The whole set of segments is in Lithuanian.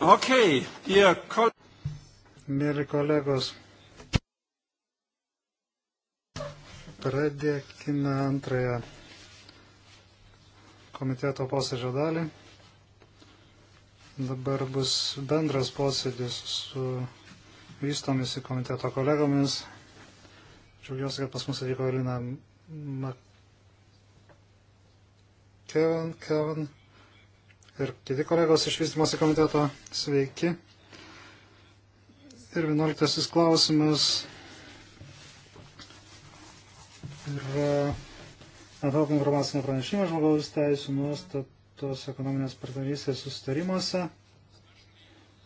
Okay, dear kol Mėly kolegos, pradėkime antrąją komiteto posėdžio dalį. Dabar bus bendras posėdis su vystomis į komiteto kolegomis. Džiaugiuosi, kad pas mus atvyko Elina Mak Kevin, Kevin ir kiti kolegos iš vystimosi komiteto. Sveiki. Ir vienuoliktasis klausimas yra etatinio informacinio pranešimo žmogaus teisų nuostatos ekonominės partnerystės sustarimuose.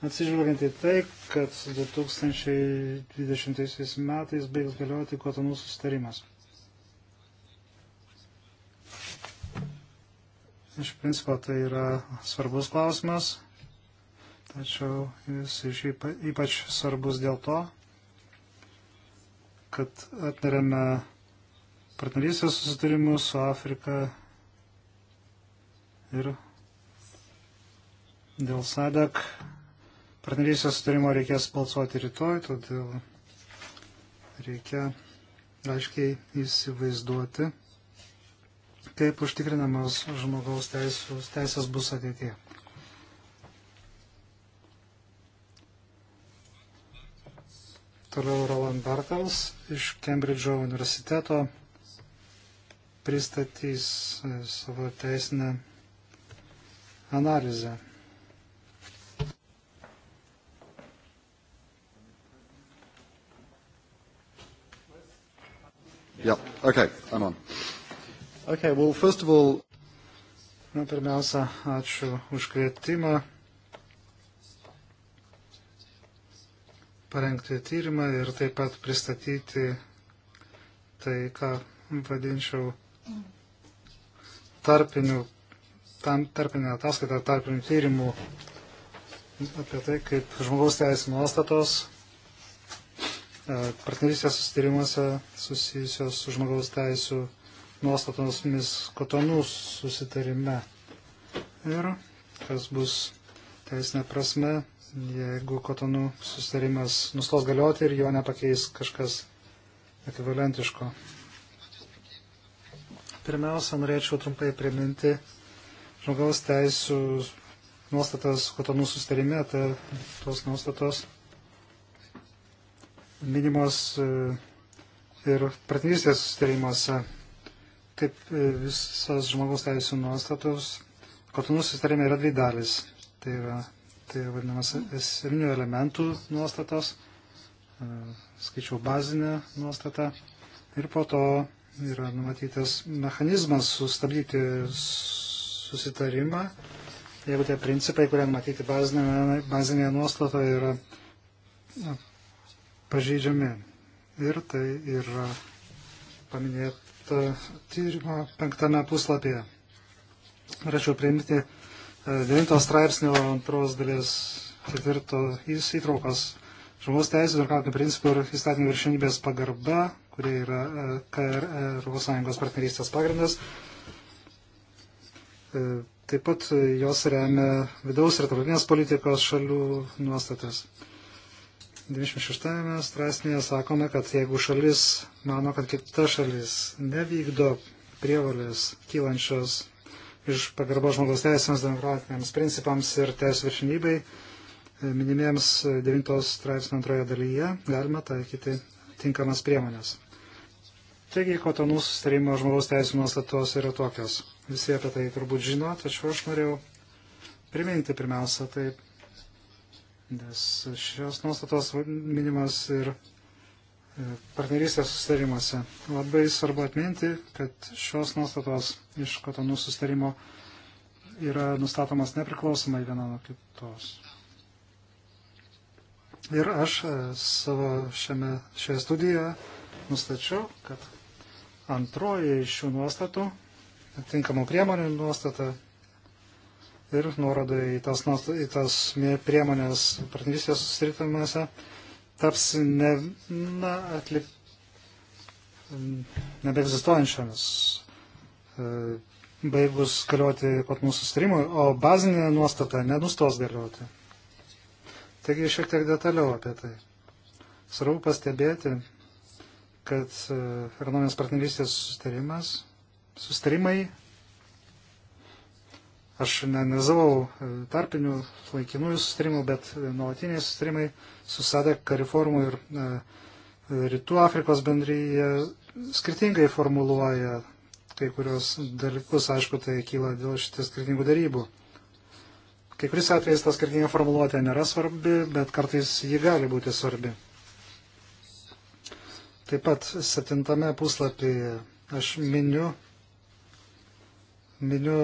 Atsižvelgiant į tai, kad 2020 metais baigs galioti kotonų sustarimas. Iš principo tai yra svarbus klausimas, tačiau jis ypač svarbus dėl to, kad aptarėme partnerystės susitarimus su Afrika ir dėl SADAK partnerystės sutarimo reikės balsuoti rytoj, todėl reikia aiškiai įsivaizduoti kaip užtikrinamos žmogaus teisės, teisės bus ateitie. Toliau Roland Bartels iš Kembridžo universiteto pristatys e, savo teisinę analizę. Yeah, okay, I'm on. Okay, well, first of all, na, pirmiausia, ačiū už kvietimą parengti tyrimą ir taip pat pristatyti tai, ką vadinčiau tarpinių, tam, tarpinę ataskaitą, tarpinių tyrimų apie tai, kaip žmogaus teisų nuostatos e, partnerystės susitarimuose susijusios su žmogaus teisų nuostatomis kotonų susitarime. Ir kas bus teisinė prasme, jeigu kotonų susitarimas nustos galioti ir jo nepakeis kažkas ekvivalentiško. Pirmiausia, norėčiau trumpai priminti žmogaus teisų nuostatas kotonų susitarime, tai tos nuostatos minimos e, ir partnerystės susitarimuose kaip e, visas žmogaus teisų nuostatos, kotonų susitarime yra dvi dalis. Tai yra, tai yra vadinamas esminių elementų nuostatos, e, skaičiau bazinę nuostatą ir po to yra numatytas mechanizmas sustabdyti susitarimą, jeigu tie principai, kurie matyti bazinėje, bazinėje nuostatoje, yra pažeidžiami. Ir tai yra paminėt, tyrimo penktame puslapyje. Norėčiau priimti 9 e, straipsnio antros dalies ketvirto įtraukos žmogaus teisų ir kaltinių principų ir įstatymų viršinybės pagarba, kurie yra e, KR e, Europos Sąjungos partnerystės pagrindas. Taip pat jos remia vidaus ir tarptautinės politikos šalių nuostatas. 26 straipsnėje sakome, kad jeigu šalis mano, kad kita šalis nevykdo prievalės kylančios iš pagarbos žmogaus teisėms, demokratiniams principams ir teisų viršinybei, e, minimiems 9 straipsnio antroje dalyje galima taikyti tinkamas priemonės. Taigi, kotonų sustarimo žmogaus teisų nuostatos yra tokios. Visi apie tai turbūt žino, tačiau aš norėjau priminti pirmiausia taip nes šios nuostatos minimas ir e, partnerystės sustarimuose. Labai svarbu atminti, kad šios nuostatos iš kotonų sustarimo yra nustatomas nepriklausomai viena nuo kitos. Ir aš e, savo šiame, šioje studijoje nustačiau, kad antroji iš šių nuostatų, tinkamų priemonių nuostata, ir nuorodai į tas, į tas priemonės partnerystės susiritimuose taps ne, na, atlik, nebeegzistuojančiamis e, baigus galioti pat mūsų sustarimui, o bazinė nuostata nenustos galioti. Taigi šiek tiek detaliau apie tai. Svarbu pastebėti, kad e, ekonominės partnerystės sustarimas, sustarimai Aš neanalizavau e, tarpinių laikinųjų sustarimų, bet e, nuolatiniai sustarimai su SADEK, Kariformu ir e, Rytų Afrikos bendryje skirtingai formuluoja kai kurios dalykus, aišku, tai kyla dėl šitų skirtingų darybų. Kai kuris atvejais ta skirtinga formuluotė nėra svarbi, bet kartais ji gali būti svarbi. Taip pat septintame puslapyje aš miniu, miniu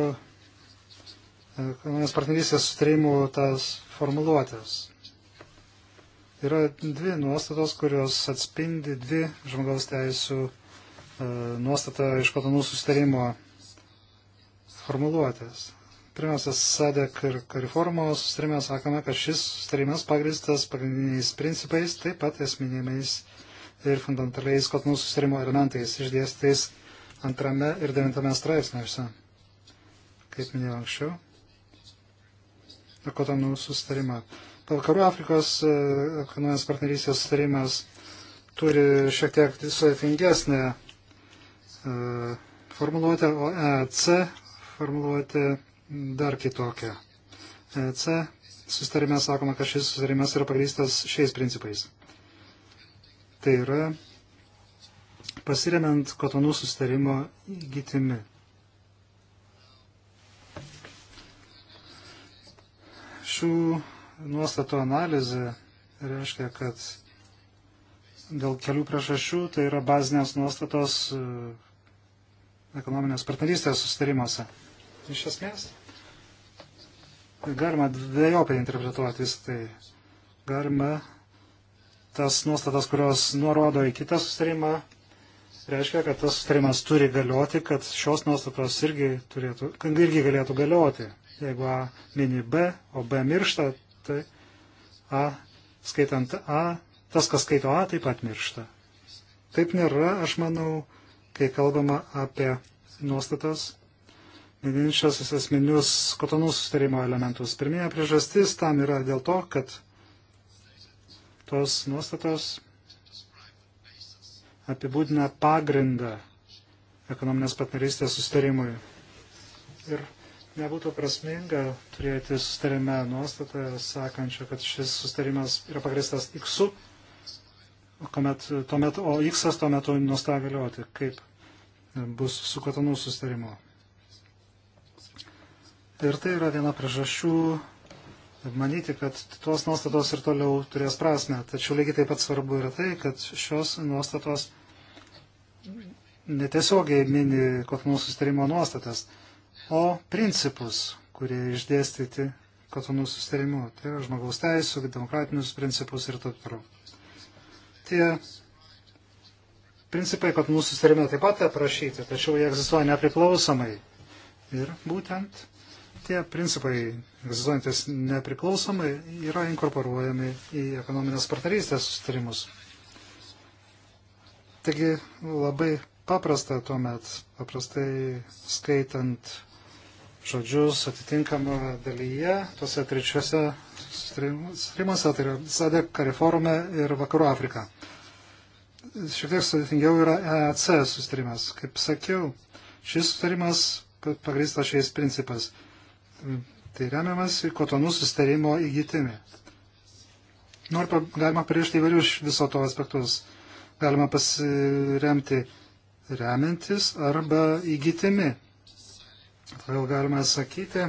ekonominės partnerystės sutarimų tas formuluotės. Yra dvi nuostatos, kurios atspindi dvi žmogaus teisų e, nuostatą iš kotonų sustarimo formuluotės. Pirmiausia, SADEK ir Kariformo sustarime sakome, kad šis sustarimas pagristas pagrindiniais principais, taip pat esminėmis ir fundamentaliais kotonų sustarimo elementais išdėstais antrame ir devintame straipsniuose, kaip minėjau anksčiau ir kotonų sustarimą. Vakarų Afrikos e, ekonominės partnerystės sustarimas turi šiek tiek sudėtingesnę e, formuluotę, o EC formuluotė dar kitokia. EC sustarime sakoma, kad šis sustarimas yra pagrįstas šiais principais. Tai yra pasiremiant kotonų sustarimo gytimi. šių nuostatų analizė reiškia, kad dėl kelių priežasčių tai yra bazinės nuostatos e, ekonominės partnerystės sustarimuose. Iš esmės, galima dviejopai interpretuoti visą tai. Galima tas nuostatas, kurios nurodo į kitą sustarimą, reiškia, kad tas sustarimas turi galioti, kad šios nuostatos irgi, turėtų, irgi galėtų galioti. Jeigu A mini B, o B miršta, tai A, skaitant A, tas, kas skaito A, taip pat miršta. Taip nėra, aš manau, kai kalbama apie nuostatas, minėčias esminius kotonų sustarimo elementus. Pirminė priežastis tam yra dėl to, kad tos nuostatos apibūdina pagrindą ekonominės partnerystės sustarimui. Ir nebūtų prasminga turėti sustarime nuostatą, sakančią, kad šis sustarimas yra pagristas X, kuomet, tuomet, o X tuo metu nustoja galioti, kaip bus su Kotonų sustarimu. Ir tai yra viena priežasčių manyti, kad tuos nuostatos ir toliau turės prasme. Tačiau lygiai taip pat svarbu yra tai, kad šios nuostatos netiesiogiai mini Kotonų sustarimo nuostatas o principus, kurie išdėstyti katonų sustarimu. Tai yra žmogaus teisų, demokratinius principus ir taip toliau. Tie principai katonų sustarime taip pat aprašyti, tačiau jie egzistuoja nepriklausomai. Ir būtent tie principai, egzistuojantis nepriklausomai, yra inkorporuojami į ekonominės partnerystės sustarimus. Taigi labai paprasta tuomet, paprastai skaitant žodžius atitinkamą dalyje, tuose trečiuose streamuose, tai yra SADEK, Kariforume ir Vakarų Afrika. Šiek tiek sudėtingiau yra EAC sustarimas. Kaip sakiau, šis sustarimas pagrįstas šiais principas. Tai remiamas į kotonų sustarimo įgytimį. Noriu, galima priešti įvairius viso to aspektus. Galima pasiremti remiantis arba įgytimi. Todėl galime sakyti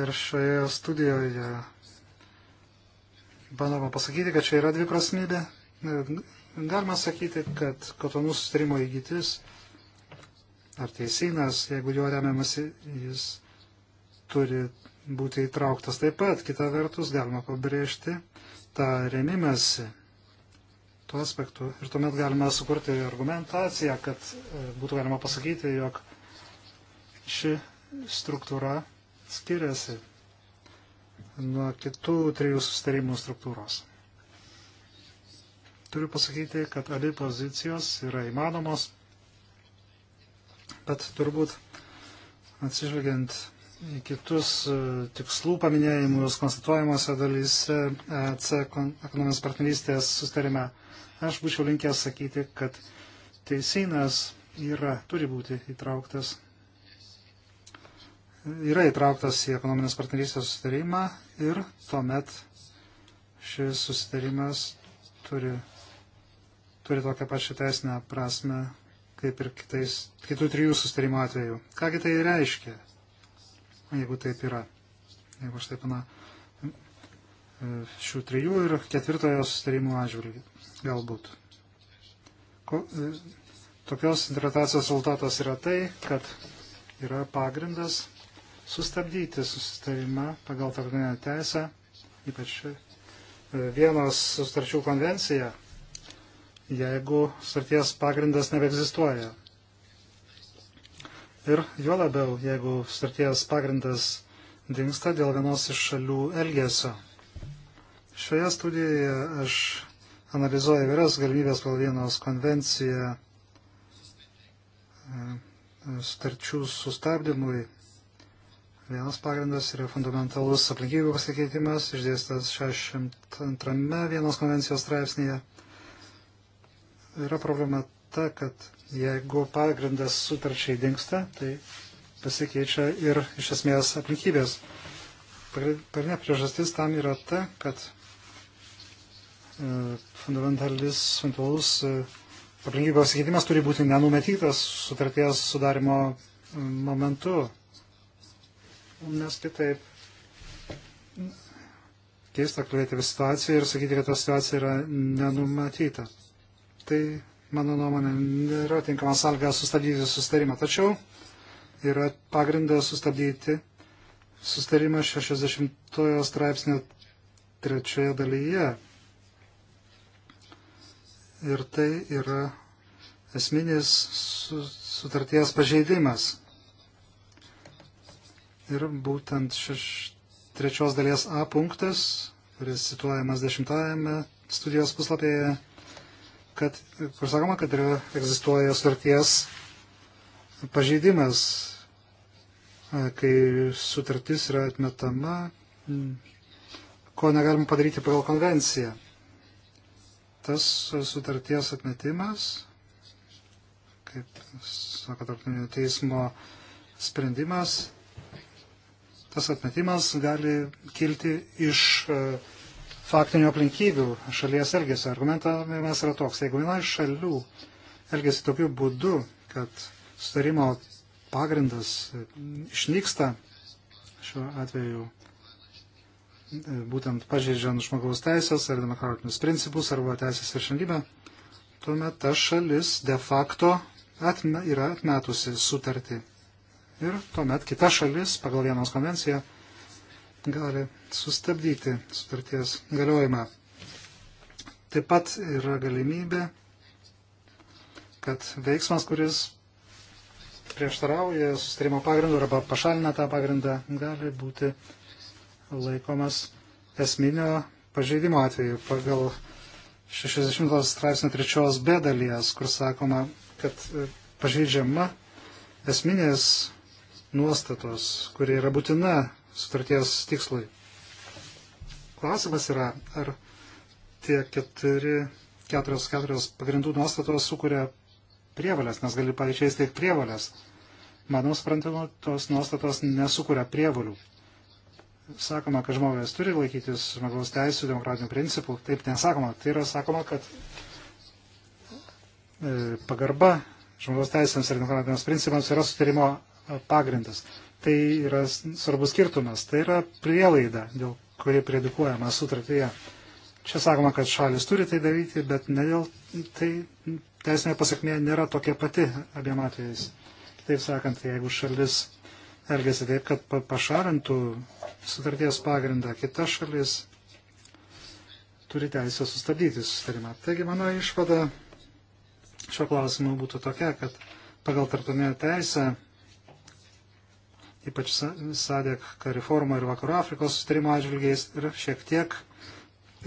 ir šioje studijoje bandoma pasakyti, kad čia yra dviprasmybė. Galima sakyti, kad kotonų sustarimo įgytis ar teisynas, jeigu jo remiamasi, jis turi būti įtrauktas taip pat. Kita vertus, galima pabrėžti tą remimąsi tuo aspektu. Ir tuomet galima sukurti argumentaciją, kad būtų galima pasakyti, jog ši struktūra skiriasi nuo kitų trijų sustarimų struktūros. Turiu pasakyti, kad abi pozicijos yra įmanomos, bet turbūt atsižvelgiant į kitus e, tikslų paminėjimus konstatuojamuose dalyse EC ekonominės partnerystės sustarime, aš būčiau linkęs sakyti, kad teisynas yra, turi būti įtrauktas yra įtrauktas į ekonominės partnerystės susitarimą ir tuomet šis susitarimas turi, turi tokią pačią teisinę prasme kaip ir kitais, kitų trijų susitarimų atveju. Kągi tai reiškia, jeigu taip yra, jeigu aš taip na, šių trijų ir ketvirtojo susitarimų atžvilgių galbūt. Ko, e, tokios interpretacijos rezultatas yra tai, kad yra pagrindas sustabdyti susitarimą pagal tarptautinę teisę, ypač e, vienos sutarčių konvenciją, jeigu sutarties pagrindas nebeegzistuoja. Ir juo labiau, jeigu sutarties pagrindas dinksta dėl vienos iš šalių elgesio. Šioje studijoje aš analizuoju vyras galimybės pagal vienos konvenciją e, sutarčių sustabdymui Vienas pagrindas yra fundamentalus aplinkybių pasikeitimas, išdėstas 62 vienos konvencijos straipsnėje. Yra problema ta, kad jeigu pagrindas sutarčiai dinksta, tai pasikeičia ir iš esmės aplinkybės. Pagrindinė priežastis tam yra ta, kad e, fundamentalis, fundamentalus e, aplinkybės pasikeitimas turi būti nenumatytas sutarties sudarimo momentu nes kitaip keista kalbėti apie situaciją ir sakyti, kad ta situacija yra nenumatyta. Tai, mano nuomonė, nėra tinkama sąlyga sustabdyti sustarimą. Tačiau yra pagrindas sustabdyti sustarimą 60 straipsnio trečioje dalyje. Ir tai yra esminis sutarties pažeidimas ir būtent šeš, trečios dalies A punktas, kuris situojamas dešimtajame studijos puslapyje, kad, kur sakoma, kad yra, egzistuoja sutarties pažeidimas, kai sutartis yra atmetama, ko negalim padaryti pagal konvenciją. Tas sutarties atmetimas, kaip sako tarptautinio teismo sprendimas, tas atmetimas gali kilti iš e, faktinių aplinkybių šalies elgesio. Argumentavimas yra toks, jeigu viena iš šalių elgesi tokiu būdu, kad sutarimo pagrindas e, išnyksta šiuo atveju e, būtent pažeidžiant žmogaus teisės ar demokratinius principus arba teisės viršenybę, tuomet ta šalis de facto atme, yra atmetusi sutartį ir tuomet kita šalis pagal vienos konvenciją gali sustabdyti sutarties galiojimą. Taip pat yra galimybė, kad veiksmas, kuris prieštarauja sustarimo pagrindu arba pašalina tą pagrindą, gali būti laikomas esminio pažeidimo atveju pagal 60 straipsnio 3 b dalies, kur sakoma, kad pažeidžiama esminės nuostatos, kurie yra būtina sutarties tikslui. Klausimas yra, ar tie keturi, keturios, keturios pagrindų nuostatos sukuria prievalės, nes gali paaiškiai teikti prievalės. Mano suprantimu, tos nuostatos nesukuria prievalių. Sakoma, kad žmonės turi laikytis žmogaus teisų, demokratinių principų. Taip nesakoma. Tai yra sakoma, kad e, pagarba žmogaus teisėms ir demokratiniams principams yra sutarimo pagrindas. Tai yra svarbus skirtumas, tai yra prielaida, dėl kuri predikuojama sutartyje. Čia sakoma, kad šalis turi tai daryti, bet ne dėl tai teisinė pasakmė nėra tokia pati abiem atvejais. Kitaip sakant, jeigu šalis elgesi taip, kad pašarintų sutarties pagrindą, kita šalis turi teisę sustabdyti sustarimą. Taigi mano išvada šio klausimu būtų tokia, kad pagal tartunę teisę ypač Sadek reformą ir Vakarų Afrikos sustarimo atžvilgiais ir šiek tiek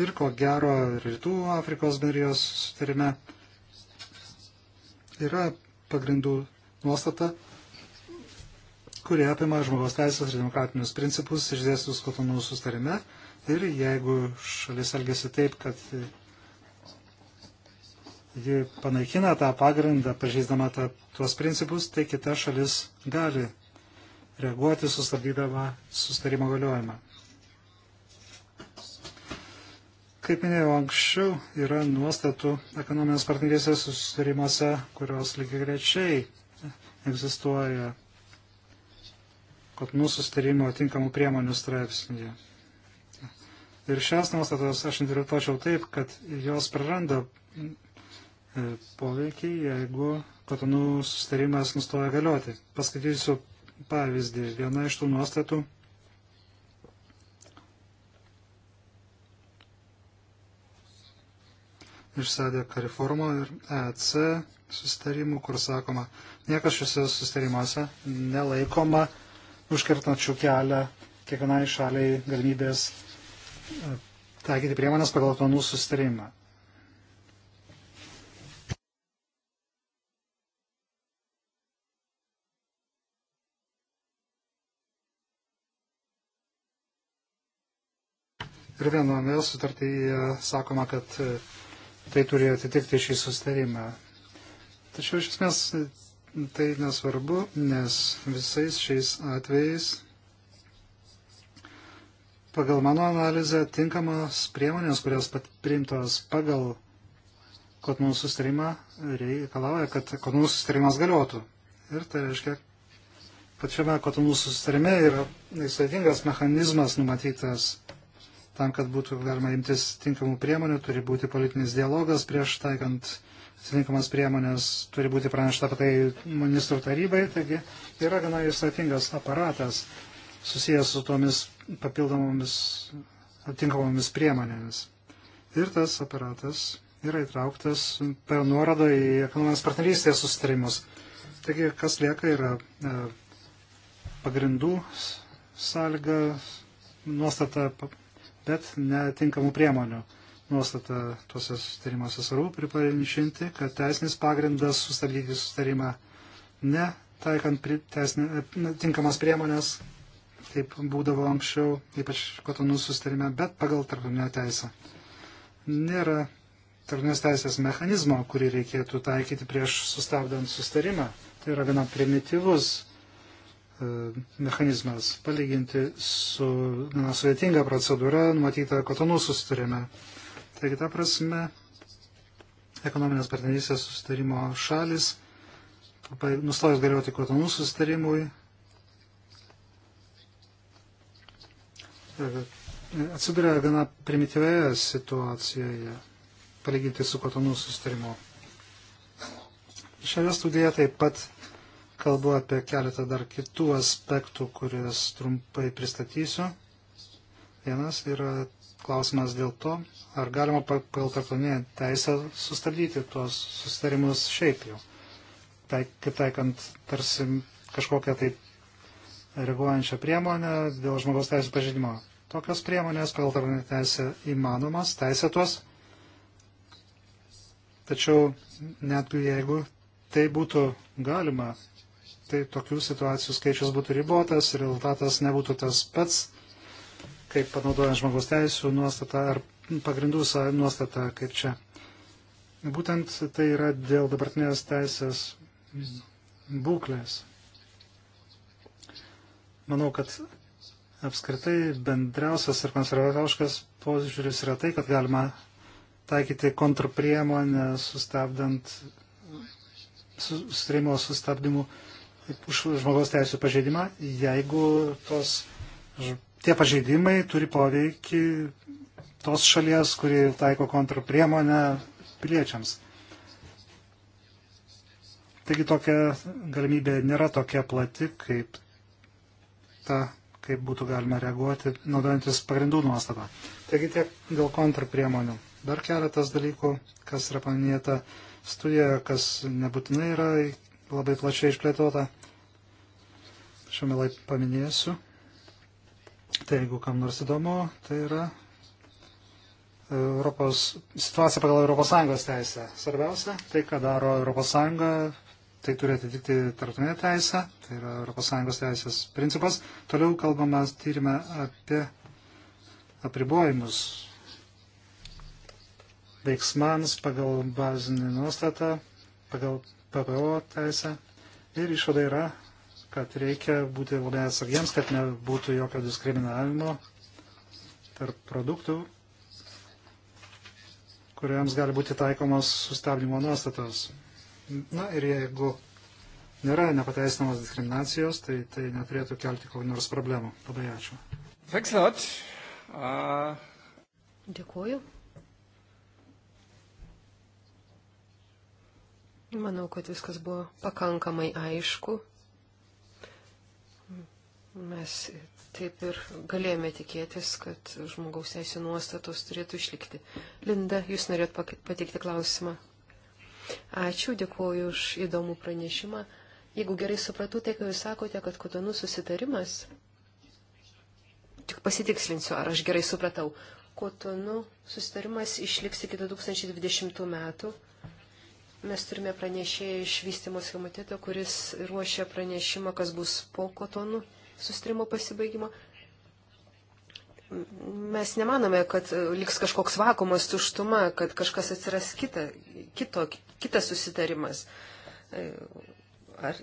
ir ko gero Rytų Afrikos bendrijos sustarime yra pagrindų nuostata, kurie apima žmogaus teisės ir demokratinius principus išdėstus kotonų sustarime ir jeigu šalis elgesi taip, kad ji panaikina tą pagrindą, pažeisdama tą, tuos principus, tai kita šalis gali reaguoti sustabdydama sustarimo galiojimą. Kaip minėjau anksčiau, yra nuostatų ekonominės partnerystės susitarimuose, kurios lygiai grečiai egzistuoja Kotnų susitarimo tinkamų priemonių straipsnėje. Ir šias nuostatas aš interpretuočiau taip, kad jos praranda e, poveikį, jeigu Kotnų susitarimas nustoja galioti. Paskaitysiu pavyzdį. Viena iš tų nuostatų išsadė Kariformo ir EC susitarimų, kur sakoma, niekas šiuose susitarimuose nelaikoma užkirtnačių kelią kiekvienai šaliai galimybės e, taikyti priemonės pagal planų susitarimą. ir vienoje sutartyje sakoma, kad e, tai turi atitikti šį sustarimą. Tačiau iš esmės e, tai nesvarbu, nes visais šiais atvejais pagal mano analizę tinkamos priemonės, kurios pat priimtos pagal Kotnų sustarimą, reikalauja, kad Kotnų sustarimas galiotų. Ir tai reiškia, pačiame Kotnų sustarime yra sudėtingas mechanizmas numatytas Tam, kad būtų galima imtis tinkamų priemonių, turi būti politinis dialogas prieš taikant atitinkamas priemonės, turi būti pranešta apie tai ministrų tarybai. Taigi yra gana įstatingas aparatas susijęs su tomis papildomomis atitinkamomis priemonėmis. Ir tas aparatas yra įtrauktas per nuorodą į ekonominės partnerystės sustarimus. Taigi, kas lieka, yra e, pagrindų sąlyga nuostata bet netinkamų priemonių. Nuostata tuose sustarimuose svarbu pripažinti, kad teisinis pagrindas sustabdyti sustarimą ne taikant pri, teisinė, e, tinkamas priemonės, taip būdavo anksčiau, ypač kotonų sustarime, bet pagal tarptautinę teisę. Nėra tarptautinės teisės mechanizmo, kurį reikėtų taikyti prieš sustabdant sustarimą. Tai yra gana primityvus E, mechanizmas, palyginti su na, sudėtinga procedūra numatyta kotonų susitarime. Taigi, ta prasme, ekonominės partnerystės susitarimo šalis, nustojus galioti kotonų susitarimui, e, atsiduria gana primityvėje situacijoje, palyginti su kotonų susitarimu. Šioje studijoje taip pat kalbu apie keletą dar kitų aspektų, kuriuos trumpai pristatysiu. Vienas yra klausimas dėl to, ar galima pagal tarptautinę teisę sustabdyti tuos susitarimus šiaip jau. Tai, kitaikant tarsi kažkokią tai reaguojančią priemonę dėl žmogaus teisų pažydimo. Tokios priemonės pagal tarptautinę teisę įmanomas, teisėtos. Tačiau net jeigu tai būtų galima, tai tokių situacijų skaičius būtų ribotas ir rezultatas nebūtų tas pats, kaip panaudojant žmogaus teisų nuostatą ar pagrindų nuostatą, kaip čia. Būtent tai yra dėl dabartinės teisės būklės. Manau, kad apskritai bendriausias ir konservatoriškas požiūris yra tai, kad galima taikyti kontrpriemonę, sustabdant sustarimo sustabdymų už žmogaus teisų pažeidimą, jeigu tos, tie pažeidimai turi poveikį tos šalies, kuri taiko kontrpriemonę piliečiams. Taigi tokia galimybė nėra tokia plati, kaip ta, kaip būtų galima reaguoti, naudojantis pagrindų nuostatą. Taigi tiek dėl kontrpriemonių. Dar keletas dalykų, kas yra paminėta studijoje, kas nebūtinai yra labai plačiai išplėtota. Šiame laip paminėsiu. Tai jeigu kam nors įdomu, tai yra e, Europos, situacija pagal ES teisę. Svarbiausia, tai ką daro ES, tai turi atitikti tarptautinę teisę, tai yra ES teisės principas. Toliau kalbame tyrimę apie apribojimus veiksmams pagal bazinį nuostatą, pagal PPO teisę. Ir išvada yra, kad reikia būti labai atsargiems, kad nebūtų jokio diskriminavimo tarp produktų, kuriems gali būti taikomos sustabdymo nuostatos. Na ir jeigu nėra nepateisinamos diskriminacijos, tai tai neturėtų kelti kokių nors problemų. Labai ačiū. Thanks a lot. Uh... Dėkuoju. Manau, kad viskas buvo pakankamai aišku. Mes taip ir galėjome tikėtis, kad žmogaus teisų nuostatos turėtų išlikti. Linda, jūs norėt pateikti klausimą? Ačiū, dėkuoju už įdomų pranešimą. Jeigu gerai supratau, tai ką jūs sakote, kad kotonų susitarimas, tik pasitikslinsiu, ar aš gerai supratau, kotonų susitarimas išliks iki 2020 metų Mes turime pranešėją iš vystimos komiteto, kuris ruošia pranešimą, kas bus po kotonų sustrimo pasibaigimo. Mes nemanome, kad liks kažkoks vakumas, tuštuma, kad kažkas atsiras kita, kito, kitas susitarimas. Ar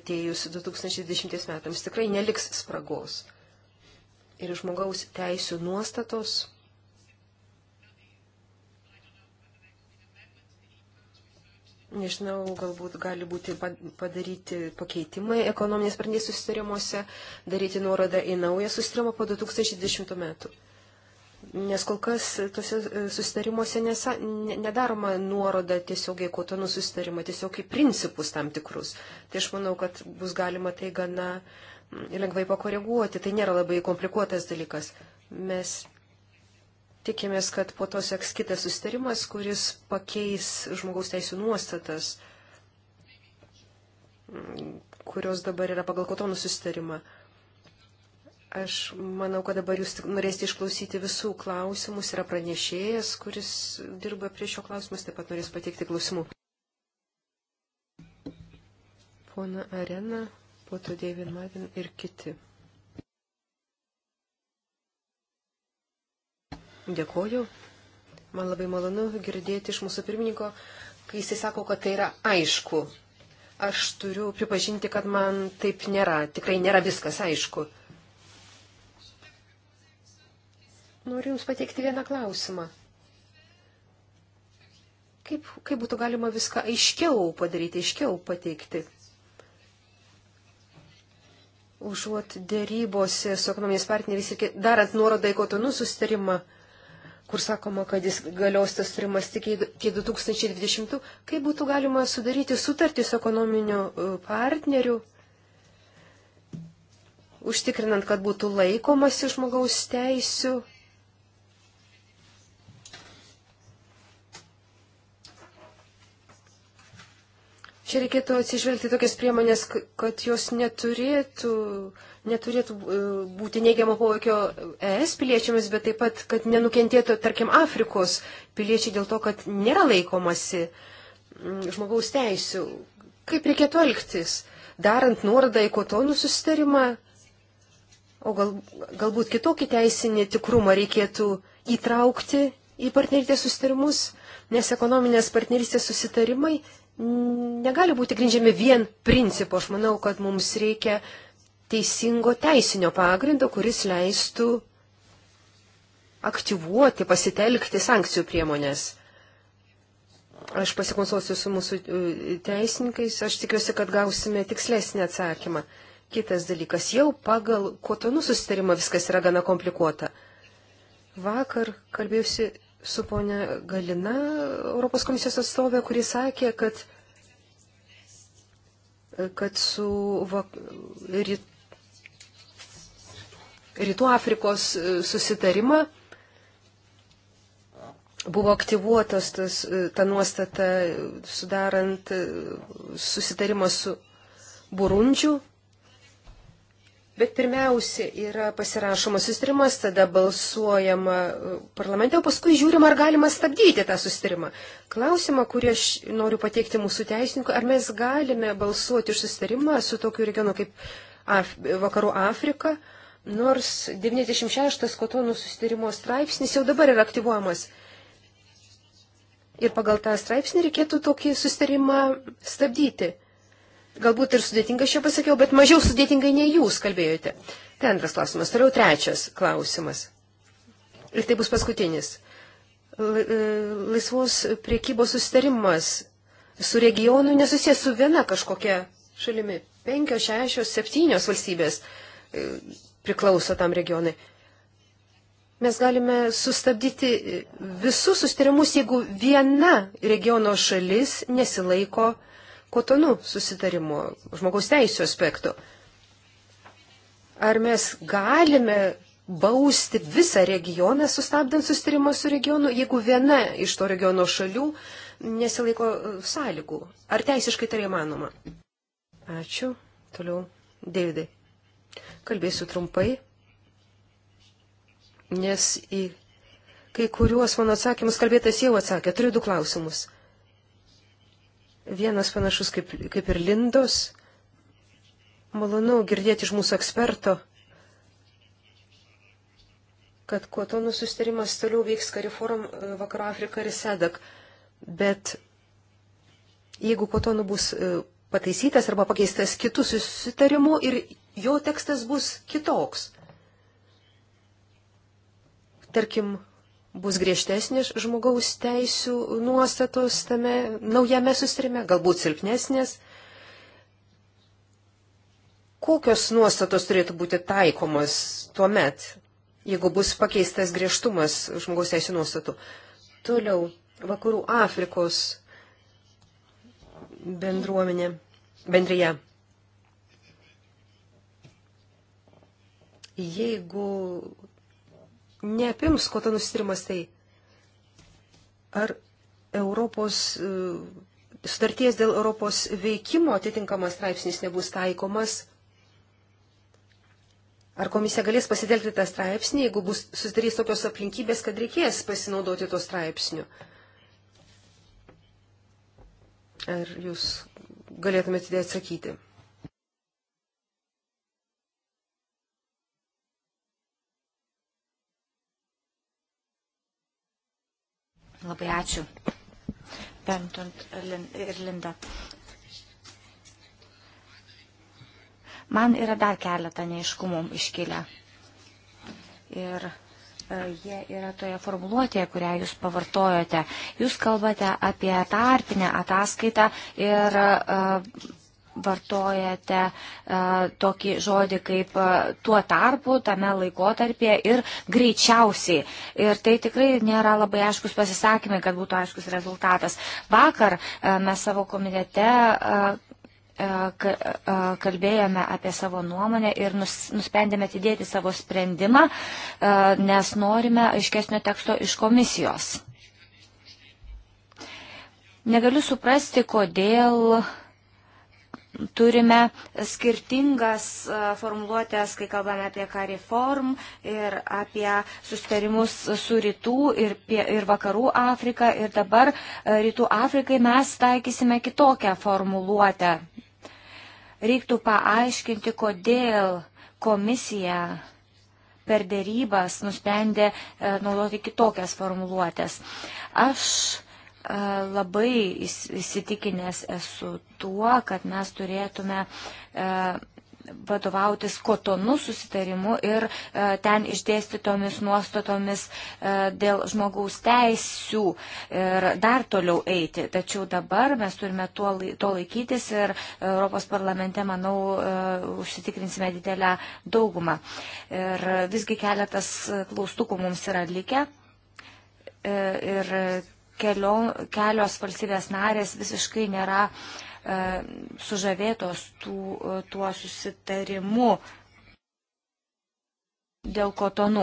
atėjus 2010 metams tikrai neliks spragos. Ir žmogaus teisų nuostatos Nežinau, galbūt gali būti padaryti pakeitimai ekonominės sprendės susitarimuose, daryti nuorodą į naują susitarimą po 2020 metų. Nes kol kas tose e, susitarimuose nesa, ne, nedaroma nuoroda tiesiog į kotonų susitarimą, tiesiog į principus tam tikrus. Tai aš manau, kad bus galima tai gana lengvai pakoreguoti. Tai nėra labai komplikuotas dalykas. Mes Tikimės, kad po to seks kitas sustarimas, kuris pakeis žmogaus teisų nuostatas, kurios dabar yra pagal kotonų sustarimą. Aš manau, kad dabar jūs norėsite išklausyti visų klausimus. Yra pranešėjas, kuris dirba prie šio klausimus, taip pat norės pateikti klausimų. Pona Arena, po to David Madin ir kiti. Dėkuoju. Man labai malonu girdėti iš mūsų pirmininko, kai jisai sako, kad tai yra aišku. Aš turiu pripažinti, kad man taip nėra. Tikrai nėra viskas aišku. Noriu Jums pateikti vieną klausimą. Kaip, kaip būtų galima viską aiškiau padaryti, aiškiau pateikti? Užuot dėrybose su ekonominiais partneriais ir darant nuorodą į kotonų sustarimą kur sakoma, kad jis galios tas turimas tik iki 2020, kaip būtų galima sudaryti sutartį su ekonominiu e, partneriu, užtikrinant, kad būtų laikomasi žmogaus teisių. Čia reikėtų atsižvelgti tokias priemonės, kad jos neturėtų neturėtų e, būti neigiamo poveikio ES piliečiams, bet taip pat, kad nenukentėtų, tarkim, Afrikos piliečiai dėl to, kad nėra laikomasi mm, žmogaus teisų. Kaip reikėtų elgtis, darant nuorodą į kotonų susitarimą, o gal, galbūt kitokį teisinį tikrumą reikėtų įtraukti į partnerystės susitarimus, nes ekonominės partnerystės susitarimai negali būti grindžiami vien principu. Aš manau, kad mums reikia uh, teisingo teisinio pagrindo, kuris leistų aktyvuoti, pasitelkti sankcijų priemonės. Aš pasikonsulsiu su mūsų e, teisininkais, aš tikiuosi, kad gausime tikslesnį atsakymą. Kitas dalykas, jau pagal kotonų susitarimą viskas yra gana komplikuota. Vakar kalbėjusi su ponia Galina, Europos komisijos atstovė, kuri sakė, kad, kad su vak, ryt, Rytų Afrikos e, susitarimą buvo aktyvuotas tas, e, ta nuostata e, sudarant susitarimą su Burundžiu. Bet pirmiausia yra pasirašomas susitarimas, tada balsuojama parlamente, o paskui žiūrima, ar galima stabdyti tą susitarimą. Klausimą, kurį aš noriu pateikti mūsų teisininkui, ar mes galime balsuoti už susitarimą su tokiu regionu kaip Af Vakarų Afrika, nors 96 kotonų susitarimo straipsnis jau dabar yra aktyvuojamas. Ir pagal tą straipsnį reikėtų tokį susitarimą stabdyti. Galbūt ir sudėtingai aš čia pasakiau, bet mažiau sudėtingai nei jūs kalbėjote. Tai antras klausimas. Toliau trečias klausimas. Ir tai bus paskutinis. E, laisvos priekybos susitarimas su regionu nesusijęs su viena kažkokia šalimi. Penkios, šešios, septynios valstybės e, priklauso tam regionui. Mes galime sustabdyti visus sustarimus, jeigu viena regiono šalis nesilaiko kotonų susitarimų žmogaus teisų aspektų. Ar mes galime bausti visą regioną, sustabdant sustarimą su regionu, jeigu viena iš to regiono šalių nesilaiko sąlygų? Ar teisiškai tai įmanoma? Ačiū. Toliau. Davidai. Kalbėsiu trumpai, nes į kai kuriuos mano atsakymus kalbėtas jau atsakė. Turiu du klausimus. Vienas panašus kaip, kaip ir Lindos. Malonu girdėti iš mūsų eksperto, kad Kotonų nu sustarimas toliau veiks Kariforum e, Vakarų Afrika ir Sedak. Bet jeigu Kotonų nu bus e, pataisytas arba pakeistas kitų susitarimų ir jo tekstas bus kitoks. Tarkim, bus griežtesnės žmogaus teisų nuostatos tame naujame susitarime, galbūt silpnesnės. Kokios nuostatos turėtų būti taikomos tuo met, jeigu bus pakeistas griežtumas žmogaus teisų nuostatų? Toliau, Vakarų Afrikos bendruomenė, bendryje. Jeigu neapims kotonų sustarimas, tai ar Europos e, sutarties dėl Europos veikimo atitinkamas straipsnis nebus taikomas? Ar komisija galės pasitelkti tą straipsnį, jeigu bus susidarys tokios aplinkybės, kad reikės pasinaudoti to straipsniu? Uh, Ar jūs galėtumėte tai atsakyti? Labai ačiū. Bentunt ir Linda. Man yra dar keletą neiškumų iškilę. Ir jie yra toje formuluotėje, kurią jūs pavartojote. Jūs kalbate apie tarpinę ataskaitą ir e, vartojate e, tokį žodį kaip e, tuo tarpu, tame laikotarpėje ir greičiausiai. Ir tai tikrai nėra labai aiškus pasisakymai, kad būtų aiškus rezultatas. Vakar mes savo komitete E, e, kalbėjome apie savo nuomonę ir nusprendėme atidėti savo sprendimą, e, nes norime aiškesnio teksto iš komisijos. Negaliu suprasti, kodėl turime skirtingas formuluotės, kai kalbame apie kariform ir apie sustarimus su rytų ir, ir vakarų Afrika. Ir dabar rytų Afrikai mes taikysime kitokią formuluotę reiktų paaiškinti, kodėl komisija per dėrybas nusprendė e, naudoti kitokias formuluotės. Aš e, labai įsitikinęs esu tuo, kad mes turėtume e, vadovautis kotonų susitarimu ir e, ten išdėstytomis nuostatomis e, dėl žmogaus teisių ir dar toliau eiti. Tačiau dabar mes turime tuo, to laikytis ir Europos parlamente, manau, e, užsitikrinsime didelę daugumą. Ir visgi keletas klaustukų mums yra likę. Ir kelio, kelios valstybės narės visiškai nėra uh, E, sužavėtos tų, e, tuo susitarimu dėl kotonų.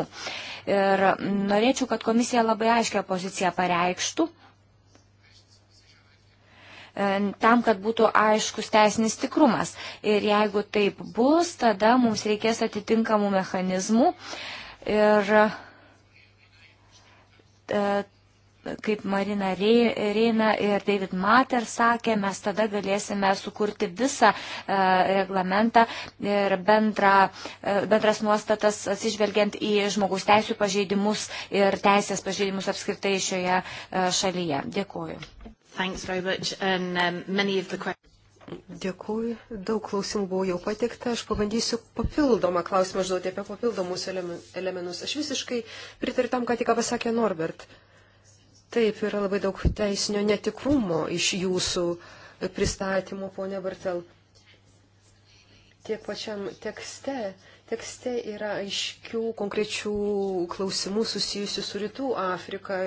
Ir norėčiau, kad komisija labai aiškę poziciją pareikštų e, tam, kad būtų aiškus teisinis tikrumas. Ir jeigu taip bus, tada mums reikės atitinkamų mechanizmų. Ir kaip Marina Reina ir David Mater sakė, mes tada galėsime sukurti visą e, reglamentą ir bendra, e, bendras nuostatas atsižvelgiant į žmogaus teisų pažeidimus ir teisės pažeidimus apskritai šioje e, šalyje. Dėkuoju. Um, Dėkuoju. Daug klausimų buvo jau patikta. Aš pabandysiu papildomą klausimą užduoti apie papildomus elementus. Aš visiškai pritariu tam, ką tik pasakė Norbert. Uh, Taip, yra labai daug teisinio netikrumo iš jūsų pristatymo, ponė Bartel. Tiek pačiam tekste. Tekste yra aiškių, konkrečių klausimų susijusių su Rytų Afrika.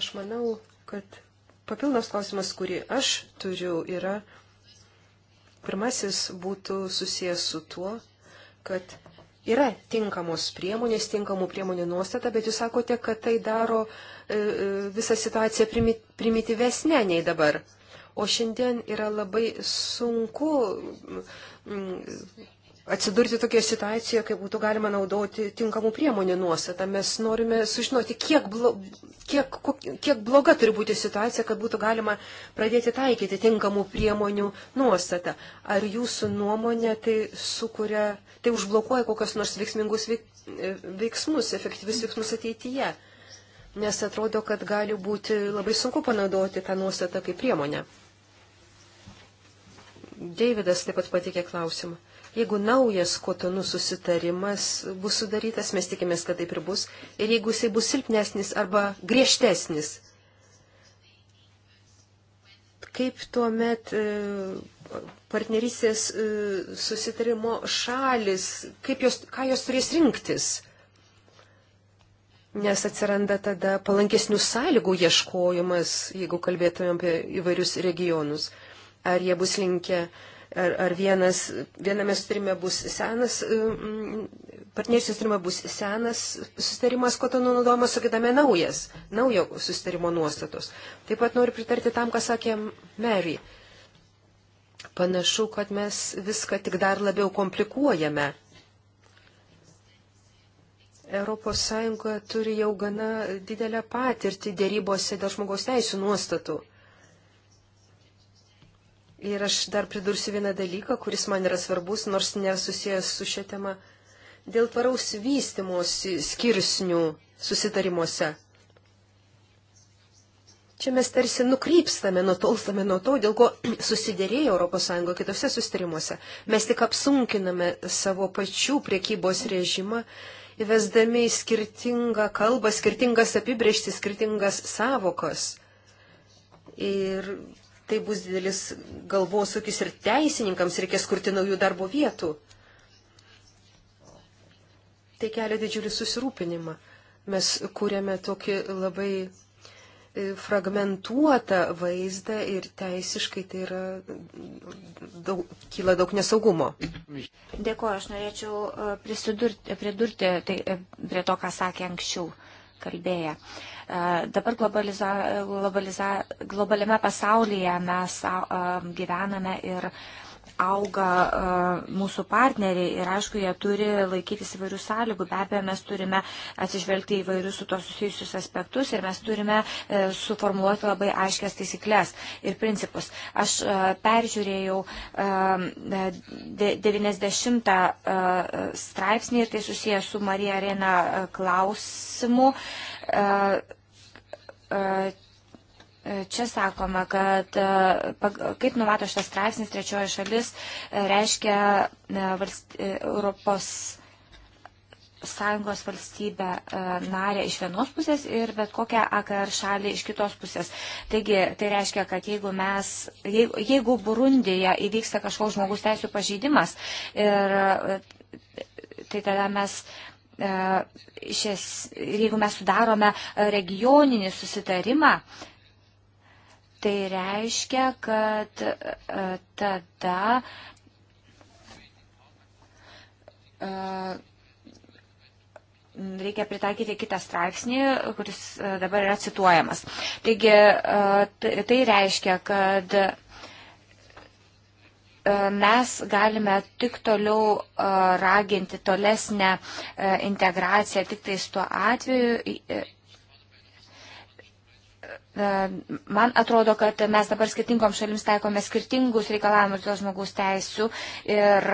Aš manau, kad papildomas klausimas, kurį aš turiu, yra pirmasis būtų susijęs su tuo, kad yra tinkamos priemonės, tinkamų priemonių nuostata, bet jūs sakote, kad tai daro e, e, visą situaciją primityvesnė nei dabar. O šiandien yra labai sunku atsidurti tokia situacija, kai būtų galima naudoti tinkamų priemonių nuostatą. Mes norime sužinoti, kiek, blo, kiek, kiek bloga turi būti situacija, kad būtų galima pradėti taikyti tinkamų priemonių nuostatą. Ar jūsų nuomonė tai sukuria, tai užblokuoja kokios nors veiksmingus e, veiksmus, efektyvius veiksmus ateityje? Nes atrodo, kad gali būti labai sunku panaudoti tą nuostatą kaip priemonę. Deividas taip pat patikė klausimą. Jeigu naujas kotonų susitarimas bus sudarytas, mes tikimės, kad taip ir bus, ir jeigu jisai bus silpnesnis arba griežtesnis, kaip tuomet e, partnerysės e, susitarimo šalis, kaip jos, ką jos turės rinktis? Nes atsiranda tada palankesnių sąlygų ieškojimas, jeigu kalbėtumėm apie įvairius regionus. Ar jie bus linkę uh, ar, ar vienas, viename sutarime bus senas, mm, partnerystės sutarime bus senas sustarimas kotonų naudojimas, o kitame naujas, naujo sustarimo nuostatos. Taip pat noriu pritarti tam, ką sakė Mary. Panašu, kad mes viską tik dar labiau komplikuojame. ES turi jau gana didelę patirtį dėrybose dėl žmogaus teisų nuostatų. Ir aš dar pridursiu vieną dalyką, kuris man yra svarbus, nors nesusijęs su šia tema. Dėl tvaraus vystimosi skirsnių susitarimuose. Čia mes tarsi nukrypstame, nutolstame nuo to, dėl ko susidėrėjo ES kitose sustarimuose. Mes tik apsunkiname savo pačių priekybos režimą, įvesdami skirtingą kalbą, skirtingas apibrieštis, skirtingas savokas. Ir tai bus didelis galvosūkis ir teisininkams reikės kurti naujų darbo vietų. Tai kelia didžiulį susirūpinimą. Mes kūrėme tokį labai e, fragmentuotą vaizdą ir teisiškai tai yra daug, kyla daug nesaugumo. Dėkuoju, aš norėčiau e, pridurti tai, e, prie to, ką sakė anksčiau kalbėję. Uh, E, dabar globaliza, globaliza, globaliame pasaulyje mes gyvename ir auga e, mūsų partneriai ir aišku, jie turi laikytis įvairių sąlygų. Be abejo, mes turime atsižvelgti įvairius su to susijusius aspektus ir mes turime e, suformuoluoti labai aiškias taisyklės ir principus. Aš peržiūrėjau 90 straipsnį ir tai susijęs su Marija Arena klausimu. E, e, čia sakoma, kad e, kaip numato šitas straipsnis, trečioji šalis reiškia valst, Europos sąjungos valstybę narę iš vienos pusės ir bet kokią AKR šalį iš kitos pusės. Taigi, tai reiškia, kad jeigu mes, jeigu, jeigu Burundija įvyksta kažkoks žmogus teisų pažeidimas, ir, tai tada mes E, šias, jeigu mes sudarome regioninį susitarimą, tai reiškia, kad e, tada e, reikia pritaikyti kitą straipsnį, kuris dabar yra cituojamas. Taigi tai reiškia, kad E, mes galime tik toliau e, raginti tolesnę e, integraciją tik tais tuo atveju. Man atrodo, kad mes dabar skirtingom šalims taikome skirtingus reikalavimus dėl žmogaus teisų ir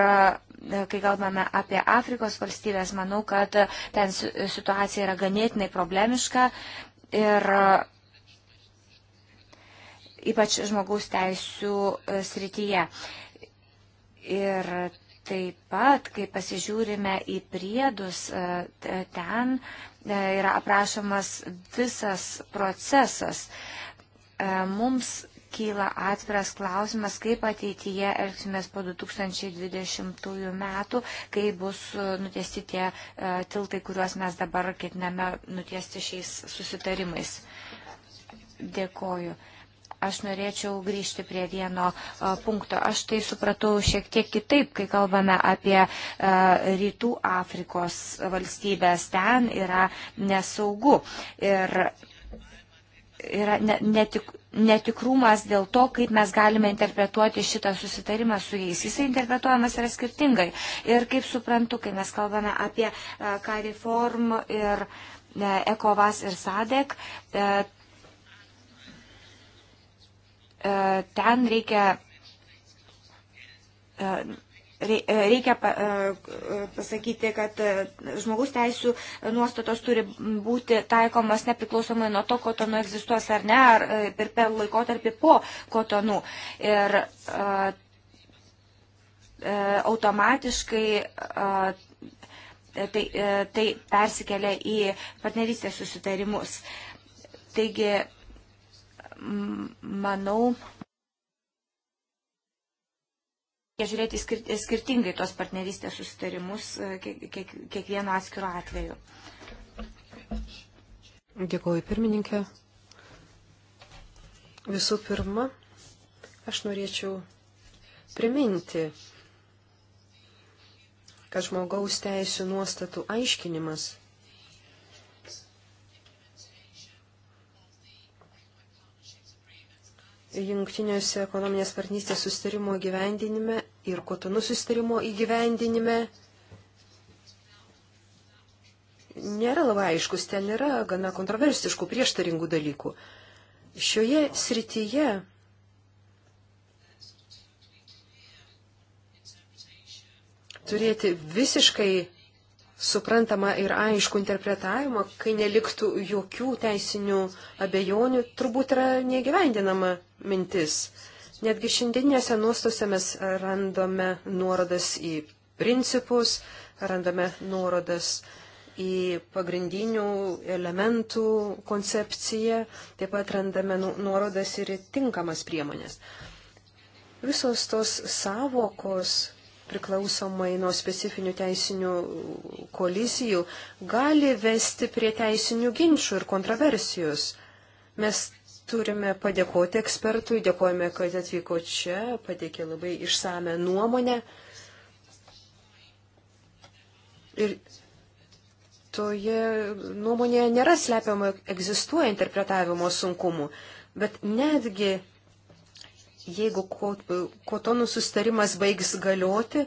kai kalbame apie Afrikos valstybės, manau, kad ten situacija yra ganėtinai problemiška ir ypač žmogaus teisų srityje. Ir taip pat, kai pasižiūrime į priedus, e, ten e, yra aprašomas visas procesas. E, mums kyla atviras klausimas, kaip ateityje elgsimės po 2020 metų, kai bus nutiesti tie tiltai, kuriuos mes dabar ketiname nutiesti šiais susitarimais. Dėkoju. Aš norėčiau grįžti prie vieno punkto. Aš tai supratau šiek tiek kitaip, kai kalbame apie rytų Afrikos valstybės. Ten yra nesaugu. Ir yra netik, netikrumas dėl to, kaip mes galime interpretuoti šitą susitarimą su jais. Jisai interpretuojamas yra skirtingai. Ir kaip suprantu, kai mes kalbame apie Kariform ir Ekovas ir Sadek, E, ten reikia, e, e, reikia pasakyti, kad žmogus teisų nuostatos turi būti taikomas nepriklausomai nuo to, kotonų egzistuos ar ne, ar per, per laikotarpį po kotonų. Ir automatiškai tai, tai persikelia į partnerystės susitarimus. Taigi manau, žiūrėti skirtingai tos partnerystės susitarimus e, kiekvieno atskiro atveju. Dėkuoju pirmininkė. Visų pirma, aš norėčiau priminti, kad žmogaus teisų nuostatų aiškinimas jungtiniuose ekonominės partnystės sustarimo gyvendinime ir kotonų sustarimo įgyvendinime nėra labai aiškus, ten yra gana kontroversiškų, prieštaringų dalykų. Šioje srityje turėti visiškai suprantamą ir aišku interpretavimą, kai neliktų jokių teisinių abejonių, turbūt yra negyvendinama mintis. Netgi šiandieninėse nuostose mes randame nuorodas į principus, randame nuorodas į pagrindinių elementų koncepciją, taip pat randame nu, nuorodas ir į tinkamas priemonės. Visos tos savokos priklausomai nuo specifinių teisinių kolizijų, gali vesti prie teisinių ginčių ir kontroversijos. Mes turime padėkoti ekspertui, dėkojame, kad atvyko čia, pateikė labai išsame nuomonę. Ir toje nuomonėje nėra slepiama egzistuoja interpretavimo sunkumų, bet netgi jeigu kotonų sustarimas baigs galioti,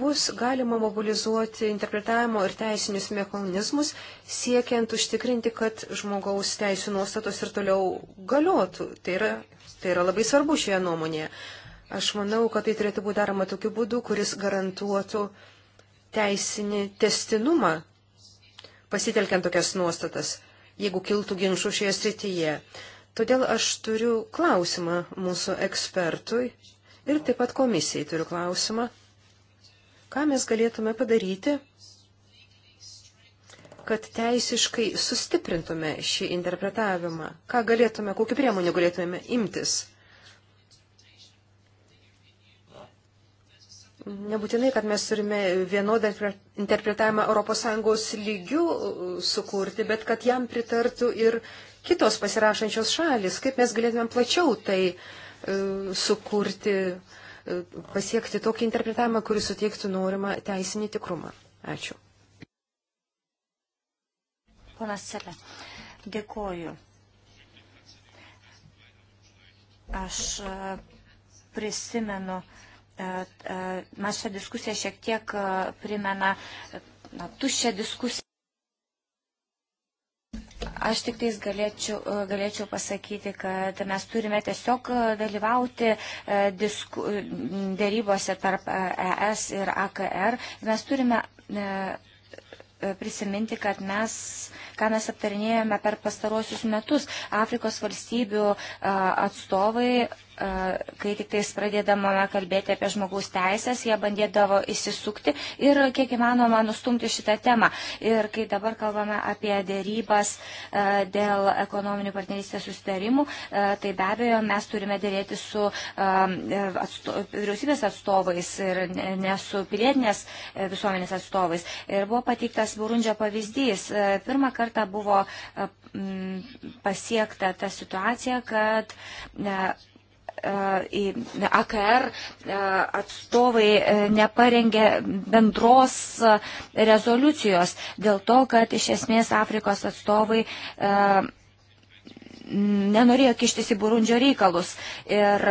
bus galima mobilizuoti interpretavimo ir teisinius mechanizmus, siekiant užtikrinti, kad žmogaus teisų nuostatos ir toliau galiotų. Tai yra, tai yra labai svarbu šioje nuomonėje. Aš manau, kad tai turėtų būti daroma tokiu būdu, kuris garantuotų teisinį testinumą, pasitelkiant tokias nuostatas, jeigu kiltų ginčių šioje srityje. Todėl aš turiu klausimą mūsų ekspertui ir taip pat komisijai turiu klausimą, ką mes galėtume padaryti, kad teisiškai sustiprintume šį interpretavimą, ką galėtume, kokiu priemonių galėtume imtis. Nebūtinai, kad mes turime vienodą interpretavimą ES lygių uh, sukurti, bet kad jam pritartų ir kitos pasirašančios šalis, kaip mes galėtumėm plačiau tai e, sukurti, e, pasiekti tokį interpretavimą, kuris suteiktų norimą teisinį tikrumą. Ačiū. Ponas Selė, dėkoju. Aš e, prisimenu, man šią diskusiją šiek tiek primena na, tuščią diskusiją. Aš tik tais galėčiau, e, galėčiau pasakyti, kad mes turime tiesiog e, dalyvauti e, disku, dėrybose tarp ES ir AKR. Mes turime prisiminti, kad mes, ką mes aptarinėjome per pastarosius metus, Afrikos valstybių atstovai kai tik tais pradėdamame kalbėti apie žmogaus teisės, jie bandėdavo įsisukti ir kiek įmanoma nustumti šitą temą. Ir kai dabar kalbame apie dėrybas e, dėl ekonominių partnerystės sustarimų, e, tai be abejo mes turime dėrėti su e, atsto, vyriausybės atstovais ir ne su pilietinės visuomenės atstovais. Ir buvo pateiktas Burundžio pavyzdys. Pirmą kartą buvo pasiekta ta situacija, kad E, AKR e, atstovai e, neparengė bendros rezoliucijos dėl to, kad iš esmės Afrikos atstovai nenorėjo kištis į Burundžio reikalus. Ir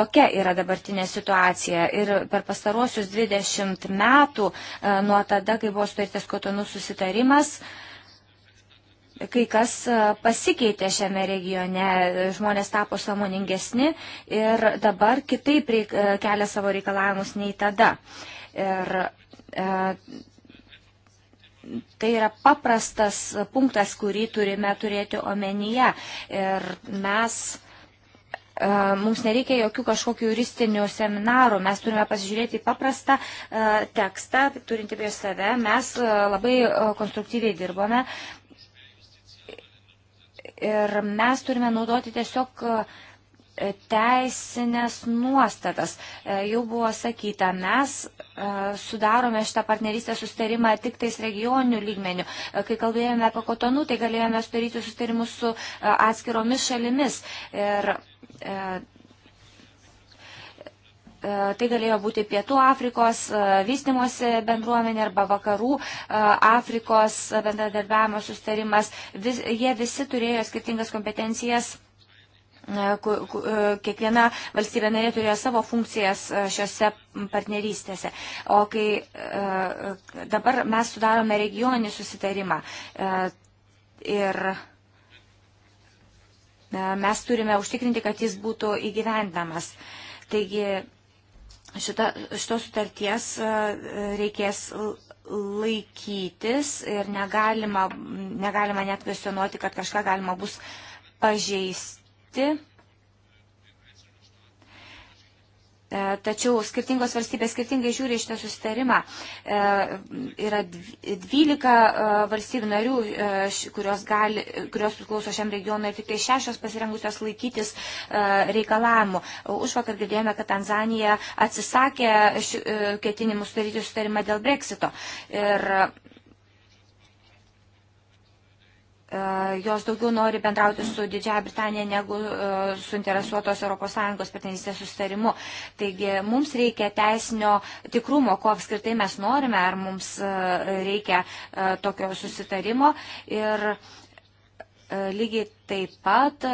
tokia yra dabartinė situacija. Ir per pastaruosius 20 metų, nuo tada, kai buvo sutartas kotonų susitarimas, uh, kai kas e, pasikeitė šiame regione, žmonės tapo samoningesni ir dabar kitaip reik, e, kelia savo reikalavimus nei tada. Ir e, tai yra paprastas punktas, kurį turime turėti omenyje. Ir mes e, mums nereikia jokių kažkokių juristinių seminarų, mes turime pasižiūrėti į paprastą tekstą, turinti prieš save, mes labai konstruktyviai dirbome Ir mes turime naudoti tiesiog e, teisinės nuostatas. E, jau buvo sakyta, mes e, sudarome šitą partnerystės sustarimą tik tais regioninių lygmenių. Kai kalbėjome apie kotonų, tai galėjome sudaryti sustarimus su atskiromis šalimis. Ir E, tai galėjo būti Pietų Afrikos e, vystimosi bendruomenė arba Vakarų e, Afrikos bendradarbiavimo sustarimas. Vis, jie visi turėjo skirtingas kompetencijas. Kiekviena valstybė narė turėjo savo funkcijas šiuose partnerystėse. O kai dabar mes sudarome regioninį susitarimą ir mes turime užtikrinti, kad jis būtų įgyvendamas. Taigi šita, šitos sutarties e, reikės laikytis ir negalima, negalima net kvestionuoti, kad kažką galima bus pažeisti. E, tačiau skirtingos valstybės skirtingai žiūri iš tą susitarimą. E, yra 12 e, valstybių narių, kurios, gali, kurios priklauso šiam regionui ir tik tai šešios pasirengusios laikytis reikalavimų. Už vakar girdėjome, kad Tanzanija atsisakė ketinimų sudaryti susitarimą dėl breksito. Ir E, jos daugiau nori bendrauti su Didžiaja Britanija negu e, suinteresuotos ES partnerystės sustarimu. Taigi mums reikia teisinio tikrumo, ko apskritai mes norime, ar mums e, reikia tokio susitarimo. Ir lygiai taip pat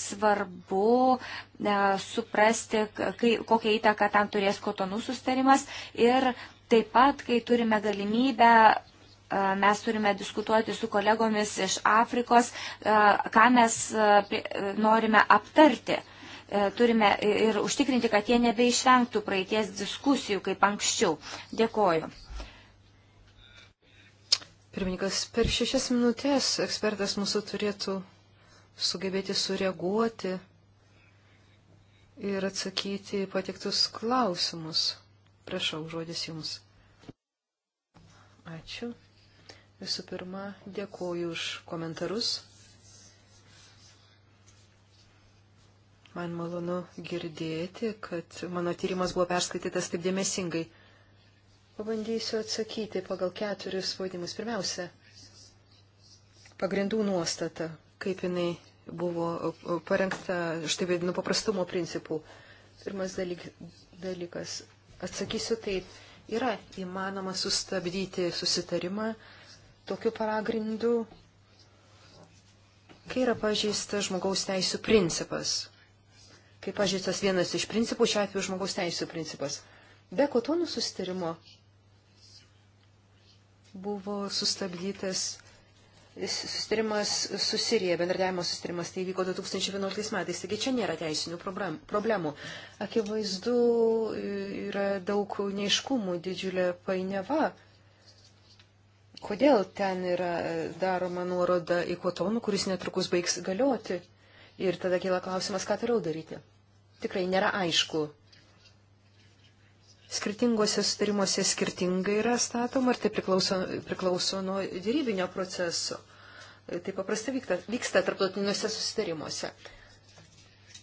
svarbu suprasti, kai, kokią įtaką tam turės kotonų sustarimas ir taip pat, kai turime galimybę mes turime diskutuoti su kolegomis iš Afrikos, e, ką mes e, e, norime aptarti. Turime ir užtikrinti, kad jie nebeišvengtų praeities diskusijų kaip anksčiau. Dėkoju. Pirmininkas, per šešias minutės ekspertas mūsų turėtų sugebėti sureaguoti ir atsakyti patiktus klausimus. Prašau, žodis jums. Ačiū. Visų pirma, dėkuoju už komentarus. Man malonu girdėti, kad mano tyrimas buvo perskaitytas taip dėmesingai. Pabandysiu atsakyti pagal keturis spaudimus. Pirmiausia, pagrindų nuostata, kaip jinai buvo parengta, štai vadinu, paprastumo principų. Pirmas dalyk, dalykas, atsakysiu taip, yra įmanoma sustabdyti susitarimą tokiu paragrindu, kai yra pažįsta žmogaus teisų principas. Kai pažįstas vienas iš principų, šiuo atveju žmogaus teisų principas. Be kotonų sustarimo buvo sustabdytas sustarimas su Sirija, bendradavimo sustarimas, tai vyko 2011 metais, taigi čia nėra teisinių problemų. Akivaizdu yra daug neiškumų, didžiulė painiava Kodėl ten yra e, daroma nuoroda į kotonų, kuris netrukus baigs galioti? Ir tada kyla klausimas, ką toliau daryti. Tikrai nėra aišku. Skirtingose sutarimuose skirtingai yra statoma, ar tai priklauso, priklauso nuo dėrybinio proceso. E, tai paprastai vyksta, vyksta tarptautiniuose sustarimuose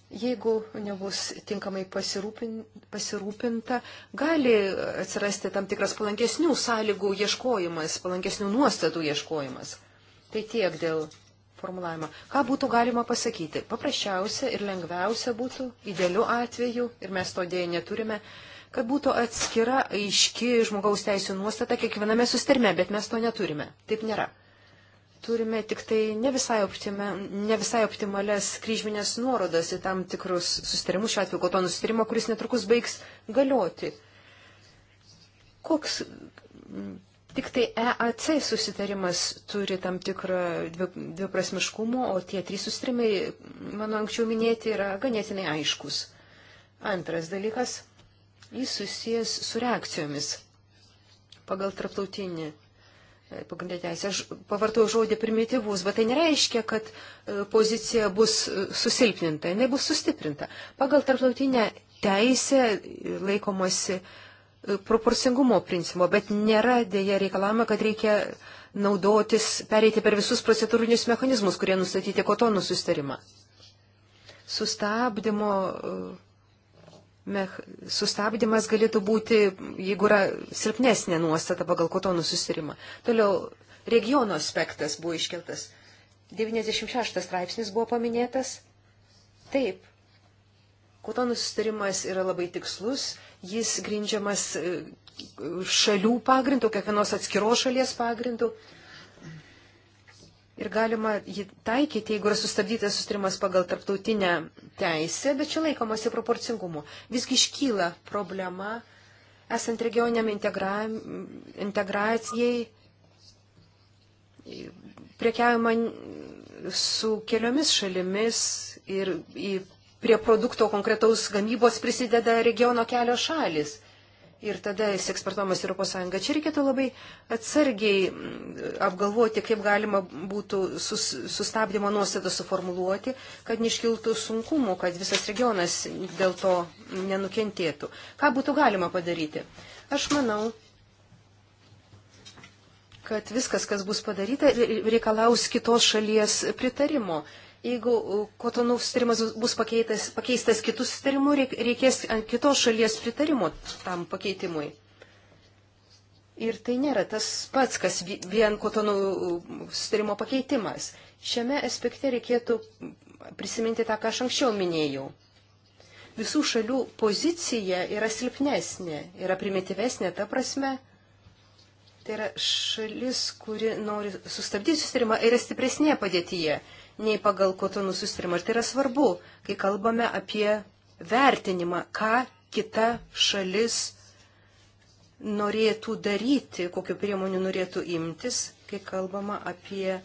jeigu nebus tinkamai pasirūpin, pasirūpinta, gali atsirasti tam tikras palankesnių sąlygų ieškojimas, palankesnių nuostatų ieškojimas. Tai tiek dėl formulavimo. Ką būtų galima pasakyti? Paprasčiausia ir lengviausia būtų, idealiu atveju, ir mes to dėje neturime, kad būtų atskira aiški žmogaus teisų nuostata kiekviename sustarme, bet mes to neturime. Taip nėra turime tik tai ne visai, optima, ne visai optimales kryžminės nuorodas į tam tikrus sustarimus, šiuo atveju kotonų sustarimą, kuris netrukus baigs galioti. Koks tik tai EAC susitarimas turi tam tikrą dviprasmiškumą, o tie trys sustarimai, mano anksčiau minėti, yra ganėtinai aiškus. Antras dalykas, jis susijęs su reakcijomis pagal traptautinį E, pagrindinė teisė. Aš pavartau žodį primityvus, bet tai nereiškia, kad e, pozicija bus e, susilpninta, jinai bus sustiprinta. Pagal tarptautinę teisę laikomasi proporcingumo principo, bet nėra dėja reikalavimo, kad reikia naudotis, pereiti per visus procedūrinius mechanizmus, kurie nustatyti kotonų sustarimą. Sustabdymo sustabdymas galėtų būti, jeigu yra silpnesnė nuostata pagal kotonų susirimą. Toliau regiono aspektas buvo iškeltas. 96 straipsnis buvo paminėtas. Taip. Kotonų susitarimas yra labai tikslus, jis grindžiamas e, šalių pagrindų, kiekvienos atskiros šalies pagrindų ir galima jį taikyti, jeigu yra sustabdytas sustrimas pagal tarptautinę teisę, bet čia laikomasi proporcingumu. Visgi iškyla problema, esant regioniam integra, integracijai, priekiavimą su keliomis šalimis ir į, prie produkto konkretaus gamybos prisideda regiono kelio šalis ir tada jis eksportuojamas Europos Sąjungą. Čia reikėtų labai atsargiai mm, apgalvoti, kaip galima būtų sus, sustabdymo nuostatą suformuluoti, kad neiškiltų sunkumų, kad visas regionas dėl to nenukentėtų. Ką būtų galima padaryti? Aš manau, kad viskas, kas bus padaryta, reikalaus kitos šalies pritarimo jeigu e, kotonų sustarimas bus pakeitas, pakeistas kitus sustarimų, reikės kitos šalies pritarimo tam pakeitimui. Ir tai nėra tas pats, kas vien kotonų e, sustarimo pakeitimas. Šiame aspekte reikėtų prisiminti tą, ką aš anksčiau minėjau. Visų šalių pozicija yra silpnesnė, yra primityvesnė ta prasme, Tai yra šalis, kuri nori sustabdyti susitarimą ir yra stipresnėje padėtyje nei pagal kotonų sustarimą. Ir tai yra svarbu, kai kalbame apie vertinimą, ką kita šalis norėtų daryti, kokiu priemonių norėtų imtis, kai kalbama apie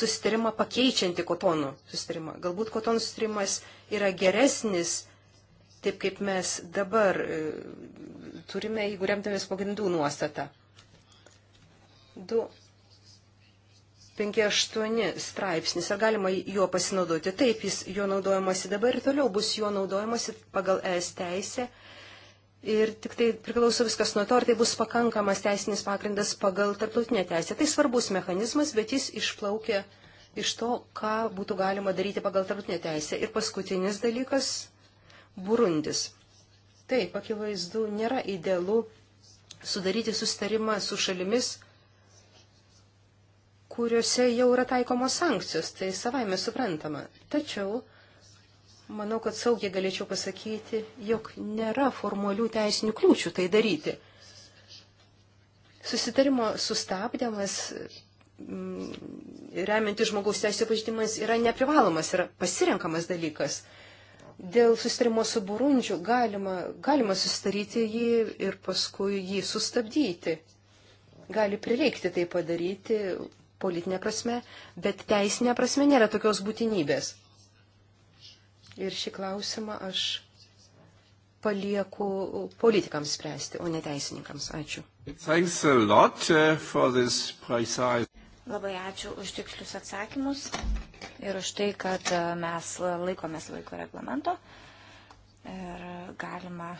susitarimą pakeičiantį kotonų susitarimą. Galbūt kotonų susitarimas yra geresnis, taip kaip mes dabar e, turime, jeigu remtamės pagrindų nuostatą. Du 58 straipsnis, ar galima juo pasinaudoti? Taip, jis juo naudojamasi dabar ir toliau bus juo naudojamasi pagal ES teisę. Ir tik tai priklauso viskas nuo to, ar tai bus pakankamas teisinis pagrindas pagal tarptautinę teisę. Tai svarbus mechanizmas, bet jis išplaukia iš to, ką būtų galima daryti pagal tarptautinę teisę. Ir paskutinis dalykas - Burundis. Taip, akivaizdu, nėra idealu sudaryti sustarimą su šalimis, kuriuose jau yra taikomos sankcijos, tai savaime suprantama. Tačiau manau, kad saugiai galėčiau pasakyti, jog nėra formalių teisinių kliūčių tai daryti. Susitarimo sustabdymas, mm, remianti žmogaus teisų pažydimas, yra neprivalomas, yra pasirenkamas dalykas. Dėl susitarimo su Burundžiu galima, galima susitaryti jį ir paskui jį sustabdyti gali prireikti tai padaryti, politinė prasme, bet teisinė prasme nėra tokios būtinybės. Ir šį klausimą aš palieku politikams spręsti, o ne teisininkams. Ačiū. Uh, Labai ačiū už tikslius atsakymus ir už tai, kad uh, mes laikomės laiko reglamento ir galima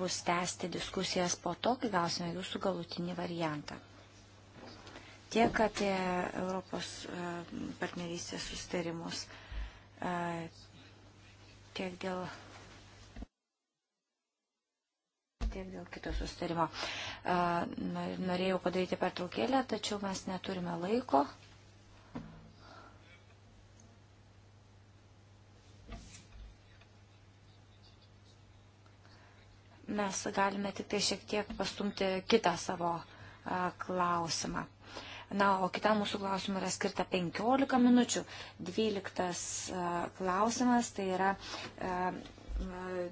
bus tęsti diskusijas po to, kai gausime jūsų galutinį variantą tiek apie Europos e, partnerystės sustarimus, e, tiek dėl tiek dėl kito sustarimo. E, norėjau padaryti pertraukėlę, tačiau mes neturime laiko. Mes galime tik tai šiek tiek pastumti kitą savo klausimą. Na, o kitam mūsų klausimui yra skirta 15 minučių. 12 e, klausimas tai yra e,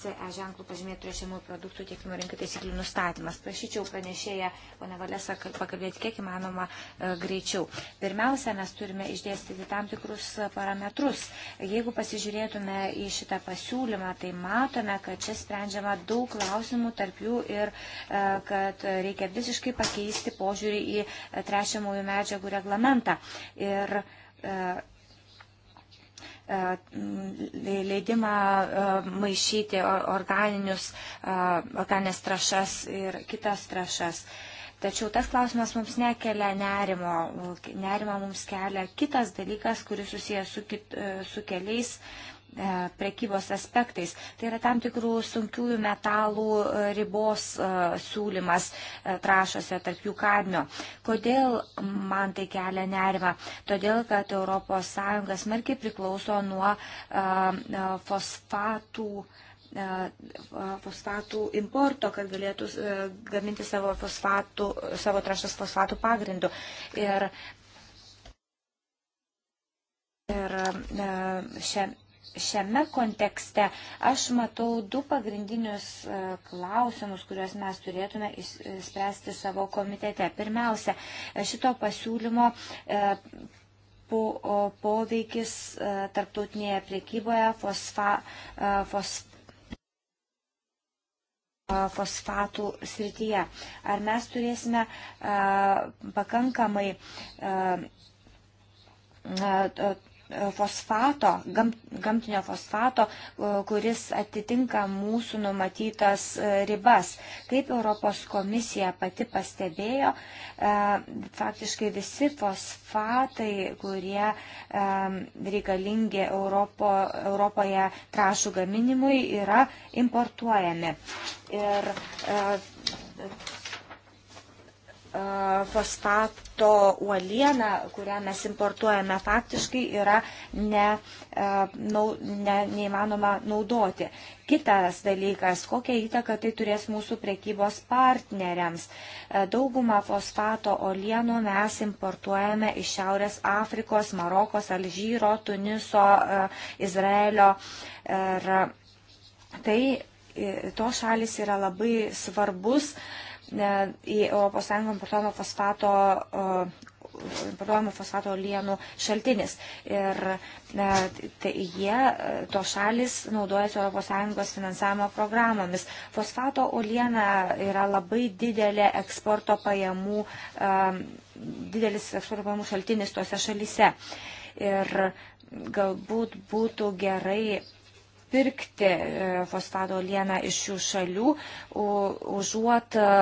CE ženklų pažymėtų reišiamų produktų tiekimo rinkai taisyklių nustatymas. Prašyčiau pranešėją, pana Valesa, pakalbėti kiek įmanoma e, greičiau. Pirmiausia, mes turime išdėstyti tam tikrus e, parametrus. Jeigu pasižiūrėtume į šitą pasiūlymą, tai matome, kad čia sprendžiama daug klausimų, tarp jų ir e, kad reikia visiškai pakeisti požiūrį į trešiamųjų medžiagų reglamentą. Ir E, leidimą e, maišyti organinius, e, organinės trašas ir kitas trašas. Tačiau tas klausimas mums nekelia nerimo. Nerima mums kelia kitas dalykas, kuris susijęs su, kit, e, su keliais e, prekybos aspektais. Tai yra tam tikrų sunkiųjų metalų e, ribos siūlymas trašose, tarp jų kadmio. Kodėl man tai kelia nerima? Todėl, kad ES smarkiai priklauso nuo fosfatų E, fosfatų importo, kad galėtų e, gaminti savo, fosfatų, savo trašas fosfatų pagrindu. Ir, ir e, šia, šiame kontekste aš matau du pagrindinius klausimus, kuriuos mes turėtume spręsti savo komitete. Pirmiausia, šito pasiūlymo poveikis tarptautinėje priekyboje fosfa, fosf, fosfatų srityje. Ar mes turėsime pakankamai fosfato, gam, gamtinio fosfato, e, kuris atitinka mūsų numatytas e, ribas. Kaip Europos komisija pati pastebėjo, e, faktiškai visi fosfatai, kurie reikalingi Europo, Europoje trašų gaminimui, yra importuojami. Ir, fosfato e, uoliena, kurią mes importuojame, faktiškai yra ne, e, nau, ne, neįmanoma naudoti. Kitas dalykas, kokią įtaką tai turės mūsų prekybos partneriams. E, daugumą fosfato uolienų mes importuojame iš Šiaurės Afrikos, Marokos, Alžyro, Tuniso, Izraelio. Ir tai tos šalis yra labai svarbus uh, į ES importuojamo fosfato e, importuojamų fosfato lienų šaltinis. Ir e, tai jie, e, to šalis, naudojasi ES finansavimo programomis. Fosfato uliena yra labai didelė eksporto pajamų, didelis eksporto pajamų šaltinis tose šalise. Ir galbūt būtų gerai pirkti e, fosfato lieną iš šių šalių, užuot e,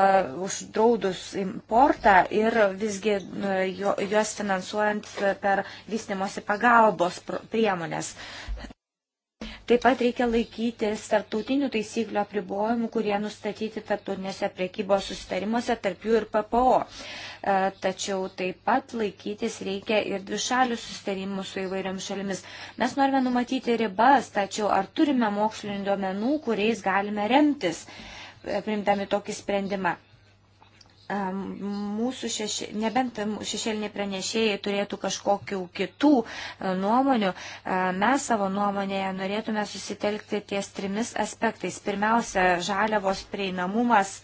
uždraudus importą ir visgi e, juos finansuojant per vystimosi pagalbos priemonės. Taip pat reikia laikytis tarptautinių taisyklių apribojimų, kurie nustatyti tarptautinėse priekybos susitarimuose, tarp jų ir PPO. E, tačiau taip pat laikytis reikia ir dvišalių susitarimų su įvairiam šalimis. Mes norime numatyti ribas, tačiau ar turime mokslinių duomenų, kuriais galime remtis, e, primdami tokį sprendimą mūsų šeši, nebent šešėliniai pranešėjai turėtų kažkokių kitų e, nuomonių, e, mes savo nuomonėje norėtume susitelkti ties trimis aspektais. Pirmiausia, žaliavos prieinamumas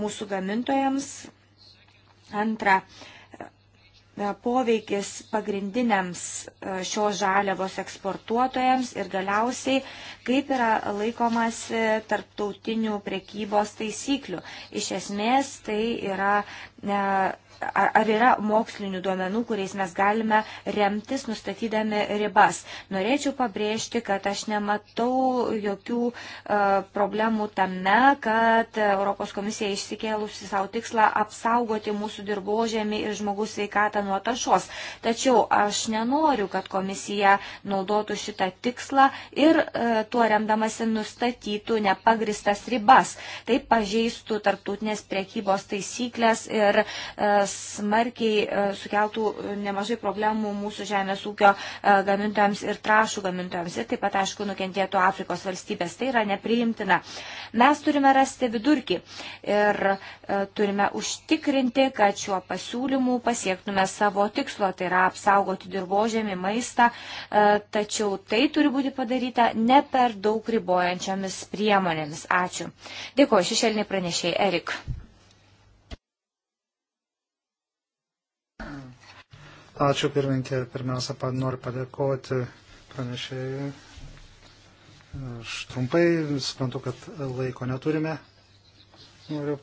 mūsų gamintojams. Antra, E, poveikis pagrindiniams e, šios žaliavos eksportuotojams ir galiausiai, kaip yra laikomas tarptautinių prekybos taisyklių. Iš esmės tai yra e, ar, ar yra mokslinių duomenų, kuriais mes galime remtis, nustatydami ribas. Norėčiau pabrėžti, kad aš nematau jokių e, problemų tame, kad Europos komisija išsikėlusi savo tikslą apsaugoti mūsų dirbožėmį ir žmogus sveikatą nuo taršos. Tačiau aš nenoriu, kad komisija naudotų šitą tikslą ir e, tuo remdamasi nustatytų nepagristas ribas. Tai pažeistų tarptautinės priekybos taisyklės ir e, smarkiai e, sukeltų e, nemažai problemų mūsų žemės ūkio e, gamintojams ir trašų gamintojams. Ir taip pat, aišku, nukentėtų Afrikos valstybės. Tai yra nepriimtina. Mes turime rasti vidurkį ir turime užtikrinti, kad šiuo pasiūlymu pasiektume savo tikslo, tai yra apsaugoti dirbožėmį maistą, tačiau tai turi būti padaryta ne per daug ribojančiomis priemonėmis. Ačiū. Dėkuoju, šešėlinį pranešėjai Erik. Ačiū pirminkė. Pirmiausia, noriu padėkoti pranešėjui. Aš trumpai suprantu, kad laiko neturime. Noriu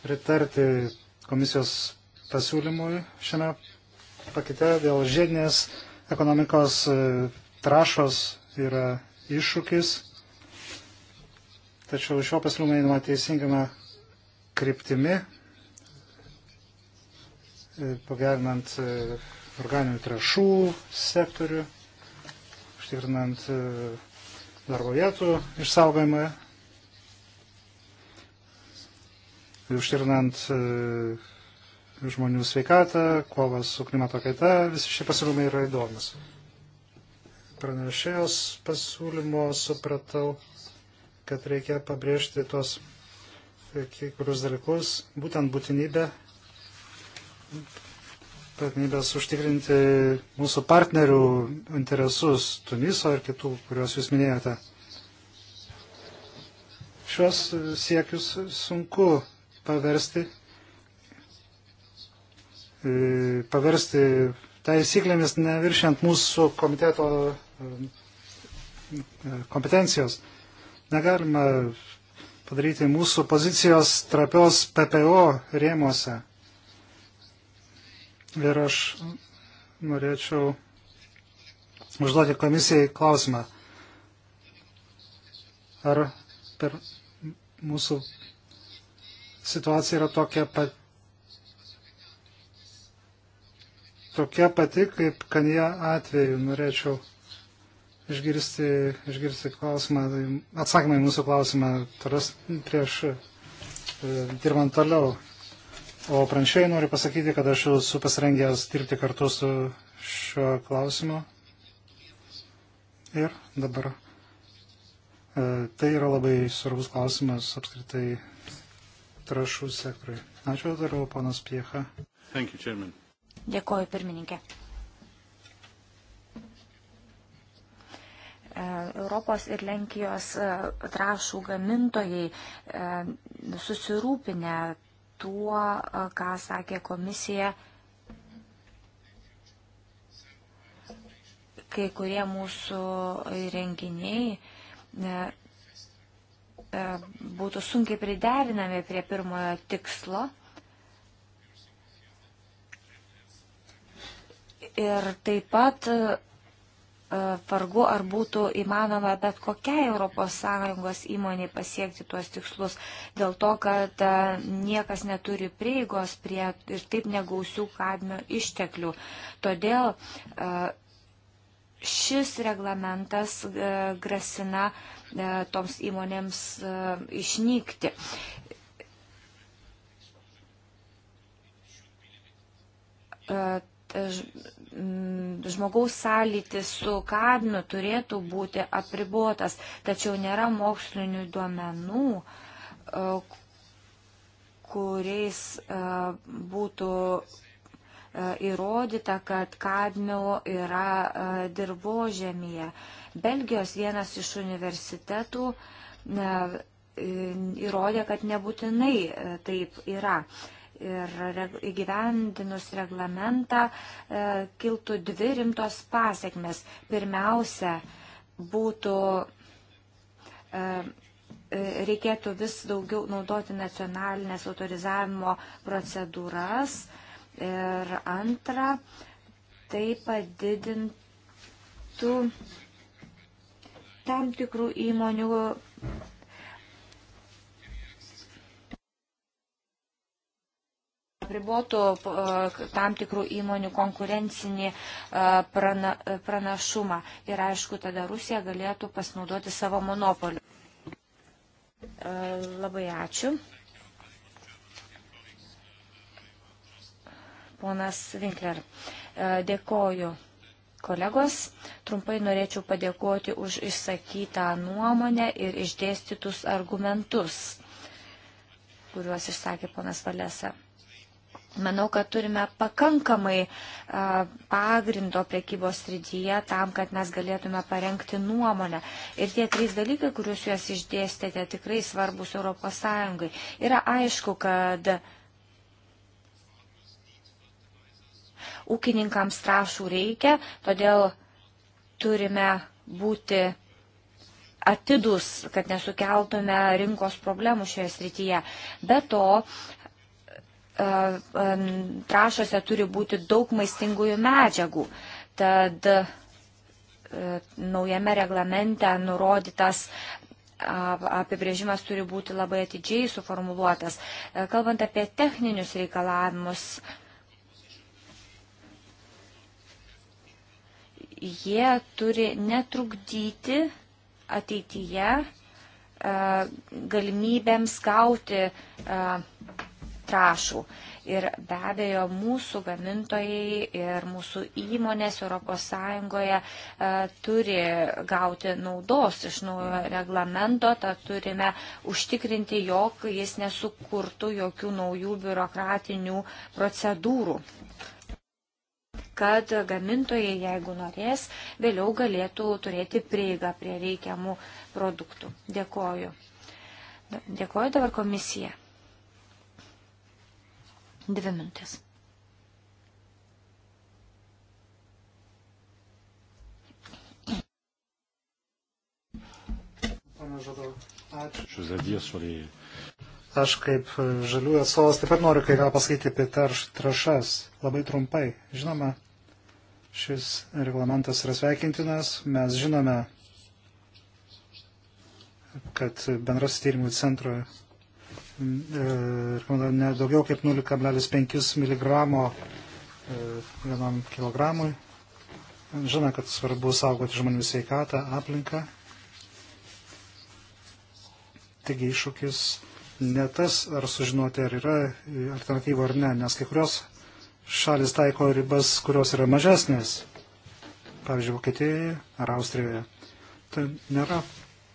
pritarti komisijos pasiūlymui šiame pakete dėl žiedinės ekonomikos e, trašos yra iššūkis. Tačiau šio pasiūlymo einama teisingame kryptimi pagerinant e, organinių trašų sektorių, užtikrinant e, darbo vietų išsaugojimą, užtikrinant e, žmonių sveikatą, kovas su klimato kaita, visi šie pasiūlymai yra įdomus. Pranešėjos pasiūlymo supratau, kad reikia pabrėžti tos kai kurius dalykus, būtent būtinybę galimybės užtikrinti mūsų partnerių interesus Tuniso ir kitų, kuriuos jūs minėjote. Šios siekius sunku paversti, e, paversti taisyklėmis, neviršiant mūsų komiteto e, kompetencijos. Negalima padaryti mūsų pozicijos trapios PPO rėmuose. Ir aš norėčiau užduoti komisijai klausimą. Ar per mūsų situacija yra tokia pat tokia pati, kaip kanje atveju. Norėčiau išgirsti, išgirsti klausimą, atsakymą į mūsų klausimą, taras prieš e, dirbant toliau. O pranešėjai noriu pasakyti, kad aš esu pasirengęs dirbti kartu su šiuo klausimu. Ir dabar e, tai yra labai svarbus klausimas apskritai trašų sektoriui. Ačiū, darau panas Piecha. You, Dėkuoju, pirmininkė. E, Europos ir Lenkijos e, trašų gamintojai e, susirūpinę tuo, ką sakė komisija. Kai kurie mūsų renginiai e, e, būtų sunkiai priderinami prie pirmojo tikslo. Ir taip pat E, vargu ar būtų įmanoma bet kokiai ES įmoniai pasiekti tuos tikslus, dėl to, kad e, niekas neturi prieigos prie ir taip negausių kadmio išteklių. Todėl e, šis reglamentas grasina toms įmonėms išnykti. Mm, žmogaus sąlytis su kadmiu turėtų būti apribotas, tačiau nėra mokslinių duomenų, e, kuriais e, būtų e, įrodyta, kad kadmio yra dirbožėmėje. Belgijos vienas iš universitetų įrodė, kad nebūtinai taip yra ir įgyvendinus reglamentą e, kiltų dvi rimtos pasiekmes. Pirmiausia, būtų e, e, reikėtų vis daugiau naudoti nacionalinės autorizavimo procedūras. Ir antra, tai padidintų tam tikrų įmonių apribotų tam tikrų įmonių konkurencinį prana, pranašumą. Ir aišku, tada Rusija galėtų pasinaudoti savo monopoliu. Labai ačiū. Ponas Winkler, dėkoju kolegos. Trumpai norėčiau padėkoti už išsakytą nuomonę ir išdėstytus argumentus, kuriuos išsakė ponas Valesa. Manau, kad turime pakankamai pagrindo priekybos srityje tam, kad mes galėtume parengti nuomonę. Ir tie trys dalykai, kuriuos jūs išdėstėte, tikrai svarbus ES. Yra aišku, kad ūkininkams trašų reikia, todėl turime būti atidus, kad nesukeltume rinkos problemų šioje srityje. Be to, E, e, trašose turi būti daug maistingųjų medžiagų. Tad e, naujame reglamente nurodytas apibrėžimas turi būti labai atidžiai suformuluotas. Kalbant apie techninius reikalavimus, jie turi netrukdyti ateityje galimybėms gauti uh, trašų. Ir be abejo, mūsų gamintojai ir mūsų įmonės ES e, turi gauti naudos iš naujo reglamento, tad turime užtikrinti, jog jis nesukurtų jokių naujų biurokratinių procedūrų kad gamintojai, jeigu norės, vėliau galėtų turėti prieigą prie reikiamų produktų. Dėkoju. Dėkoju dabar komisija. Dvi minutės. Aš kaip žaliųjų atstovas taip pat noriu kai ką pasakyti apie tarš, trašas. Labai trumpai. Žinoma, šis reglamentas yra sveikintinas. Mes žinome, kad bendras tyrimų centro ne daugiau kaip 0,5 mg e, vienam kilogramui. Žinoma, kad svarbu saugoti žmonių sveikatą, aplinką. Taigi iššūkis ne tas, ar sužinoti, ar yra alternatyva ar ne, nes kai kurios šalis taiko ribas, kurios yra mažesnės. Pavyzdžiui, Vokietijoje ar Austrijoje. Tai nėra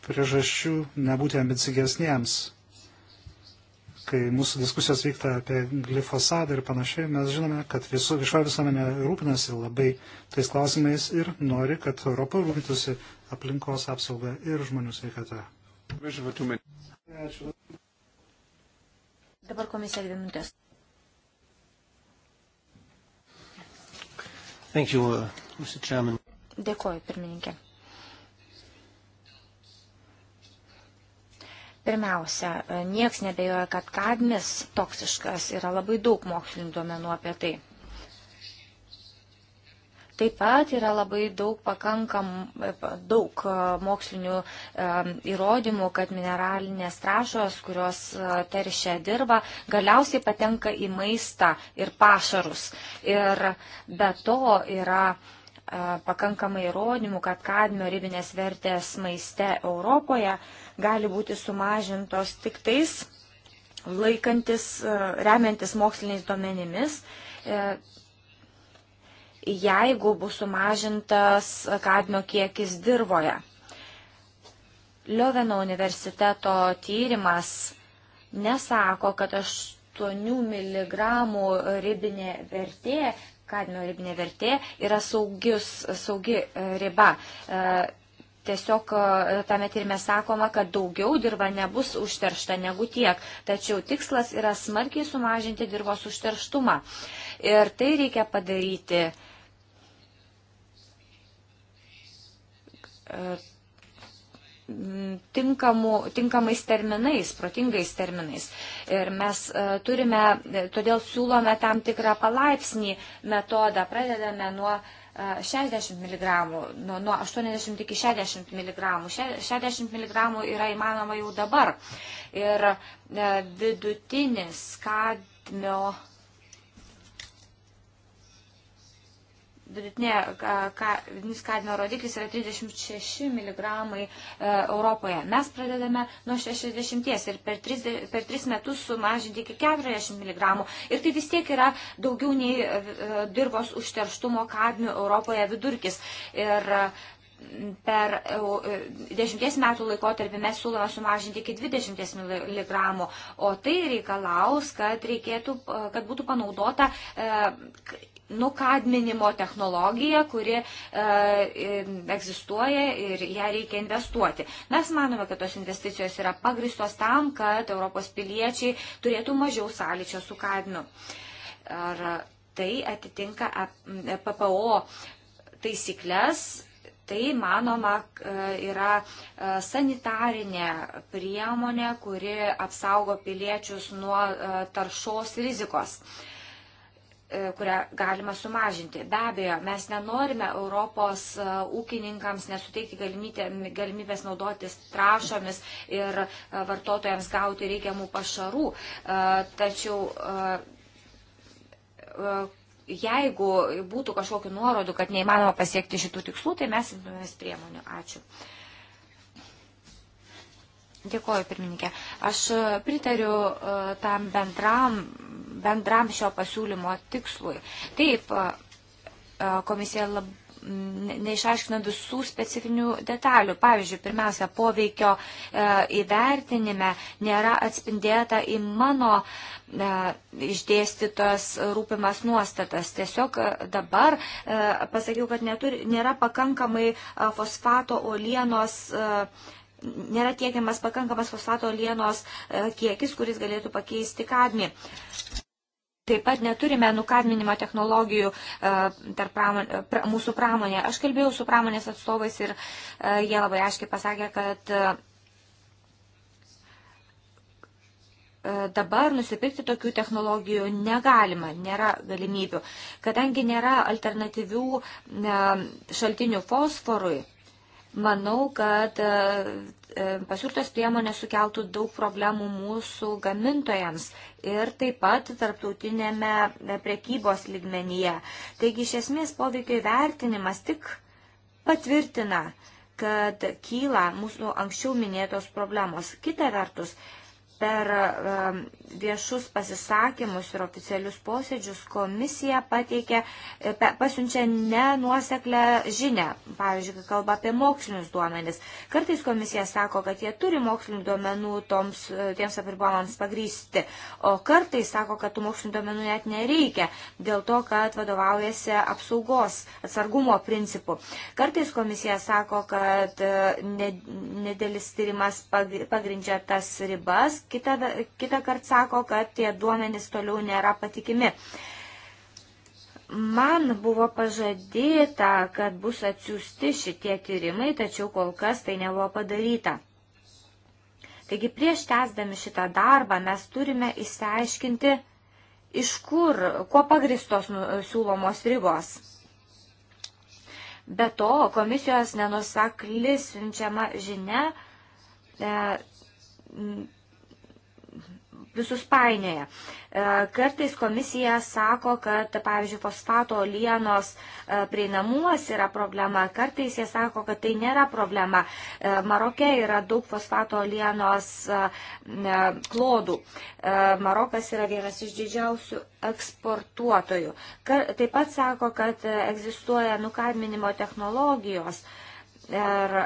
priežasčių nebūti ambicingesniems kai mūsų diskusijos vyksta apie glifosadą ir panašiai, mes žinome, kad viso, viešoji visuomenė rūpinasi labai tais klausimais ir nori, kad Europa rūpintųsi aplinkos apsaugą ir žmonių sveikatą. Ačiū. Dabar komisija dvi minutės. Thank you, uh, Mr. Chairman. Dėkoju, pirmininkė. Pirmiausia, e, nieks nebejoja, kad kadmis toksiškas yra labai daug mokslinių duomenų apie tai. Taip pat yra labai daug pakankam, e, daug e, mokslinių įrodymų, kad mineralinės trašos, kurios teršia dirbą, galiausiai patenka į maistą ir pašarus. Ir be to yra pakankamai įrodymų, kad kadmio ribinės vertės maiste Europoje gali būti sumažintos tik tais laikantis, e, remiantis moksliniais duomenimis, e, jeigu bus sumažintas kadmio kiekis dirboje. Lioveno universiteto tyrimas nesako, kad 8 mg ribinė vertė, kadmio ribinė vertė yra saugius, saugi riba. E, Tiesiog e, tame tyrime sakoma, kad daugiau dirba nebus užteršta negu tiek, tačiau tikslas yra smarkiai sumažinti dirbos užterštumą. Ir tai reikia padaryti. E, Tinkamų, tinkamais terminais, protingais terminais. Ir mes e, turime, todėl siūlome tam tikrą palaipsnį metodą. Pradedame nuo uh, 60 mg, nuo, nuo 80 iki 60 mg. 60 mg yra įmanoma jau dabar. Ir e, vidutinis kadmio vidutinė vidutinis kadmio rodiklis yra 36 mg e, Europoje. Mes pradedame nuo 60 ir per 3, per 3 metus sumažinti iki 40 mg. Ir tai vis tiek yra daugiau nei e, dirbos užterštumo kadmio Europoje vidurkis. Ir e, per dešimties metų laikotarpį mes siūlome sumažinti iki 20 mg, o tai reikalaus, kad, reikėtų, kad būtų panaudota nukadminimo technologija, kuri e, egzistuoja ir ją reikia investuoti. Mes manome, kad tos investicijos yra pagristos tam, kad Europos piliečiai turėtų mažiau sąlyčio su kadmiu. Ar tai atitinka PPO taisyklės? Tai, manoma, e, yra e, sanitarinė priemonė, kuri apsaugo piliečius nuo e, taršos rizikos. E, E, kurią galima sumažinti. Be abejo, mes nenorime Europos e, ūkininkams nesuteikti galimybės naudotis trašomis ir e, vartotojams gauti reikiamų pašarų. Tačiau jeigu būtų kažkokiu nuorodu, kad neįmanoma pasiekti šitų tikslų, tai mes imtumės priemonių. Ačiū. Dėkoju, pirmininkė. Aš pritariu tam bendram bendram šio pasiūlymo tikslui. Taip, komisija lab, neišaiškino visų specifinių detalių. Pavyzdžiui, pirmiausia, poveikio įvertinime nėra atspindėta į mano išdėstytos rūpimas nuostatas. Tiesiog dabar pasakiau, kad neturi, nėra pakankamai fosfato olienos nėra tiekiamas pakankamas fosfato lienos kiekis, kuris galėtų pakeisti kadmį. Taip pat neturime nukadminimo technologijų e, tarp pramon, pra, mūsų pramonė. Aš kalbėjau su pramonės atstovais ir e, jie labai aiškiai pasakė, kad e, dabar nusipirkti tokių technologijų negalima, nėra galimybių, kadangi nėra alternatyvių šaltinių fosforui Manau, kad e, e, pasiūrtos priemonės sukeltų daug problemų mūsų gamintojams ir taip pat tarptautinėme e, prekybos lygmenyje. Taigi iš esmės poveikio įvertinimas tik patvirtina, kad kyla mūsų anksčiau minėtos problemos. Kita vertus, per viešus pasisakymus ir oficialius posėdžius komisija pateikia, e, pasiunčia nenuoseklę žinę, pavyzdžiui, kai kalba apie mokslinius duomenis. Kartais komisija sako, kad jie turi mokslinių duomenų toms, e, tiems apribomams pagrysti, o kartais sako, kad tų mokslinių duomenų net nereikia, dėl to, kad vadovaujasi apsaugos, atsargumo principu. Kartais komisija sako, kad e, nedėlis tyrimas pagrindžia tas ribas, kitą, kitą kartą sako, kad tie duomenys toliau nėra patikimi. Man buvo pažadėta, kad bus atsiųsti šitie tyrimai, tačiau kol kas tai nebuvo padaryta. Taigi prieš tęsdami šitą darbą mes turime įsiaiškinti, iš kur, kuo pagristos nu, siūlomos ribos. Be to, komisijos nenusaklis siunčiama žinia e, visus painioja. E, kartais komisija sako, kad, pavyzdžiui, fosfato lienos e, prieinamumas yra problema, kartais jie sako, kad tai nėra problema. E, Marokė yra daug fosfato lienos klodų. Marokas yra vienas iš didžiausių eksportuotojų. Taip pat sako, kad egzistuoja nukarminimo technologijos. Ir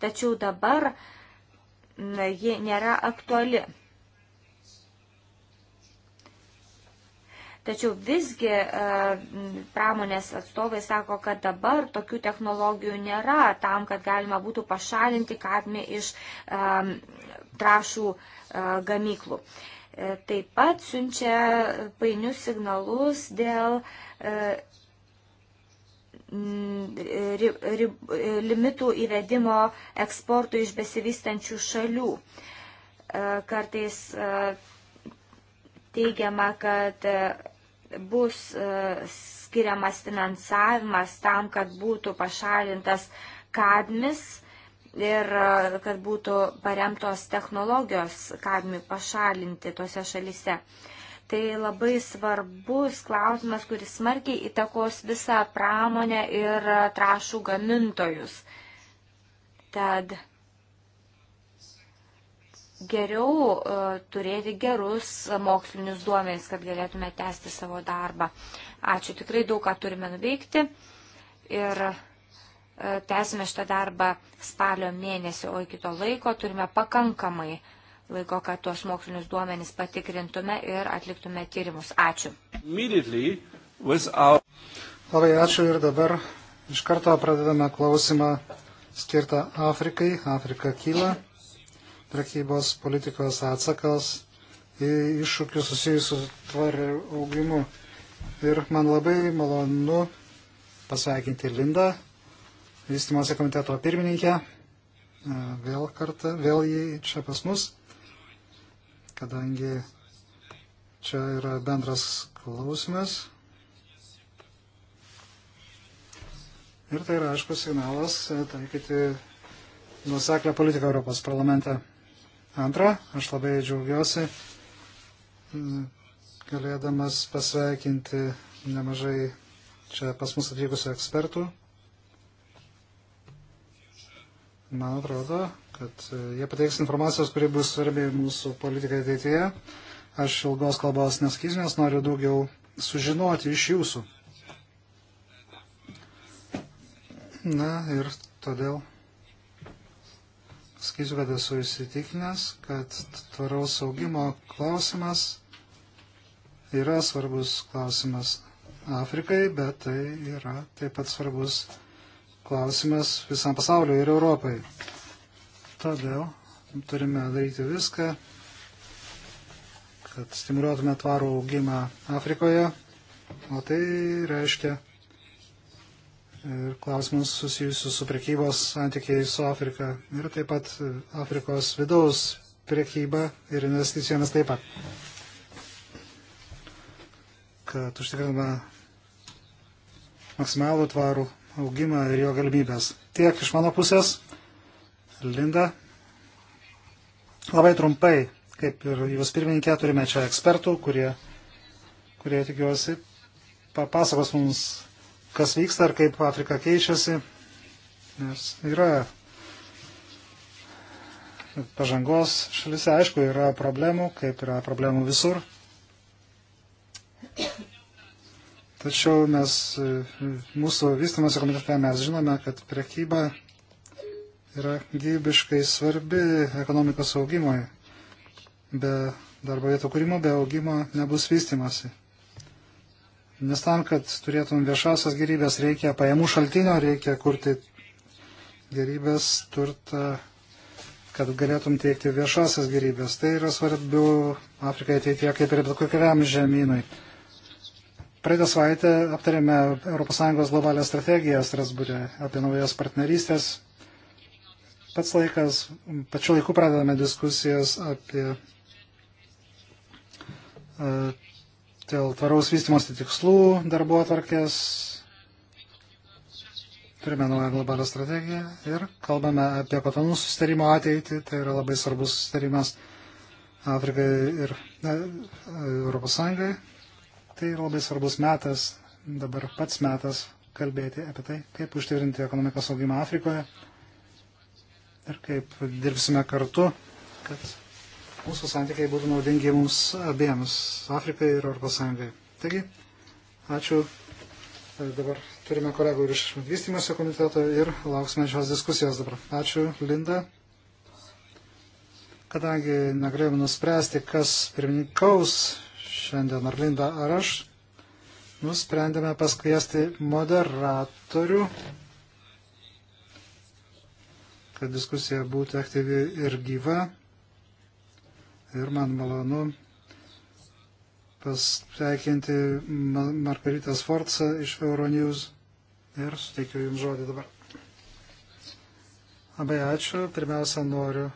Tačiau dabar uh, ji nėra aktuali. Tačiau visgi e, pramonės atstovai sako, kad dabar tokių technologijų nėra tam, kad galima būtų pašalinti kadmį iš e, trašų e, gamyklų. Taip pat siunčia painius signalus dėl ri, mm, ri, limitų įvedimo eksportų iš besivystančių šalių. E, kartais e, teigiama, kad e, bus skiriamas finansavimas tam, kad būtų pašalintas kadmis ir kad būtų paremtos technologijos kadmiui pašalinti tose šalise. Uh, Tai labai svarbus klausimas, kuris smarkiai įtakos visą pramonę ir trašų gamintojus. Tad geriau e, turėti gerus mokslinius duomenys, kad galėtume tęsti savo darbą. Ačiū, tikrai daug ką turime nuveikti ir e, tęsime šitą darbą spalio mėnesį, o iki to laiko turime pakankamai laiko, kad tuos mokslinius duomenys patikrintume ir atliktume tyrimus. Ačiū. Our... Labai ačiū ir dabar iš karto pradedame klausimą skirtą Afrikai. Afrika kyla. Prekybos politikos atsakas į iššūkius susijusius su tvariu augimu. Ir man labai malonu pasveikinti Lindą, vystimosi komiteto pirmininkę. Vėl kartą, vėl jį čia pas mus kadangi čia yra bendras klausimas. Ir tai yra, aišku, signalas e, taikyti nuseklę politiką Europos parlamente. Antra, aš labai džiaugiuosi galėdamas pasveikinti nemažai čia pas mus atvykusių ekspertų. Man atrodo, kad e, jie pateiks informacijos, kuri bus svarbi mūsų politikai ateityje. Aš ilgos kalbos nesakysiu, nes noriu daugiau sužinoti iš jūsų. Na ir todėl sakysiu, kad esu įsitikinęs, kad tvaraus augimo klausimas yra svarbus klausimas Afrikai, bet tai yra taip pat svarbus klausimas visam pasauliu ir Europai. Todėl turime daryti viską, kad stimuliuotume tvarų augimą Afrikoje, o tai reiškia ir klausimus susijusius su prekybos santykiai su Afrika ir taip pat Afrikos vidaus prekyba ir investicijomis taip pat. Kad užtikrinama maksimalų tvarų augimą ir jo galimybės. Tiek iš mano pusės. Linda. Labai trumpai, kaip ir jūs pirmininkė, turime čia ekspertų, kurie, kurie tikiuosi, papasakos mums, kas vyksta ir kaip Afrika keičiasi. Nes yra pažangos šalise, aišku, yra problemų, kaip yra problemų visur. Tačiau mes, mūsų vystymosi komitete mes žinome, kad prekyba yra gyvybiškai svarbi ekonomikos augimui. Be darbo vietų kūrimo, be augimo nebus vystimasi. Nes tam, kad turėtum viešasias gerybės, reikia pajamų šaltinio, reikia kurti gerybės turtą, kad galėtum teikti viešasias gerybės. Tai yra svarbiau Afrikai ateityje kaip ir bet kokiam žemynui. Praeitą savaitę aptarėme ES globalę strategiją Strasbūrė apie naujas partnerystės Pats laikas, pačiu laiku pradedame diskusijas apie e, dėl tvaraus vystimosi tikslų darbo atvarkės. Turime naują globalią strategiją ir kalbame apie patanų sustarimo ateitį. Tai yra labai svarbus sustarimas Afrikai ir ne, Europos Sąjungai. Tai yra labai svarbus metas, dabar pats metas kalbėti apie tai, kaip užtikrinti ekonomikos augimą Afrikoje ir kaip dirbsime kartu, kad mūsų santykiai būtų naudingi mums abiems, Afrikai ir Europos Sąjungai. Taigi, ačiū. E, dabar turime kolegų ir iš vystymosi komiteto ir lauksime šios diskusijos dabar. Ačiū, Linda. Kadangi negalėjome nuspręsti, kas pirmininkaus šiandien, ar Linda, ar aš, nusprendėme paskviesti moderatorių kad diskusija būtų aktyvi ir gyva. Ir man malonu pasteikinti Margaritą Sforcą iš Euronews ir suteikiu Jums žodį dabar. Labai ačiū. Pirmiausia, noriu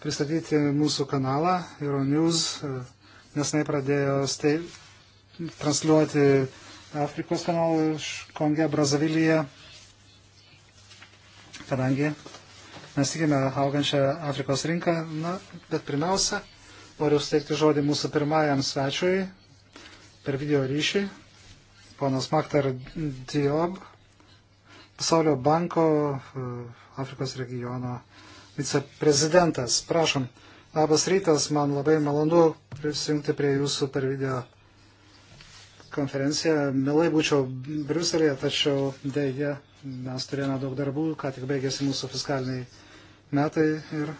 pristatyti mūsų kanalą Euronews, nes jis pradėjo stei... transliuoti Afrikos kanalą iš Konge, Brazavilyje kadangi mes tikime augančią Afrikos rinką. Na, bet pirmiausia, noriu suteikti žodį mūsų pirmajam svečiui per video ryšį, ponas Maktar Diob, Pasaulio banko e, Afrikos regiono viceprezidentas. Prašom. Labas rytas, man labai malonu prisijungti prie jūsų per video konferenciją. Milai būčiau Briuselėje, tačiau dėja mes turėjome daug darbų, ką tik baigėsi mūsų fiskaliniai metai ir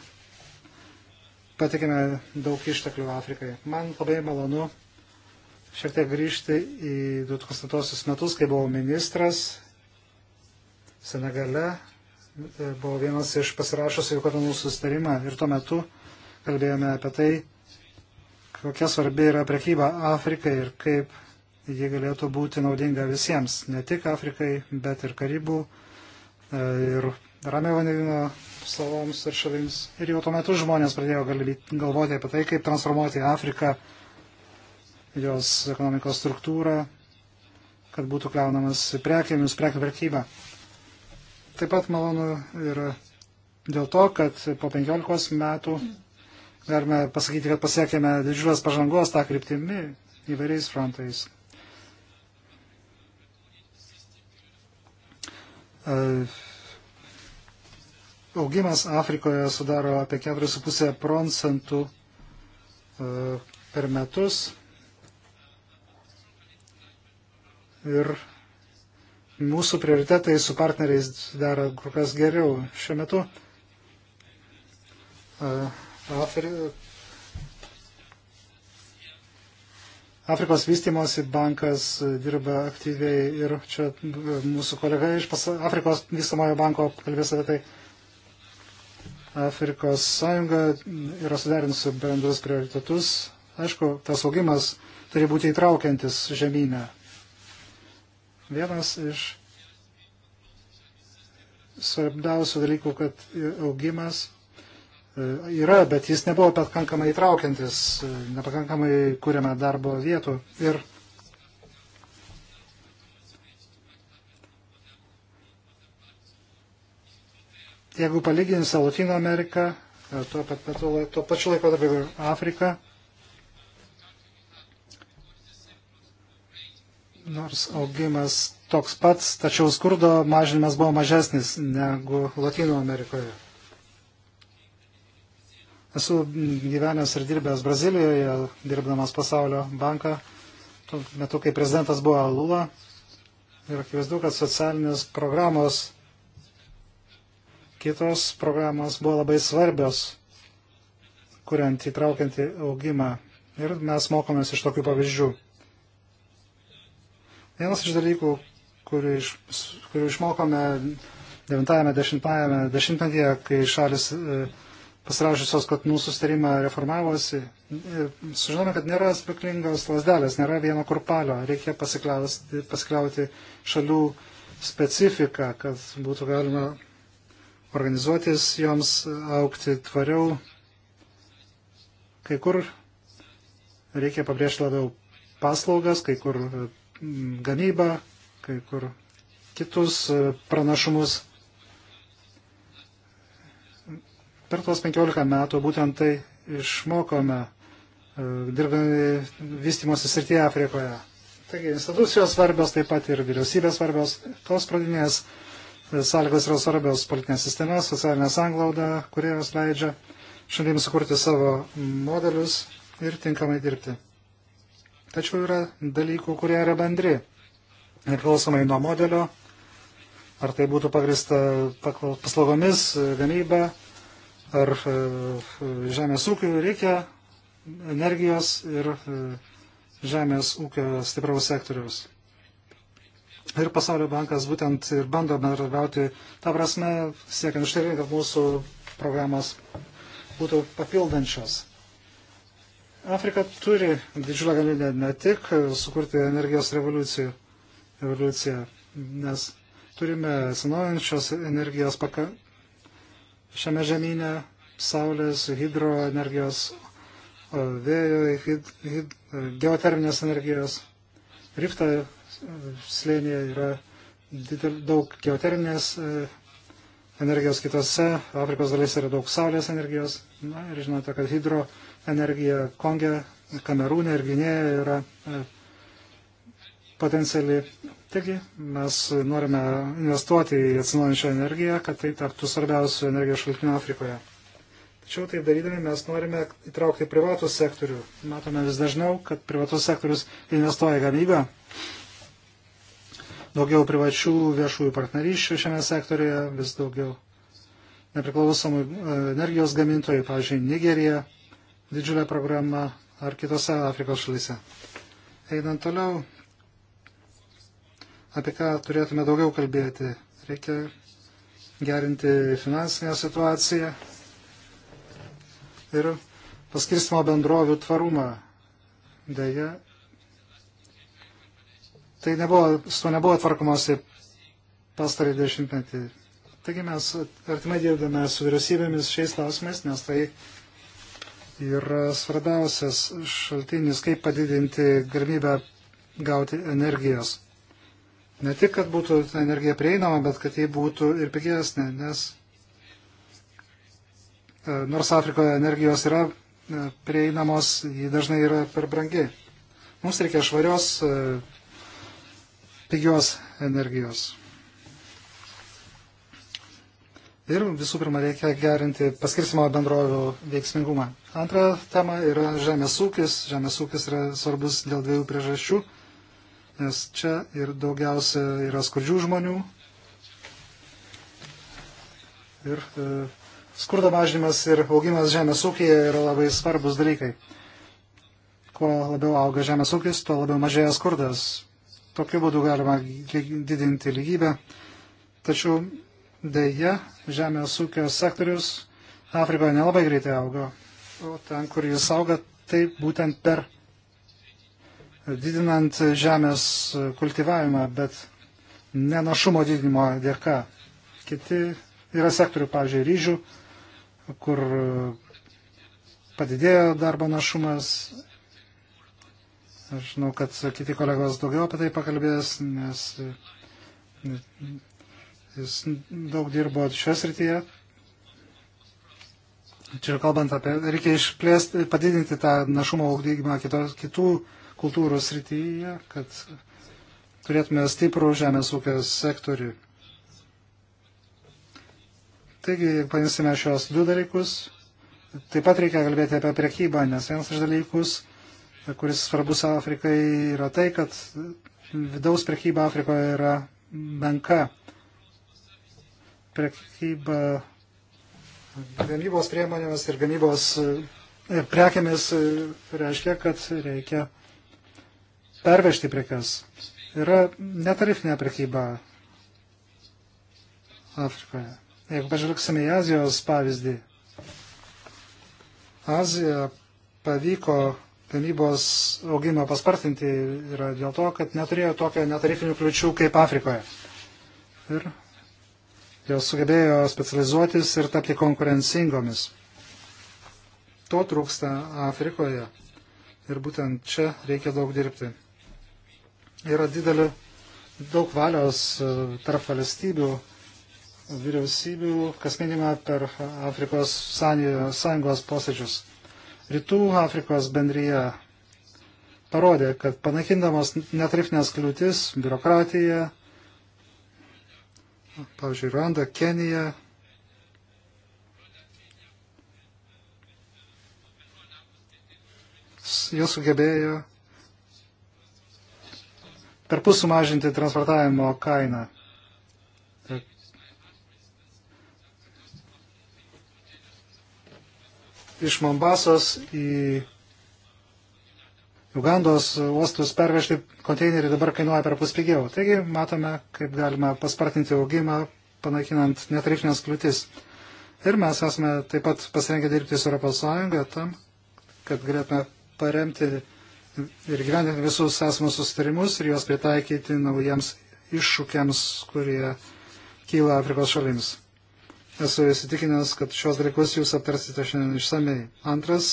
patikėme daug išteklių Afrikai. Man labai malonu šiek tiek grįžti į 2000 metus, kai buvau ministras Senegale, buvo vienas iš pasirašusių kotonų sustarimą ir tuo metu kalbėjome apie tai, kokia svarbi yra prekyba Afrikai ir kaip ji galėtų būti naudinga visiems, ne tik Afrikai, bet ir Karibų, e, ir Ramio vandenino saloms ir šalims. Ir jau tuo metu žmonės pradėjo galvoti apie tai, kaip transformuoti Afriką, jos ekonomikos struktūrą, kad būtų kliaunamas prekėmis, prekių vertybą. Taip pat malonu ir dėl to, kad po 15 metų galime pasakyti, kad pasiekėme didžiulės pažangos tą kryptimį įvairiais frontais. Augimas Afrikoje sudaro apie 4,5 procentų e, per metus. Ir mūsų prioritetai su partneriais daro kur kas geriau. Šiuo metu e, Afri Afrikos vystimosi bankas dirba aktyviai ir čia mūsų kolega iš Afrikos vystamojo banko kalbės apie tai. Afrikos sąjunga yra suderinusi bendrus prioritetus. Aišku, tas augimas turi būti įtraukiantis žemynę. Vienas iš svarbiausių dalykų, kad augimas E, yra, bet jis nebuvo pakankamai įtraukiantis, e, nepakankamai kūrėme darbo vietų. Ir jeigu palyginsite Latino Ameriką, e, tuo, pat, tuo, tuo pačiu laiko tarp ir Afriką, nors augimas toks pats, tačiau skurdo mažinimas buvo mažesnis negu Latino Amerikoje. Esu gyvenęs ir dirbęs Brazilijoje, dirbdamas pasaulio banką, tuo metu, kai prezidentas buvo Lula. Ir akivaizdu, kad socialinės programos, kitos programos buvo labai svarbios, kuriant įtraukiantį augimą. Ir mes mokomės iš tokių pavyzdžių. Vienas iš dalykų, kurių, iš, kurių išmokome 90-ąjame dešimtmetyje, kai šalis e, pasirašusios, kad mūsų sustarimą reformavosi, sužinome, kad nėra spiklingos lasdelės, nėra vieno kurpalio, reikia pasikliauti, pasikliauti šalių specifiką, kad būtų galima organizuotis joms, aukti tvariau. Kai kur reikia pabrėžti labiau paslaugas, kai kur gamybą, kai kur kitus pranašumus Per tuos 15 metų būtent tai išmokome e, dirbdami vystimosi srityje Afrikoje. Taigi institucijos svarbios, taip pat ir vyriausybės svarbios, tos pradinės e, sąlygos yra svarbios politinė sistema, socialinė sanglauda, kurie jos leidžia šalims sukurti savo modelius ir tinkamai dirbti. Tačiau yra dalykų, kurie yra bendri. Neklausomai nuo modelio, ar tai būtų pagrista paslaugomis, gamyba, ar e, žemės ūkiui reikia energijos ir e, žemės ūkio stipraus sektoriaus. Ir Pasaulio bankas būtent ir bando bendradarbiauti tą prasme, siekiant užtikrinti, kad mūsų programos būtų papildančios. Afrika turi didžiulę galimybę ne tik sukurti energijos revoliuciją, revoliuciją nes turime atsinaujančios energijos paka, šiame žemynė saulės, hidroenergijos, vėjo, hid, hid, geoterminės energijos. Rifta e, slėnyje yra didel, daug geoterminės e, energijos kitose, Afrikos dalis yra daug saulės energijos. Na ir žinote, kad hidroenergija Konge, Kamerūne ir Gynėje yra e, potenciali Taigi mes norime investuoti į atsinaujančią energiją, kad tai taptų svarbiausių energijos šaltinių Afrikoje. Tačiau tai darydami mes norime įtraukti privatų sektorių. Matome vis dažniau, kad privatus sektorius investuoja į gamybą. Daugiau privačių viešųjų partnerysčių šiame sektorėje, vis daugiau nepriklausomų e, energijos gamintojų, pavyzdžiui, Nigerija, didžiulė programa ar kitose Afrikos šalyse. Einant toliau, apie ką turėtume daugiau kalbėti. Reikia gerinti finansinę situaciją ir paskirstimo bendrovių tvarumą. Deja, tai nebuvo, su to nebuvo tvarkomasi pastarį dešimtmetį. Taigi mes artimai dirbame su vyriausybėmis šiais klausimais, nes tai yra svarbiausias šaltinis, kaip padidinti galimybę gauti energijos. Ne tik, kad būtų ta energija prieinama, bet kad ji būtų ir pigesnė, nes e, nors Afrikoje energijos yra e, prieinamos, ji dažnai yra per brangi. Mums reikia švarios, e, pigios energijos. Ir visų pirma reikia gerinti paskirstimo bendrovių veiksmingumą. Antra tema yra žemės ūkis. Žemės ūkis yra svarbus dėl dviejų priežasčių nes čia ir daugiausia yra skurdžių žmonių. Ir e, skurdo mažinimas ir augimas žemės ūkėje yra labai svarbus dalykai. Kuo labiau auga žemės ūkis, tuo labiau mažėja skurdas. Tokiu būdu galima didinti lygybę. Tačiau dėja, žemės ūkio sektorius Afrikoje nelabai greitai auga. O ten, kur jis auga, tai būtent per didinant žemės kultivavimą, bet nenašumo didinimo dėka. Kiti yra sektorių, pavyzdžiui, ryžių, kur padidėjo darbo našumas. Aš žinau, kad kiti kolegos daugiau apie tai pakalbės, nes jis daug dirbo šios rytyje. Čia kalbant apie, reikia išplėsti, padidinti tą našumo augdygimą kitų kultūros srityje, kad turėtume stiprų žemės ūkio sektorių. Taigi, paimsime šios du dalykus. Taip pat reikia kalbėti apie prekybą, nes vienas iš dalykus, kuris svarbus Afrikai, yra tai, kad vidaus prekyba Afrikoje yra menka. Prekyba gamybos priemonėmis ir gamybos ir prekiamis reiškia, kad reikia pervežti prekes. Yra netarifinė prekyba Afrikoje. Jeigu pažvelgsime į Azijos pavyzdį, Azija pavyko gamybos augimą paspartinti yra dėl to, kad neturėjo tokio netarifinių kliučių kaip Afrikoje. Ir jos sugebėjo specializuotis ir tapti konkurencingomis. To trūksta Afrikoje. Ir būtent čia reikia daug dirbti yra didelė daug valios e, tarp valstybių, vyriausybių, kas minima per Afrikos sąjungos posėdžius. Rytų Afrikos bendryje parodė, kad panaikindamas netarifinės kliūtis, biurokratiją, pavyzdžiui, Randa, Kenija, jie sugebėjo per pus sumažinti transportavimo kainą. Iš Mombasos į Ugandos uostus pervežti konteinerį dabar kainuoja per pus pigiau. Taigi matome, kaip galima paspartinti augimą, panaikinant netarifinės kliūtis. Ir mes esame taip pat pasirengę dirbti su ES tam, kad galėtume paremti ir gyvendinti visus esamus sustarimus ir juos pritaikyti naujiems iššūkiams, kurie kyla Afrikos šalims. Esu įsitikinęs, kad šios dalykus jūs aptarsite šiandien išsamei. Antras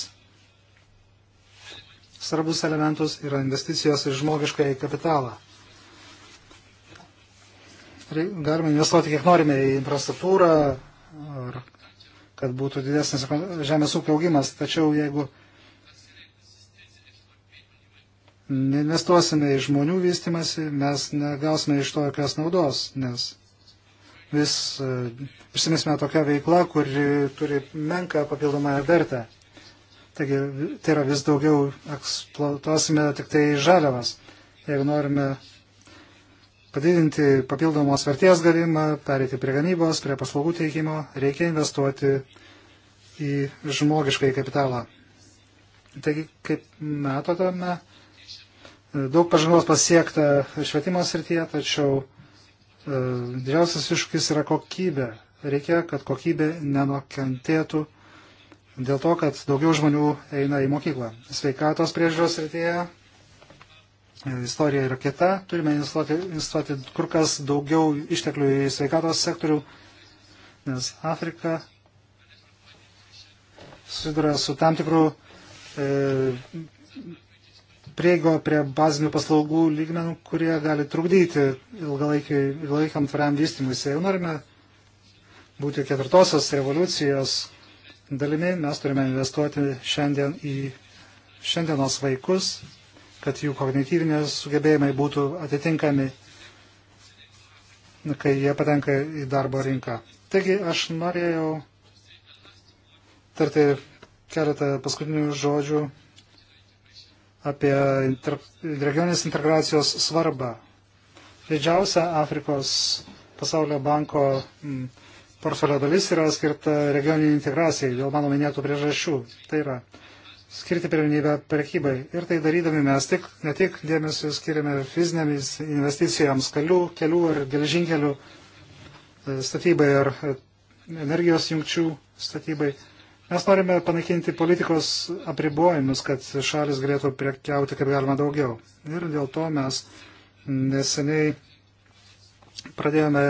svarbus elementus yra investicijos į žmogišką į kapitalą. Galime investuoti kiek norime į infrastruktūrą, kad būtų didesnis žemės ūkio augimas, tačiau jeigu investuosime į žmonių vystimąsi, mes negausime iš to jokios naudos, nes vis prisimėsime e, tokią veiklą, kuri turi menką papildomą vertę. Taigi tai yra vis daugiau eksploatuosime tik tai žaliavas. Jeigu norime padidinti papildomos vertės gavimą, pereiti prie gamybos, prie paslaugų teikimo, reikia investuoti į žmogiškai kapitalą. Taigi, kaip matotame, Daug pažangos pasiekta švietimo srityje, tačiau e, didžiausias iššūkis yra kokybė. Reikia, kad kokybė nenukentėtų dėl to, kad daugiau žmonių eina į mokyklą. Sveikatos priežiūros srityje e, istorija yra kita, turime investuoti kur kas daugiau išteklių į sveikatos sektorių, nes Afrika susiduria su tam tikrų e, prieigo prie bazinių paslaugų lygmenų, kurie gali trukdyti ilgalaikiam tvariam vystymuisi. Jeigu norime būti ketvirtosios revoliucijos dalimi, mes turime investuoti šiandien į šiandienos vaikus, kad jų kognityvinės sugebėjimai būtų atitinkami, kai jie patenka į darbo rinką. Taigi aš norėjau tarti keletą paskutinių žodžių apie inter, regioninės integracijos svarbą. Didžiausia Afrikos pasaulio banko mm, portfelio dalis yra skirta regioniniai integracijai dėl mano minėtų priežasčių. Tai yra skirti pirmenybę prekybai. Ir tai darydami mes tik, ne tik dėmesį skiriame fizinėmis investicijoms, kelių, kelių ir geležinkelių e, statybai ir e, energijos jungčių statybai Mes norime panaikinti politikos apribojimus, kad šalis galėtų priekiauti kaip galima daugiau. Ir dėl to mes neseniai pradėjome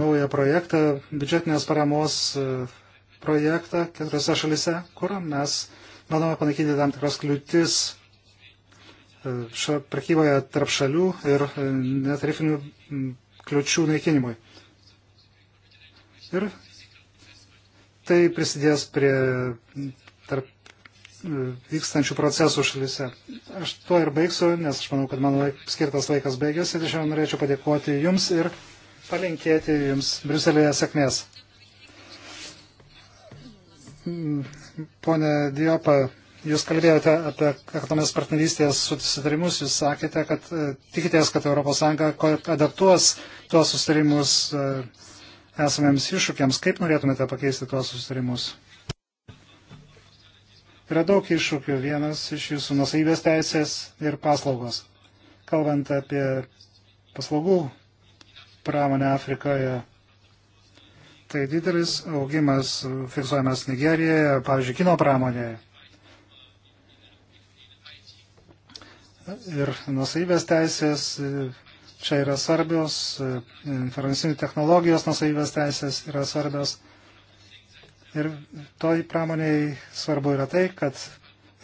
naują projektą, biudžetinės paramos e, projektą keturiose šalise, kur mes bandome panaikinti tam tikras kliūtis e, prekyboje tarp šalių ir e, netarifinių kliučių naikinimui. Ir tai prisidės prie tarp e, vykstančių procesų šalyse. Aš tuo ir baigsiu, nes aš manau, kad mano laik, skirtas laikas baigėsi. Ir šiandien norėčiau padėkoti Jums ir palinkėti Jums Briuselėje sėkmės. Mm, pone Diopa, Jūs kalbėjote apie ekonomės partnerystės susitarimus, Jūs sakėte, kad e, tikitės, kad ES adaptuos tuos susitarimus e, esamiems iššūkiams. Kaip norėtumėte pakeisti tuos susitarimus? Yra daug iššūkių. Vienas iš jūsų nusaivės teisės ir paslaugos. Kalbant apie paslaugų pramonę Afrikoje, tai didelis augimas fiksuojamas Nigerijoje, pavyzdžiui, kino pramonėje. ir nusaivės teisės čia yra svarbios, e, informacinių technologijos nusavybės teisės yra svarbios. Ir toj pramoniai svarbu yra tai, kad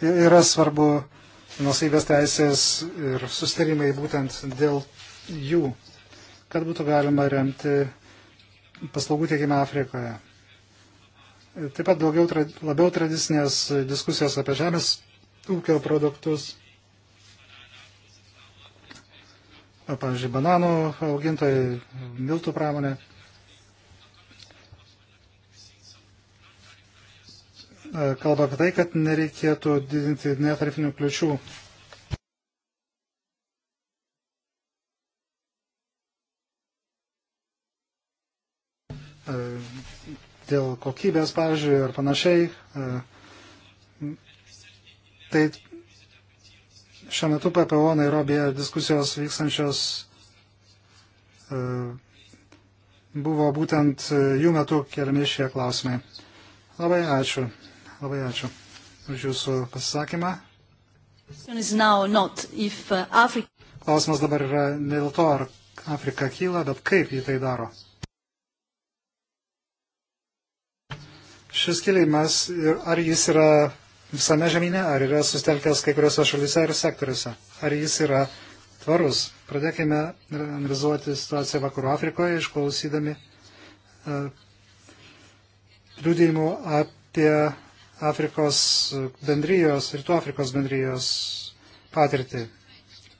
yra svarbu nusavybės teisės ir sustarimai būtent dėl jų, kad būtų galima remti paslaugų tiekimą Afrikoje. Taip pat daugiau, labiau tradicinės diskusijos apie žemės ūkio produktus pavyzdžiui, bananų augintojai, miltų pramonė. Kalba apie tai, kad nereikėtų didinti netarifinių kliučių. Dėl kokybės, pavyzdžiui, ir panašiai. Tai Šiuo metu PPO Nairobėje diskusijos vykstančios e, buvo būtent e, jų metu keliami šie klausimai. Labai ačiū. Labai ačiū už jūsų pasisakymą. Uh, Klausimas dabar yra ne dėl to, ar Afrika kyla, bet kaip jį tai daro. Šis kilimas, ar jis yra visame žemynė, ar yra sustelkęs kai kuriuose šalyse ir sektoriuose, ar jis yra tvarus. Pradėkime analizuoti situaciją Vakarų Afrikoje, išklausydami e, liūdėjimų apie Afrikos bendrijos, rytų Afrikos bendrijos patirtį.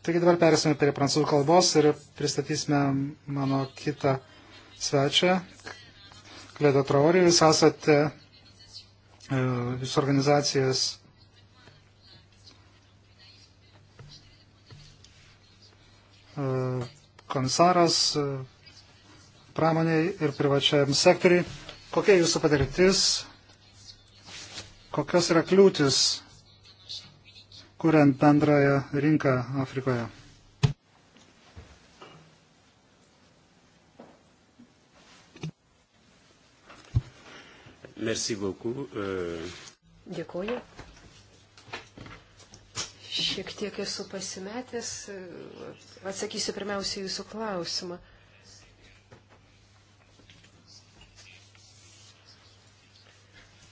Taigi dabar perėsime prie prancūzų kalbos ir pristatysime mano kitą svečią, Kledo Traorį. Jūs esate jūsų e, organizacijas. E, komisaras e, pramoniai ir privačiam sektoriai. Kokia jūsų patirtis, kokios yra kliūtis, kuriant bendrąją rinką Afrikoje? Merci beaucoup. Euh. Dėkuoju. Šiek tiek esu pasimetęs. E, atsakysiu pirmiausia jūsų klausimą.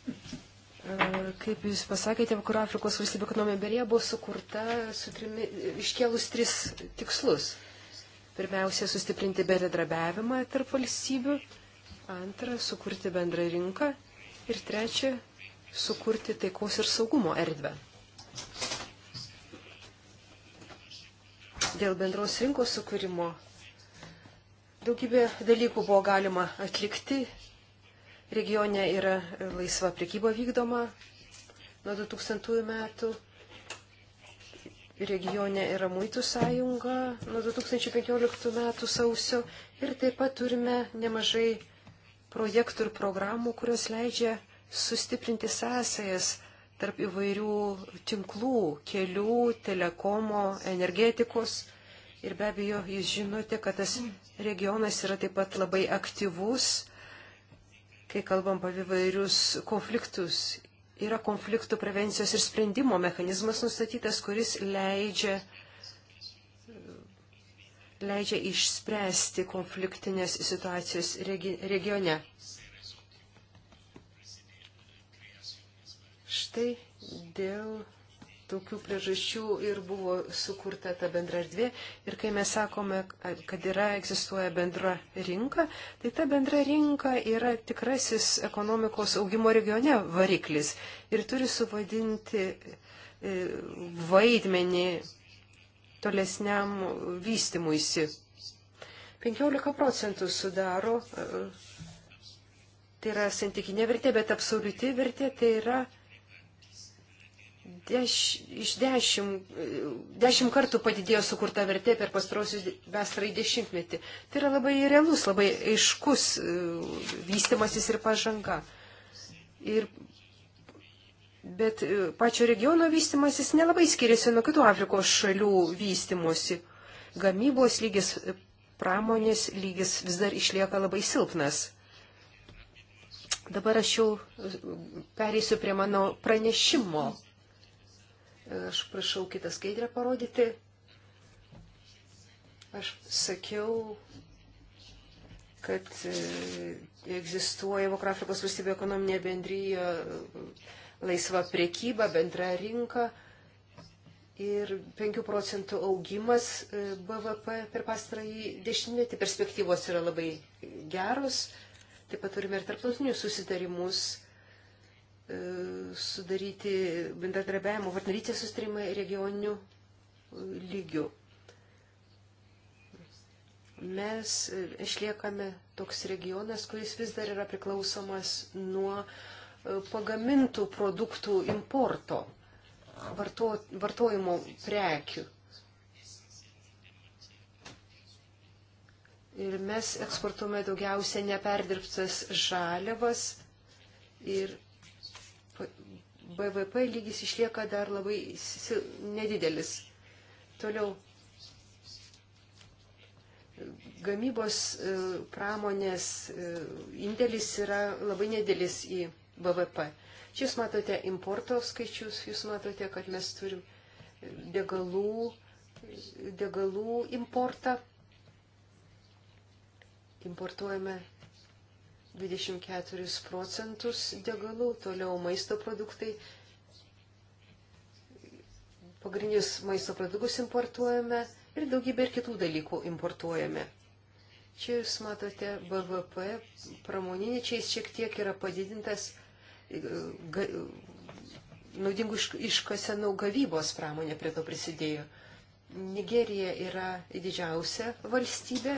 E, kaip Jūs pasakėte, Vakarų Afrikos valstybė ekonominė berė buvo sukurta su trimi, iškėlus tris tikslus. Pirmiausia, sustiprinti bendradarbiavimą tarp valstybių. Antra, sukurti bendrą rinką. Ir trečia, sukurti taikos ir saugumo erdvę. Dėl bendros rinkos sukūrimo daugybė dalykų buvo galima atlikti. Regione yra laisva priekyba vykdoma nuo 2000 metų. Regione yra muitų sąjunga nuo 2015 metų sausio. Ir taip pat turime nemažai projektų ir programų, kurios leidžia sustiprinti sąsajas tarp įvairių tinklų, kelių, telekomo, energetikos. Ir be abejo, jūs žinote, kad tas regionas yra taip pat labai aktyvus, kai kalbam apie įvairius konfliktus. Yra konfliktų prevencijos ir sprendimo mechanizmas nustatytas, kuris leidžia leidžia išspręsti konfliktinės situacijos regi regione. Štai dėl tokių priežasčių ir buvo sukurta ta bendra erdvė. Ir kai mes sakome, kad yra, egzistuoja bendra rinka, tai ta bendra rinka yra tikrasis ekonomikos augimo regione variklis ir turi suvadinti e, vaidmenį tolesniam vystimuisi. 15 procentų sudaro, e, tai yra santykinė vertė, bet absoliuti vertė tai yra deš, iš dešimt, e, dešimt kartų padidėjo sukurta vertė per pastarosius bestarąjį dešimtmetį. Tai yra labai realus, labai aiškus e, vystimasis ir pažanga. Ir Bet e, pačio regiono vystimasis nelabai skiriasi nuo kitų Afrikos šalių vystimosi. Gamybos lygis, e, pramonės lygis vis dar išlieka labai silpnas. Dabar aš jau e, pereisiu prie mano pranešimo. Aš prašau kitą skaidrę parodyti. Aš sakiau, kad egzistuoja Vakarų Afrikos valstybė ekonominė bendryja laisva priekyba, bendra rinka ir 5 procentų augimas e, BVP per pastarąjį dešimtmetį perspektyvos yra labai geros. Taip pat turime ir tarptautinius susitarimus e, sudaryti bendradarbiavimo partnerystės sustarimai regioninių e, lygių. Mes išliekame toks regionas, kuris vis dar yra priklausomas nuo uh, pagamintų produktų importo, varto, vartojimo prekių. Ir mes eksportuojame daugiausia neperdirbtas žaliavas ir BVP lygis išlieka dar labai nedidelis. Toliau gamybos e, pramonės e, indėlis yra labai nedėlis į BVP. Čia jūs matote importo skaičius, jūs matote, kad mes turim degalų, degalų importą. Importuojame 24 procentus degalų, toliau maisto produktai. Pagrindinius maisto produktus importuojame ir daugybę ir kitų dalykų importuojame. Čia jūs matote BVP, pramoninė čia jis šiek tiek yra padidintas ga, naudingų iškasenų gavybos pramonė prie to prisidėjo. Nigerija yra didžiausia valstybė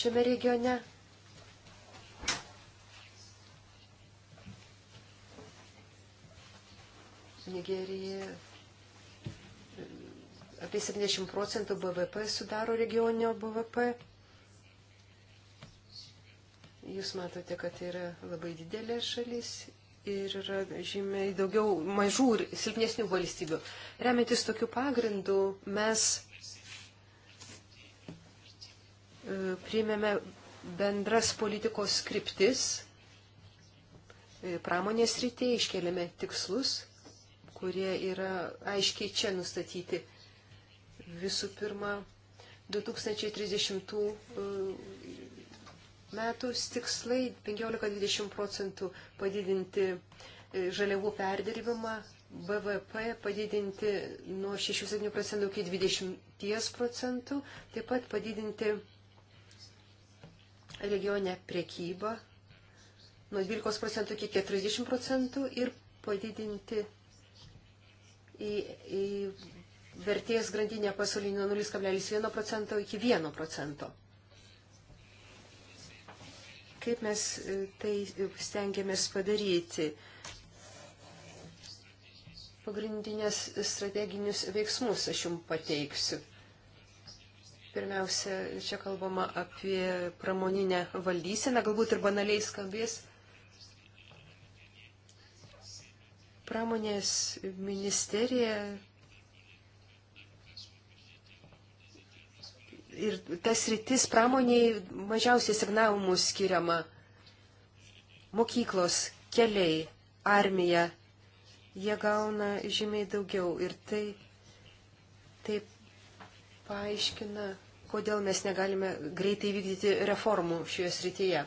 šiame regione. Nigerija e, apie 70 procentų BVP sudaro regioninio BVP. Jūs matote, kad tai yra labai didelė šalis ir yra žymiai daugiau mažų ir silpnesnių valstybių. Remiantis tokiu pagrindu, mes e, priėmėme bendras politikos skriptis e, pramonės rytėje, iškeliame tikslus, kurie yra aiškiai čia nustatyti. Visų pirma, 2030 metų tikslai 15-20 procentų padidinti e, žaliavų perdirbimą, BVP padidinti nuo 6-7 procentų iki 20 procentų, taip pat padidinti regionę priekybą nuo 12 procentų iki 40 procentų ir padidinti į, į vertės grandinę pasaulinio 0,1 procento iki 1 procento kaip mes e, tai e, stengiamės padaryti. Pagrindinės strateginius veiksmus aš jums pateiksiu. Pirmiausia, čia kalbama apie pramoninę valdyseną, galbūt ir banaliai skambės. Pramonės ministerija ir tas rytis pramoniai mažiausiai signalų mūsų skiriama. Mokyklos, keliai, armija, jie gauna žymiai daugiau ir tai taip paaiškina, kodėl mes negalime greitai vykdyti reformų šioje srityje.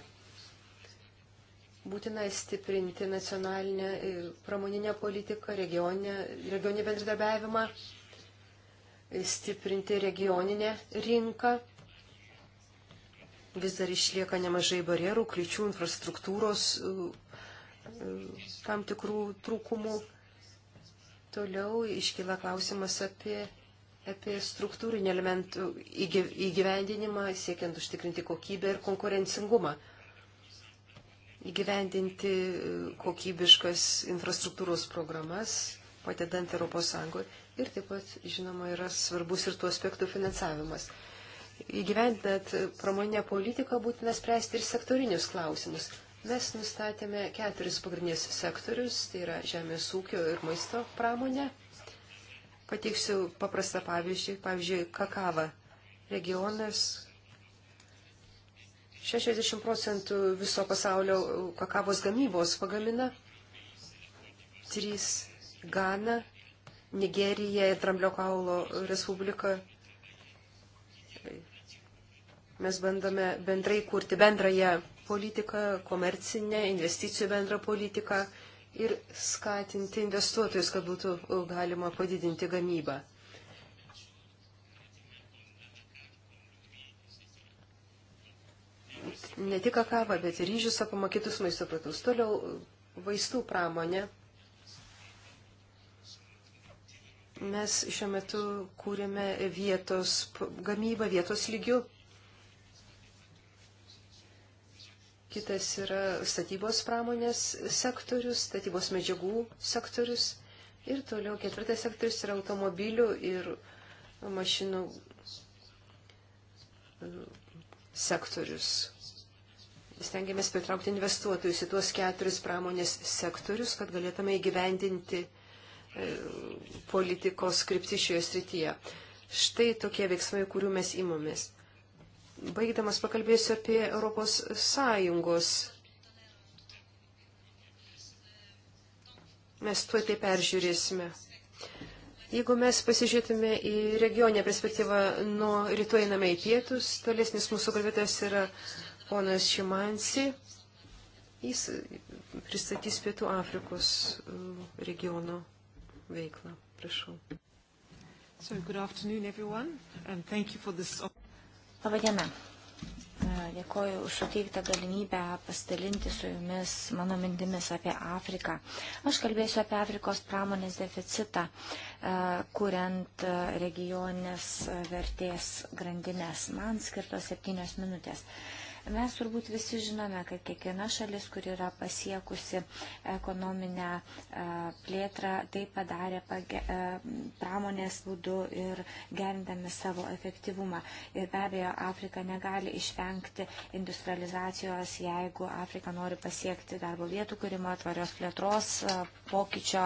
Būtina stiprinti nacionalinę pramoninę politiką, regioninę, regioninę bendradarbiavimą stiprinti regioninę rinką. Vis dar išlieka nemažai barjerų, kliučių infrastruktūros, tam tikrų trūkumų. Toliau iškyla klausimas apie, apie struktūrinį elementų įgyvendinimą, siekiant užtikrinti kokybę ir konkurencingumą. Įgyvendinti kokybiškas infrastruktūros programas, padedant ES Ir taip pat, žinoma, yra svarbus ir tų aspektų finansavimas. Įgyventinant pramoninę politiką būtina spręsti ir sektorinius klausimus. Mes nustatėme keturis pagrindinius sektorius, tai yra žemės ūkio ir maisto pramonė. Pateiksiu paprastą pavyzdį, pavyzdžiui, kakava regionas. 60 procentų viso pasaulio kakavos gamybos pagamina, 3 Gana, Nigerija ir Dramblio kaulo Respublika. Mes bandome bendrai kurti bendrąją politiką, komercinę, investicijų bendrą politiką ir skatinti investuotojus, kad būtų galima padidinti gamybą. Ne tik kakavą, bet ir ryžius apama kitus maisto pratus. Toliau vaistų pramonė. Mes šiuo metu kūrėme vietos gamybą, vietos lygių. Kitas yra statybos pramonės sektorius, statybos medžiagų sektorius. Ir toliau ketvirtas sektorius yra automobilių ir mašinų e, sektorius. Stengiamės pritraukti investuotojus į tuos keturis pramonės sektorius, kad galėtume įgyvendinti politikos skripti šioje srityje. Štai tokie veiksmai, kurių mes imamės. Baigdamas pakalbėsiu apie Europos Sąjungos. Mes tuo tai peržiūrėsime. Jeigu mes pasižiūrėtume į regioninę perspektyvą, nuo ryto einame į pietus, tolesnis mūsų kalbėtas yra ponas Šimansi. Jis pristatys Pietų Afrikos uh, regiono veiklą. Prašau. So, good afternoon everyone and thank you for this. Labadiena. E, dėkoju už suteiktą galimybę pasidalinti su jumis mano mintimis apie Afriką. Aš kalbėsiu apie Afrikos pramonės deficitą, e, kuriant e, regioninės vertės grandinės. Man skirtos septynios minutės. Mes turbūt visi žinome, kad kiekviena šalis, kur yra pasiekusi ekonominę e, plėtrą, tai padarė e, pramonės būdu ir gerindami savo efektyvumą. Ir be abejo, Afrika negali išvengti industrializacijos, jeigu Afrika nori pasiekti darbo vietų kūrimo, tvarios plėtros, e, pokyčio,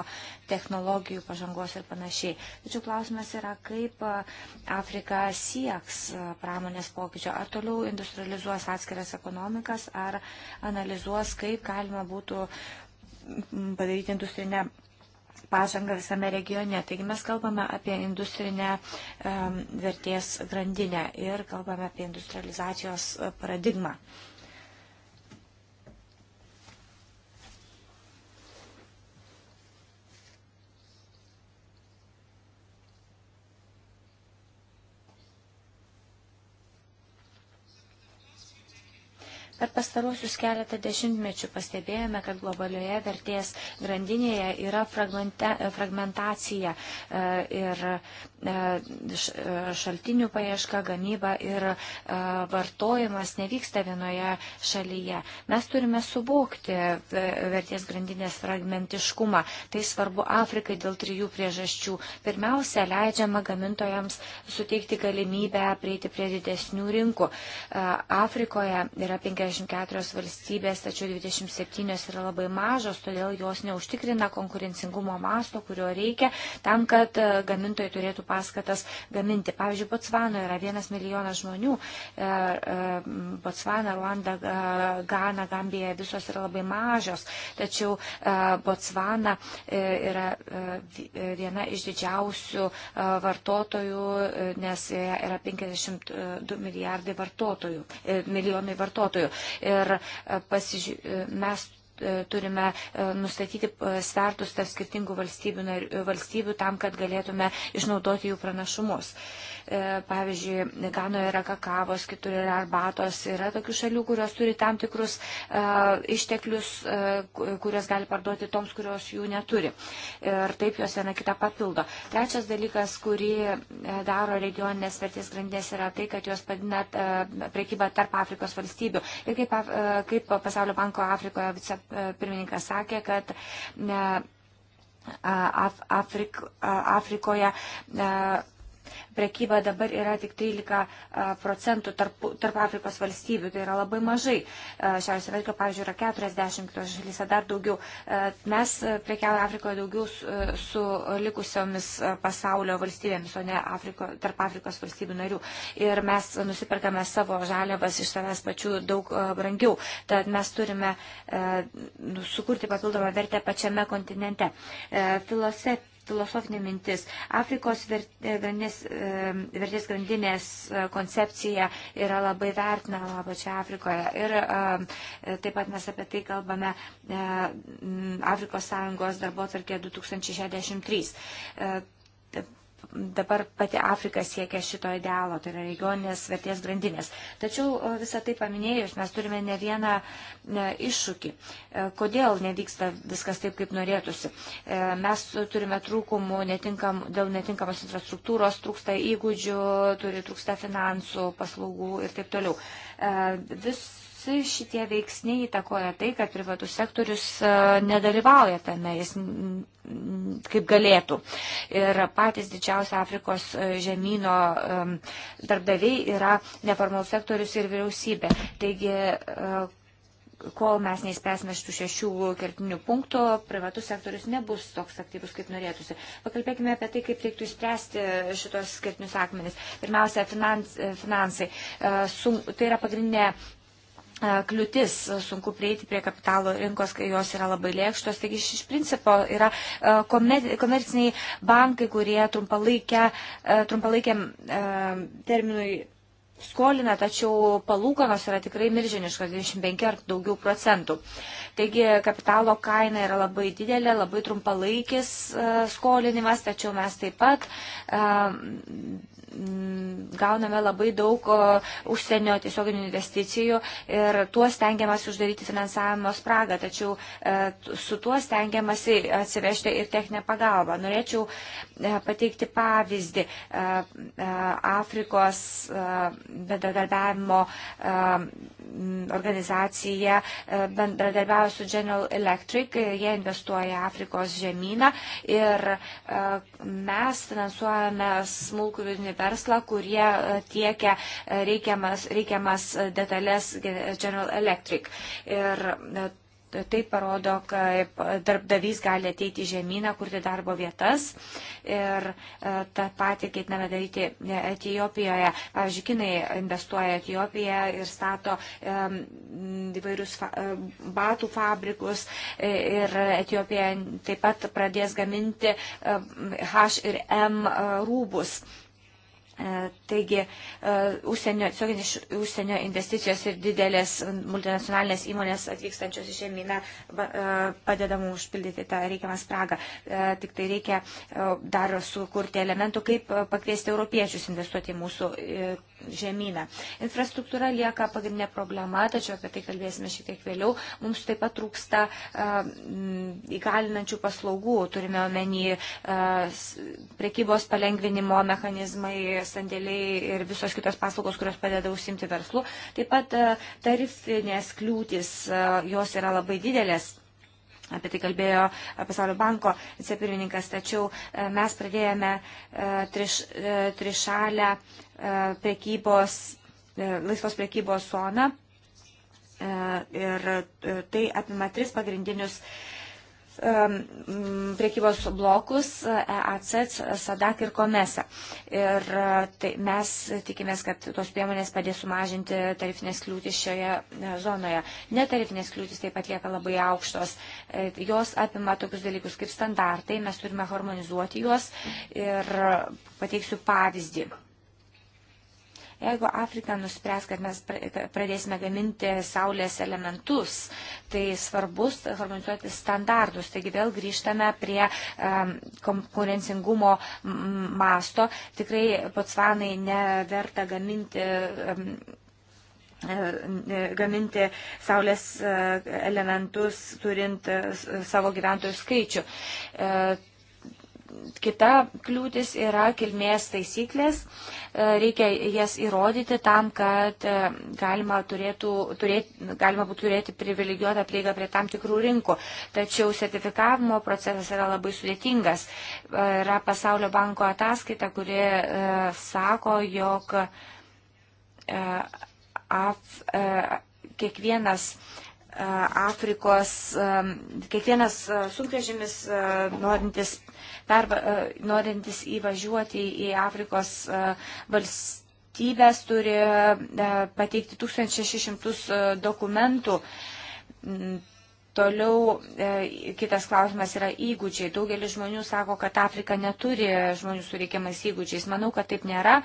technologijų pažangos ir panašiai. Tačiau klausimas yra, kaip Afrika sieks pramonės pokyčio, ar toliau industrializuos atskirą atskiras ekonomikas, ar analizuos, kaip galima būtų mm, padaryti industrinę pažangą visame regione. Taigi mes kalbame apie industrinę um, vertės grandinę ir kalbame apie industrializacijos e, paradigmą. Uh, Per pastaruosius keletą dešimtmečių pastebėjome, kad globalioje vertės grandinėje yra fragmentacija e, ir e, e, šaltinių paieška, gamyba ir vartojimas nevyksta vienoje šalyje. Mes turime subokti vertės grandinės fragmentiškumą. Tai svarbu Afrikai dėl trijų priežasčių. Pirmiausia, leidžiama gamintojams suteikti galimybę prieiti prie didesnių rinkų. Afrikoje yra 50 44 valstybės, tačiau 27 yra labai mažos, todėl jos neužtikrina konkurencingumo masto, kurio reikia tam, kad e, gamintojai turėtų paskatas gaminti. Pavyzdžiui, Botsvano yra vienas milijonas žmonių. E, e, Botsvana, Ruanda, Gana, Gambija visos yra labai mažos, tačiau Botsvana yra viena iš didžiausių vartotojų, nes yra 52 milijardai vartotojų, milijonai vartotojų ir e, pasiži... E, mes e, turime nustatyti startus tarp skirtingų valstybių, valstybių tam, kad galėtume išnaudoti jų pranašumus. Uh, E, pavyzdžiui, Ganoje yra kakavos, kitur yra arbatos. Yra tokių šalių, kurios turi tam tikrus e, išteklius, e, kurios gali parduoti toms, kurios jų neturi. Ir taip jos viena kitą papildo. Trečias dalykas, kurį daro regioninės vertės grandinės, yra tai, kad jos padina prekybą tarp Afrikos valstybių. Ir kaip, kaip Pasaulio banko Afrikoje vicepirmininkas sakė, kad Afrik, Afrikoje prekyba dabar yra tik 13 procentų tarp, tarp Afrikos valstybių, tai yra labai mažai. Šiaurės Amerika, pavyzdžiui, yra 40, kitose šalyse dar daugiau. Mes prekiaujame Afrikoje daugiau su, su likusiomis pasaulio valstybėmis, o ne Afriko, tarp Afrikos valstybių narių. Ir mes nusiperkame savo žaliavas iš savęs pačių daug brangiau. Tad mes turime nu, sukurti papildomą vertę pačiame kontinente. Filosef filosofinė mintis. Afrikos vertės, e, e, vertės grandinės e, koncepcija yra labai vertinama pačia Afrikoje. Ir taip pat mes apie tai kalbame Afrikos Sąjungos darbo tvarkė 2063 dabar pati Afrika siekia šito idealo, tai yra regioninės vertės grandinės. Tačiau e, visą tai paminėjus, mes turime ne vieną e, iššūkį. E, kodėl nevyksta viskas taip, kaip norėtųsi? Mes turime trūkumų netinkam, dėl netinkamos infrastruktūros, trūksta įgūdžių, turi trūksta finansų, paslaugų ir taip toliau. Vis visi šitie veiksniai įtakoja tai, kad privatus sektorius e, nedalyvauja tame, jis kaip galėtų. Ir patys didžiausia Afrikos e, žemynų e, darbdaviai yra neformalus sektorius ir vyriausybė. Taigi, kol mes neįspręsime šitų šešių kertinių punktų, privatus sektorius nebus toks aktyvus, kaip norėtųsi. Pakalbėkime apie tai, kaip reiktų įspręsti šitos kertinius akmenis. Pirmiausia, finans, finansai. Sum, tai yra pagrindinė E, kliūtis, sunku prieiti prie kapitalo rinkos, kai jos yra labai lėkštos. Taigi iš principo yra e, komerciniai bankai, kurie e, trumpalaikiam terminui skolina, tačiau palūkanos yra tikrai milžiniškos, 25 ar daugiau procentų. Taigi kapitalo kaina yra labai didelė, labai trumpalaikis skolinimas, tačiau mes taip pat Mm, gauname labai daug užsienio tiesioginių investicijų ir tuo stengiamasi uždaryti finansavimo spragą, tačiau e, su tuo stengiamasi atsivežti ir techninę pagalbą. Norėčiau e, pateikti pavyzdį e, Afrikos bendradarbiavimo organizacija bendradarbiavo su General Electric, jie investuoja Afrikos žemyną ir mes finansuojame smulkų vidinį verslą, kurie e, tiekia e, reikiamas, reikiamas detalės General Electric. Ir e, tai parodo, kaip darbdavys gali ateiti į žemyną, kurti darbo vietas. Ir tą patį ketiname daryti Etijopijoje. Pavyzdžiui, Kinai investuoja Etijopiją ir stato įvairius fa batų fabrikus. Ir Etijopija taip pat pradės gaminti H ir M rūbus. E, taigi, e, užsienio, užsienio investicijos ir didelės multinacionalinės įmonės atvykstančios į žemyną e, padeda mums užpildyti tą reikiamą spragą. Tik tai reikia dar sukurti elementų, kaip pakviesti europiečius investuoti į mūsų žemyną. Infrastruktūra lieka pagrindinė problema, tačiau apie tai kalbėsime šiek tiek vėliau. Mums taip pat trūksta įgalinančių paslaugų, turime omeny prekybos palengvinimo mechanizmai bankės sandėliai ir visos kitos paslaugos, kurios padeda užsimti verslu. Taip pat e, tarifinės kliūtis, e, jos yra labai didelės. Apie tai kalbėjo e, Pasaulio banko vicepirmininkas, tačiau mes pradėjome triš, trišalę prekybos, laisvos prekybos zoną ir tai apima tris pagrindinius uh, Um, priekybos blokus uh, EAC, SADAK ir KOMESA. Ir uh, tai mes tikimės, kad tos priemonės padės sumažinti tarifinės kliūtis šioje uh, zonoje. Netarifinės kliūtis taip pat lieka labai aukštos. Jos apima tokius dalykus kaip standartai, mes turime harmonizuoti juos ir pateiksiu pavyzdį. Jeigu Afrika nuspręs, kad mes pradėsime gaminti saulės elementus, tai svarbus harmonizuoti standartus. Taigi vėl grįžtame prie um, konkurencingumo masto. Tikrai Botsvanai neverta gaminti. Um, gaminti saulės e, elementus turint e, savo gyventojų skaičių kita kliūtis yra kilmės taisyklės. E, reikia jas įrodyti tam, kad e, galima, turėtų, turėti, galima būtų turėti privilegijuotą prieigą prie tam tikrų rinkų. Tačiau sertifikavimo procesas yra labai sudėtingas. E, yra Pasaulio banko ataskaita, kuri sako, jog af, kiekvienas Afrikos, kiekvienas e, sunkvežimis e, norintis, perva, e, norintis įvažiuoti į Afrikos valstybės turi pateikti 1600 dokumentų. Toliau kitas klausimas yra įgūdžiai. Daugelis žmonių sako, kad Afrika neturi žmonių su reikiamais įgūdžiais. Manau, kad taip nėra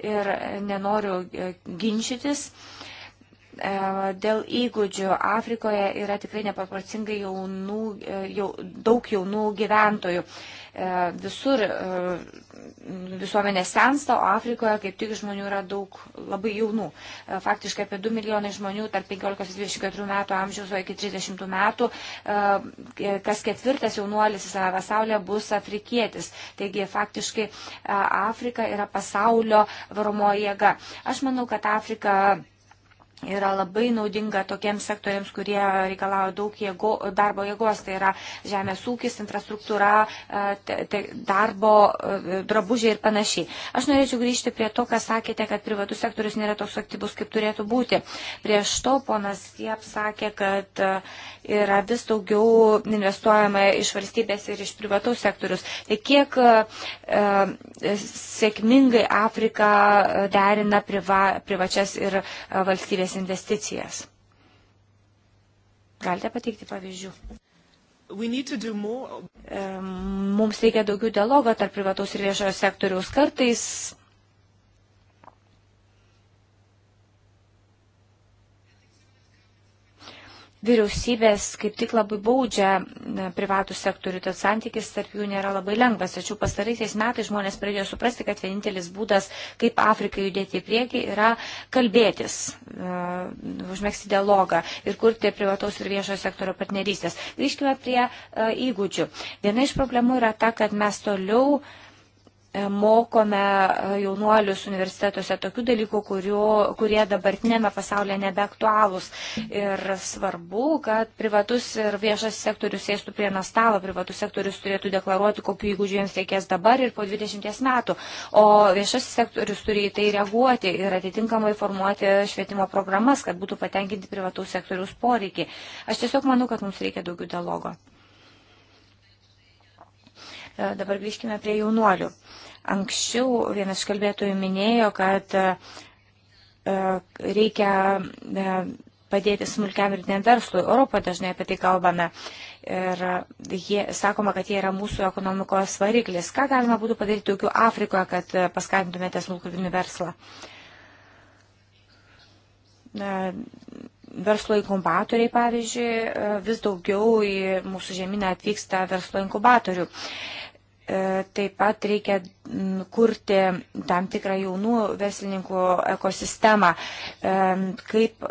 ir nenoriu ginčytis. E, E, dėl įgūdžių Afrikoje yra tikrai nepapracingai jaunų, e, jau, daug jaunų gyventojų. E, visur visuomenė sensta, o Afrikoje kaip tik žmonių yra daug labai jaunų. Faktiškai apie 2 milijonai žmonių tarp 15-24 metų amžiaus, o iki 30 metų kas ketvirtas jaunuolis visame pasaulyje bus afrikietis. Taigi faktiškai Afrika yra pasaulio varomo jėga. Aš manau, kad Afrika yra labai naudinga tokiems sektoriams, kurie reikalauja daug jėgo, darbo jėgos, tai yra žemės ūkis, infrastruktūra, e, te, te, darbo, e, drabužiai ir panašiai. Aš norėčiau grįžti prie to, ką sakėte, kad privatus sektorius nėra toks aktyvus, kaip turėtų būti. Prieš to ponas Jep sakė, kad e, yra vis daugiau investuojama iš valstybės ir iš privataus sektorius. Tai kiek e, sėkmingai Afrika derina priva, privačias ir valstybės didelės investicijas. Galite pateikti pavyzdžių. Mums reikia daugiau dialogo tarp privataus ir viešojo sektoriaus. Kartais vyriausybės kaip tik labai baudžia privatų sektorių, tad santykis tarp jų nėra labai lengvas. Tačiau pastaraisiais metais žmonės pradėjo suprasti, kad vienintelis būdas, kaip Afrikai judėti į priekį, yra kalbėtis, uh, užmėgsti dialogą ir kurti privataus ir viešojo sektorio partnerystės. Grįžkime prie uh, įgūdžių. Viena iš problemų yra ta, kad mes toliau uh, E, mokome e, jaunuolius universitetuose tokių dalykų, kurių, kurie dabartinėme pasaulyje nebeaktualūs. Ir svarbu, kad privatus ir viešas sektorius sėstų prie nastalo, privatus sektorius turėtų deklaruoti, kokiu įgūdžiu jiems reikės dabar ir po 20 metų, o viešas sektorius turi į tai reaguoti ir atitinkamai formuoti švietimo programas, kad būtų patenkinti privataus sektoriaus poreikiai. Aš tiesiog manau, kad mums reikia daugiau dialogo. E, dabar grįžkime prie jaunuolių. Uh, Anksčiau vienas kalbėtojų minėjo, kad e, reikia e, padėti smulkiam ir nedarslui. Europą dažnai apie tai kalbame. Ir jie, sakoma, kad jie yra mūsų ekonomikos variklis. Ką galima būtų padaryti tokiu Afrikoje, kad e, paskatintumėte smulkų verslą? Verslo inkubatoriai, pavyzdžiui, vis daugiau į mūsų žemyną atvyksta verslo inkubatorių. E, taip pat reikia kurti tam tikrą jaunų verslininkų ekosistemą, e, kaip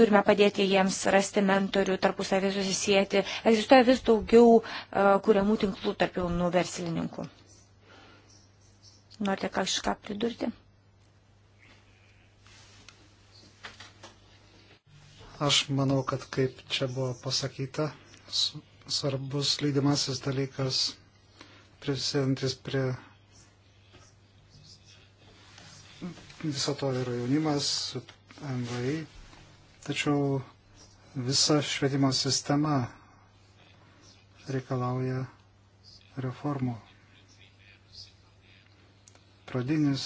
turime padėti jiems rasti mentorių, tarpusavį susisieti. Egzistuoja vis daugiau e, kuriamų tinklų tarp jaunų verslininkų. Norite kažką pridurti? Aš manau, kad kaip čia buvo pasakyta, svarbus lydimasis dalykas prisėdantis prie viso to yra jaunimas, MVI, tačiau visa švietimo sistema reikalauja reformų. Pradinis,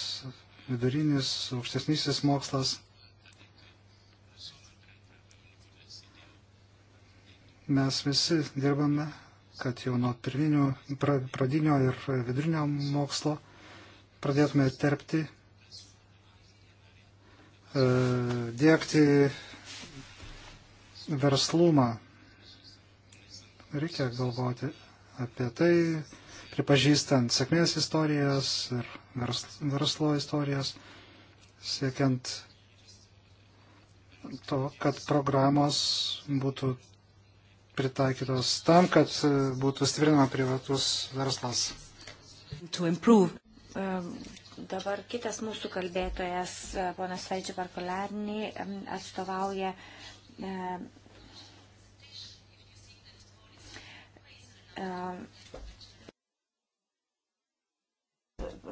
vidurinis, aukštesnysis mokslas. Mes visi dirbame kad jau nuo pirminio, pra, pradinio ir vidurinio mokslo pradėtume terpti, e, dėkti verslumą. Reikia galvoti apie tai, pripažįstant sėkmės istorijas ir verslo istorijas, siekiant to, kad programos būtų pritaikytos tam, kad e, būtų stiprinama privatus verslas. E, dabar kitas mūsų kalbėtojas, e, ponas Feldžio Parkularni, atstovauja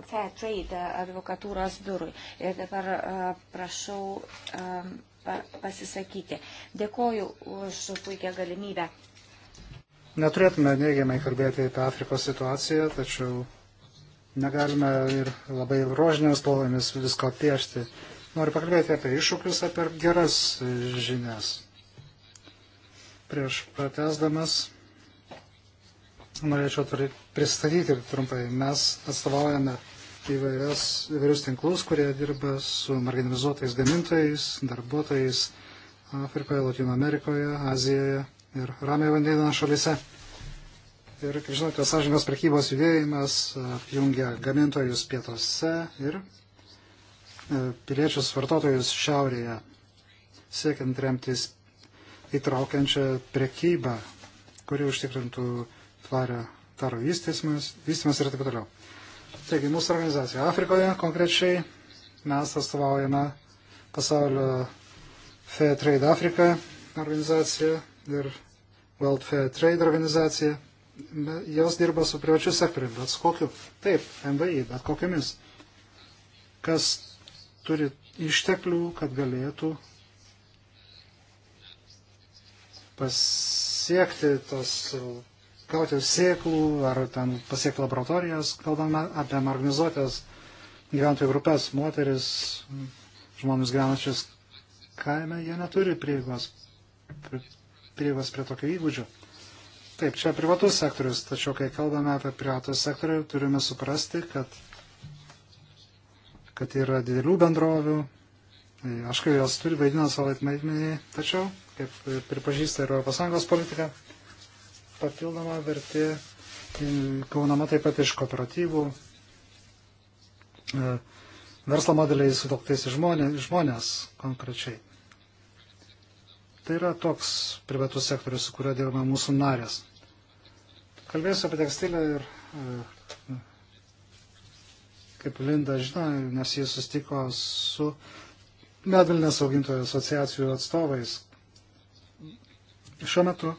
Fair Trade advokatūros biurui. Ir dabar prašau pasisakyti. Dėkoju už puikią galimybę. Neturėtume neigiamai kalbėti apie Afrikos situaciją, tačiau negalime ir labai rožinės spalvomis visko piešti. Noriu pakalbėti apie iššūkius, apie geras žinias. Prieš pratesdamas norėčiau pristatyti trumpai. Mes atstovaujame įvairias, įvairius tinklus, kurie dirba su marginalizuotais gamintojais, darbuotojais Afrikoje, Latino Amerikoje, Azijoje ir Ramiojo vandenino šalise. Ir, kaip žinote, sąžingos prekybos judėjimas apjungia gamintojus pietuose ir e, piliečius vartotojus šiaurėje, siekiant remtis įtraukiančią prekybą, kuri užtikrintų tvarę taro vystymas ir taip toliau. Taigi mūsų organizacija Afrikoje konkrečiai mes atstovaujame pasaulio Fair Trade Africa organizaciją ir World Fair Trade organizaciją. Jos dirba su privačiu sektoriumi, bet su kokiu? Taip, MVI, bet kokiamis. Kas turi išteklių, kad galėtų pasiekti tos gauti sėklų ar ten pasiekti laboratorijas, kalbame apie marginalizuotas gyventojų grupės, moteris, žmonės gyvenančius kaime, jie neturi prieigos, prieigos prie tokių įgūdžių. Taip, čia privatus sektorius, tačiau kai kalbame apie privatų sektorių, turime suprasti, kad, kad yra didelių bendrovių, Aišku, jos turi vaidina savo vaidmenį, tačiau, kaip pripažįsta ir ES politika, papildoma vertė gaunama taip pat iš kooperatyvų, e, verslo modeliai sutoktais žmonės, žmonės konkrečiai. Tai yra toks privatus sektorius, su kuriuo dirba mūsų narės. Kalbėsiu apie tekstilę ir e, kaip Linda žino, nes jis sustiko su medvilnės augintojų asociacijų atstovais. Šiuo metu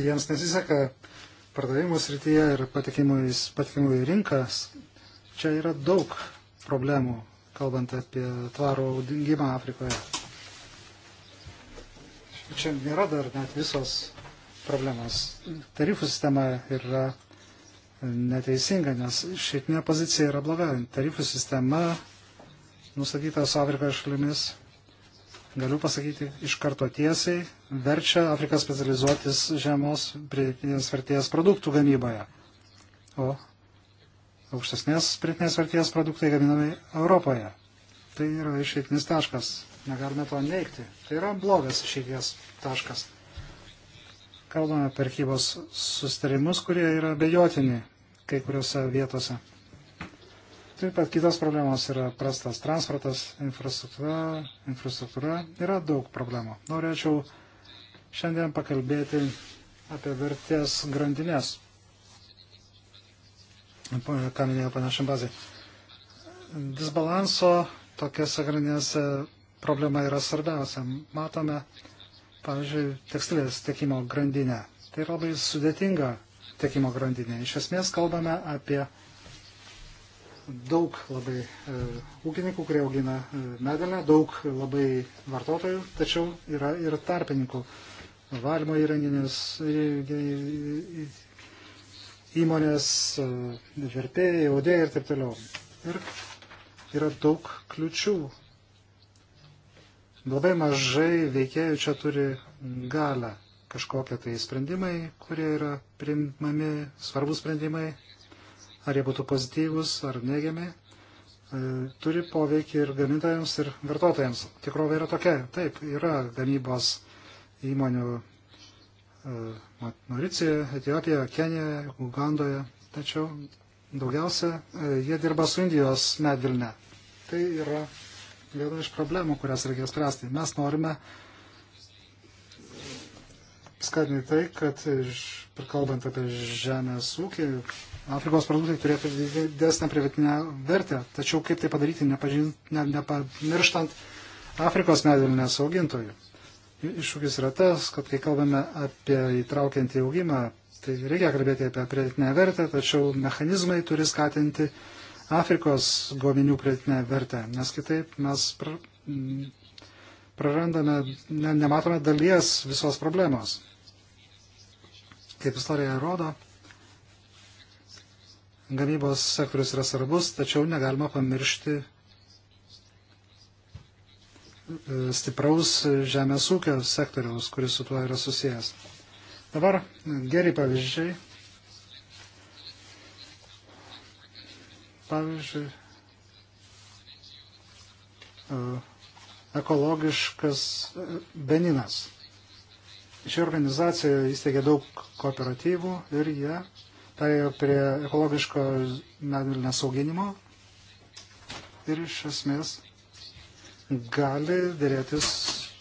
jiems nesiseka pardavimų srityje ir patikimų į rinkas, čia yra daug problemų, kalbant apie tvarų augimą Afrikoje. Čia nėra dar net visos problemos. Tarifų sistema yra neteisinga, nes šitinė pozicija yra bloga. Tarifų sistema nustatyta su Afrikos šalimis galiu pasakyti iš karto tiesiai, verčia Afriką specializuotis žemos pridėtinės vertės produktų gamyboje. O aukštesnės pridėtinės vertės produktai gaminami Europoje. Tai yra išeitinis taškas. Negalime to neikti. Tai yra blogas išeities taškas. Kalbame per kybos sustarimus, kurie yra bejotini kai kuriuose vietose. Taip pat kitos problemos yra prastas transportas, infrastruktūra, infrastruktūra. Yra daug problemų. Norėčiau šiandien pakalbėti apie vertės grandinės. Ką minėjo panašiam bazai. Disbalanso tokiose grandinėse problema yra svarbiausia. Matome, pavyzdžiui, tekstilės tiekimo grandinę. Tai yra labai sudėtinga tiekimo grandinė. Iš esmės kalbame apie daug labai e, ūkininkų, kurie augina e, medelę, daug labai vartotojų, tačiau yra ir tarpininkų. Valymo įrenginės įmonės, e, vertėjai, audėjai ir taip toliau. Ir yra daug kliučių. Labai mažai veikėjų čia turi galę kažkokie tai sprendimai, kurie yra priimami, svarbus sprendimai, ar jie būtų pozityvus ar neigiami, e, turi poveikį ir gamintojams, ir vartotojams. Tikrovė yra tokia. Taip, yra gamybos įmonių e, Mauricijoje, Etijopijoje, Kenijoje, Ugandoje, tačiau daugiausia e, jie dirba su Indijos medvilne. Tai yra viena iš problemų, kurias reikia spręsti. Mes norime skatinti tai, kad kalbant apie žemės ūkį, Afrikos produktai turėtų didesnę privatinę vertę, tačiau kaip tai padaryti, nepamirštant Afrikos medvilnės augintojų. Iššūkis yra tas, kad kai kalbame apie įtraukiantį augimą, tai reikia kalbėti apie pridėtinę vertę, tačiau mechanizmai turi skatinti Afrikos gominių pridėtinę vertę, nes kitaip mes prarandame, ne, nematome dalies visos problemos. Kaip istorija rodo, gamybos sektorius yra svarbus, tačiau negalima pamiršti e, stipraus žemės ūkio sektoriaus, kuris su tuo yra susijęs. Dabar geri pavyzdžiai. Pavyzdžiui, e, ekologiškas e, Beninas. Ši organizacija įsteigė daug kooperatyvų ir jie perėjo prie ekologiško medvilnės auginimo ir iš esmės gali dėrėtis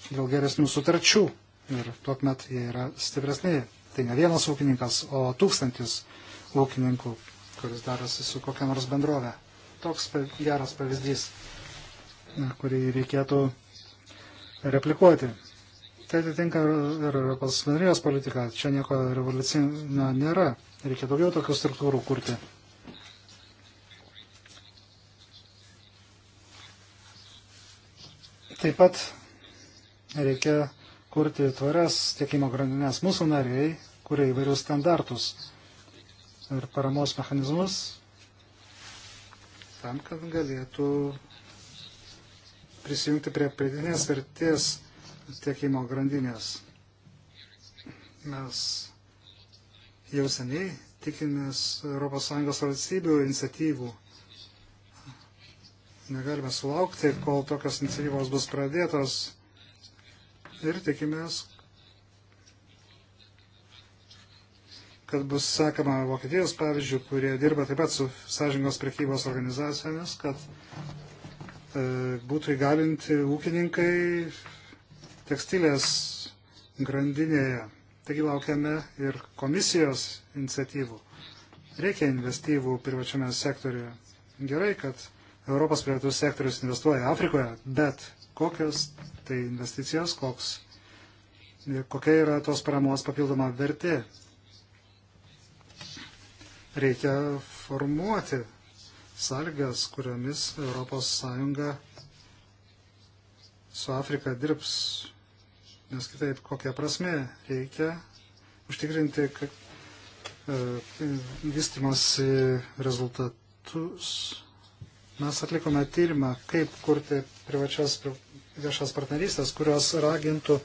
dėl geresnių sutarčių ir tuomet jie yra stipresni. Tai ne vienas ūkininkas, o tūkstantis ūkininkų, kuris darosi su kokia nors bendrovė. Toks geras pavyzdys, kurį reikėtų replikuoti. Tai atitinka ir Europos bendrijos politiką. Čia nieko revoliucinio nėra. Reikia daugiau tokių struktūrų kurti. Taip pat reikia kurti tvarias tiekimo grandinės mūsų nariai, kuria įvairius standartus ir paramos mechanizmus tam, kad galėtų prisijungti prie pridinės vertės tiekimo grandinės. Mes jau seniai tikimės ES valstybių iniciatyvų. Negalime sulaukti, kol tokios iniciatyvos bus pradėtos ir tikimės, kad bus sekama Vokietijos pavyzdžių, kurie dirba taip pat su sąžingos prekybos organizacijomis, kad e, būtų įgalinti ūkininkai tekstilės grandinėje. Taigi laukiame ir komisijos iniciatyvų. Reikia investityvų privačiame sektoriuje. Gerai, kad Europos privatus sektorius investuoja Afrikoje, bet kokios tai investicijos, koks, kokia yra tos paramos papildoma vertė. Reikia formuoti sąlygas, kuriomis ES su Afrika dirbs, nes kitaip kokia prasme reikia užtikrinti e, vystimas rezultatus. Mes atlikome tyrimą, kaip kurti privačias viešas partnerystės, kurios ragintų e,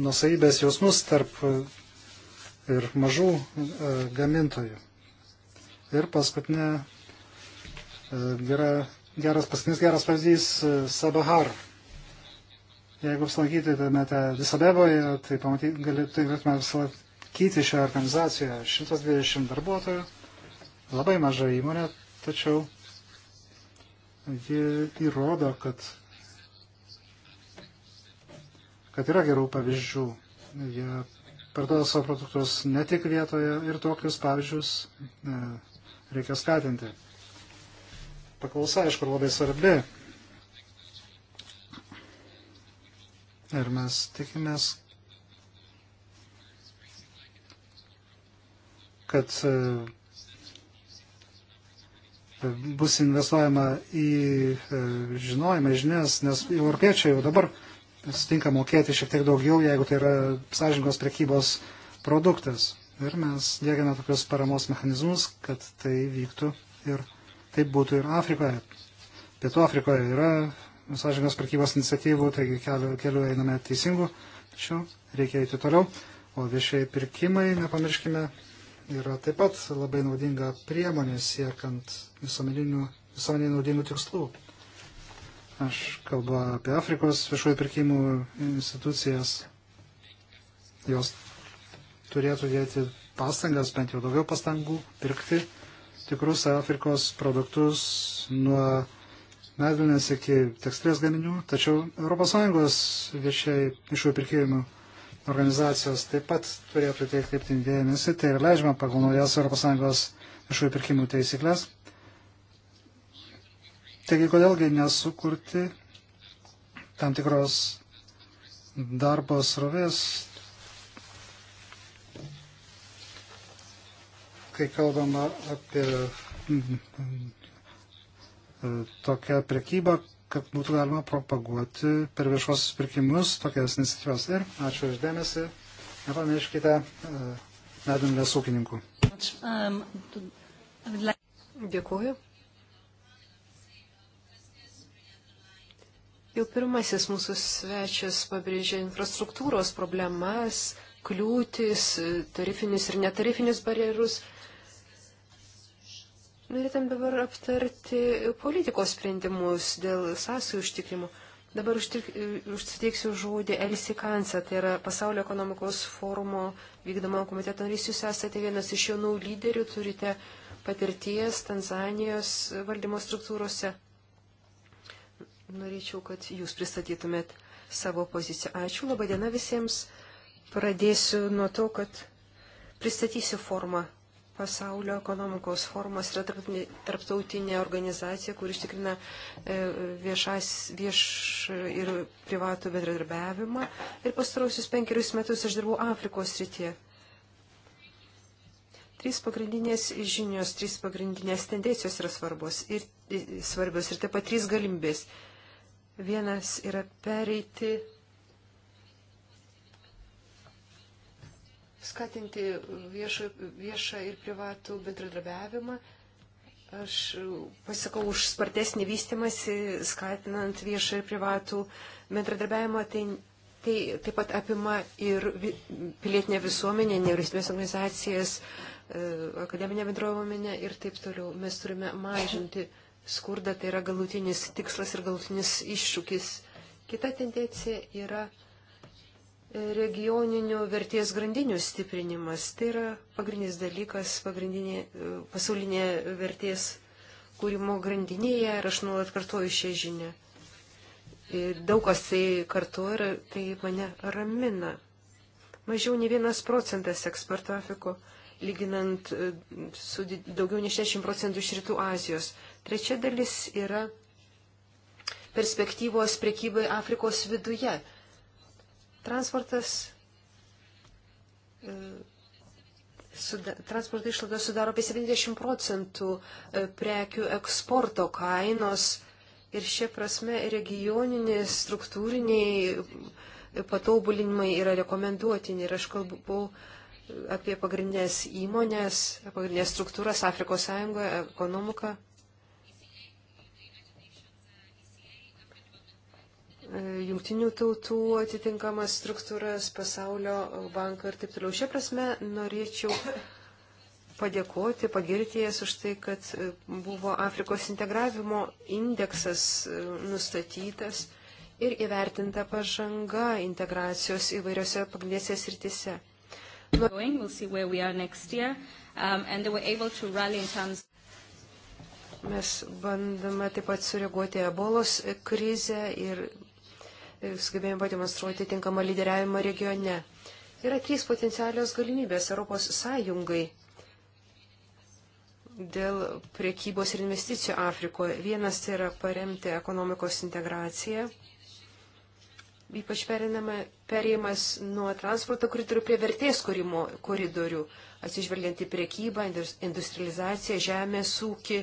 nusaibės jausmus tarp e, ir mažų gamintojų. Ir paskutinė gera geras, paskutinis geras pavyzdys e, Sabahar. Jeigu apsilankyti Disabeboje, tai, pamatyt, gali, tai galėtume apsilankyti šią organizaciją. 120 darbuotojų, labai maža įmonė, tačiau ji įrodo, kad, kad yra gerų pavyzdžių. Jie parduoda savo produktus ne tik vietoje ir tokius pavyzdžius e, reikia skatinti paklausa, aišku, labai svarbi. Ir mes tikimės, kad e, bus investuojama į e, žinojimą, žinias, nes europiečiai jau dabar sutinka mokėti šiek tiek daugiau, jeigu tai yra sąžingos prekybos produktas. Ir mes dėgiame tokius paramos mechanizmus, kad tai vyktų ir Taip būtų ir Afrikoje. Pietų Afrikoje yra sąžinės prekybos iniciatyvų, taigi keliu, keliu einame teisingų, tačiau reikia eiti toliau. O viešieji pirkimai, nepamirškime, yra taip pat labai naudinga priemonė siekant visuomeniai naudingų tikslų. Aš kalbu apie Afrikos viešųjų pirkimų institucijas. Jos turėtų dėti pastangas, bent jau daugiau pastangų pirkti tikrus Afrikos produktus nuo medvilnės iki tekstilės gaminių, tačiau ES viešiai išų pirkėjimų organizacijos taip pat turėtų teikti kaip dėmesį, tai yra leidžiama pagal naujas ES išų pirkimų teisiklės. Taigi, kodėlgi nesukurti tam tikros darbo srovės kai kalbama apie mhm, tokią prekybą, kad būtų galima propaguoti per viešosius pirkimus tokias iniciatyvas. Ir ačiū išdėmesi. Nepamirškite e, medumlės ūkininkų. Dėkuoju. Jau pirmasis mūsų svečias pabrėžė infrastruktūros problemas, kliūtis, tarifinius ir netarifinius barjerus. Norėtum dabar aptarti politikos sprendimus dėl sąsajų užtikrimo. Dabar užsiteiksiu žodį Elsi Kansa, tai yra pasaulio ekonomikos forumo vykdomo komiteto narys. Jūs esate vienas iš jaunų lyderių, turite patirties Tanzanijos valdymo struktūrose. Norėčiau, kad jūs pristatytumėt savo poziciją. Ačiū, laba diena visiems. Pradėsiu nuo to, kad pristatysiu formą, Pasaulio ekonomikos formas yra tarptautinė organizacija, kur ištikrina e, viešas, vieš ir privatų bendradarbiavimą. Ir pastarausius penkerius metus aš dirbau Afrikos srityje. Trys pagrindinės žinios, trys pagrindinės tendencijos yra svarbos ir, svarbios ir taip pat trys galimybės. Vienas yra pereiti skatinti viešą, viešą ir privatų bendradarbiavimą. Aš pasisakau už spartesnį vystimąsi, skatinant viešą ir privatų bendradarbiavimą. Tai, tai taip pat apima ir vi, pilietinę visuomenę, nevyriausybės organizacijas, e, akademinę bendruomenę ir taip toliau. Mes turime mažinti skurdą, tai yra galutinis tikslas ir galutinis iššūkis. Kita tendencija yra regioninių vertės grandinių stiprinimas. Tai yra pagrindinis dalykas, pagrindinė e, pasaulinė vertės kūrimo grandinėje ir aš nuolat kartuoju šią žinią. Ir daug kas tai kartu ir tai mane ramina. Mažiau nei vienas procentas eksporto Afriko, lyginant e, su daugiau nei 60 procentų iš Rytų Azijos. Trečia dalis yra perspektyvos prekybai Afrikos viduje. Transportas. E, suda, transporto išlaidos sudaro apie 70 procentų e, prekių eksporto kainos ir šia prasme regioniniai struktūriniai patobulinimai yra rekomenduotini. Ir aš kalbu apie pagrindinės įmonės, pagrindinės struktūras Afrikos Sąjungoje, ekonomiką. jungtinių tautų atitinkamas struktūras, pasaulio banką ir taip toliau. Šia prasme norėčiau padėkoti, pagirti jas už tai, kad e, buvo Afrikos integravimo indeksas e, nustatytas ir įvertinta pažanga integracijos įvairiose pagrindinėse srityse. Um, Mes bandome taip pat sureaguoti ebolos krizę ir sugebėjome pademonstruoti tinkamą lyderiavimą regione. Yra trys potencialios galimybės Europos Sąjungai dėl priekybos ir investicijų Afrikoje. Vienas tai yra paremti ekonomikos integraciją, ypač perėjimas nuo transporto koridorių prie vertės kūrimo koridorių, atsižvelgiant į priekybą, industrializaciją, žemės ūkį,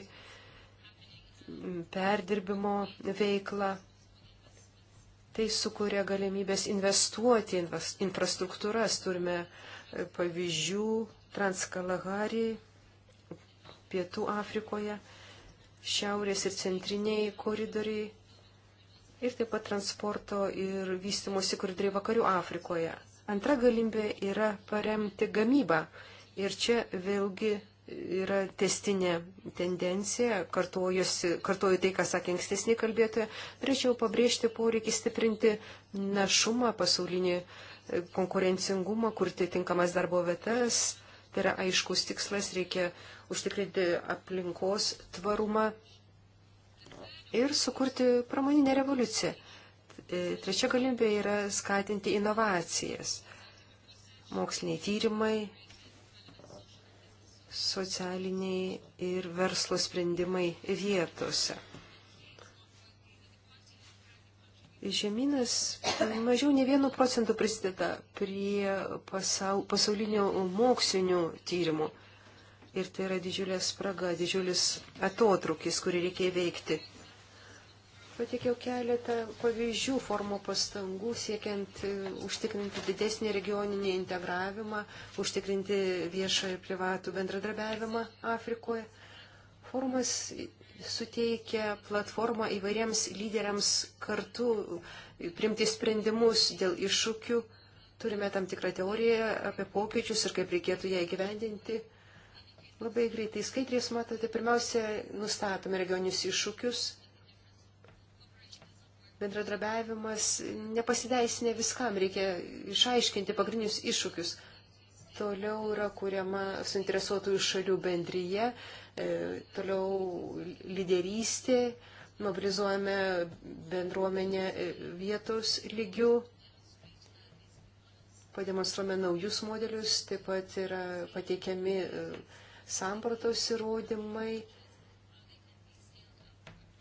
perdirbimo veiklą Tai sukuria galimybės investuoti į infrastruktūras. Turime e, pavyzdžių Transkalahari, Pietų Afrikoje, Šiaurės ir centriniai koridoriai ir taip pat transporto ir vystimosi koridoriai Vakarių Afrikoje. Antra galimybė yra paremti gamybą. Ir čia vėlgi yra testinė tendencija, kartuoju tai, ką sakė ankstesnė kalbėtoja, norėčiau pabrėžti poreikį stiprinti našumą, pasaulinį e, konkurencingumą, kurti tinkamas darbo vietas. Tai yra aiškus tikslas, reikia užtikrinti aplinkos tvarumą ir sukurti pramoninę revoliuciją. E, trečia galimybė yra skatinti inovacijas. Moksliniai tyrimai, socialiniai ir verslo sprendimai vietose. Žemynas mažiau ne vienu procentu prisideda prie pasaul, pasaulinių mokslinių tyrimų. Ir tai yra didžiulė spraga, didžiulis atotrukis, kurį reikia veikti. Pateikiau keletą pavyzdžių formų pastangų siekiant e, užtikrinti didesnį regioninį integravimą, užtikrinti viešą ir privatų bendradarbiavimą Afrikoje. Forumas suteikia platformą įvairiems lyderiams kartu e, primti sprendimus dėl iššūkių. Turime tam tikrą teoriją apie pokyčius ir kaip reikėtų ją įgyvendinti. Labai greitai skaidrės matote, pirmiausia, nustatome regionius iššūkius, bendradarbiavimas nepasideisinė viskam, reikia išaiškinti pagrindinius iššūkius. Toliau yra kuriama suinteresuotųjų šalių bendryje, e, toliau lyderystė, mobilizuojame bendruomenę e, vietos lygių, pademonstruojame naujus modelius, taip pat yra pateikiami e, sampratos įrodymai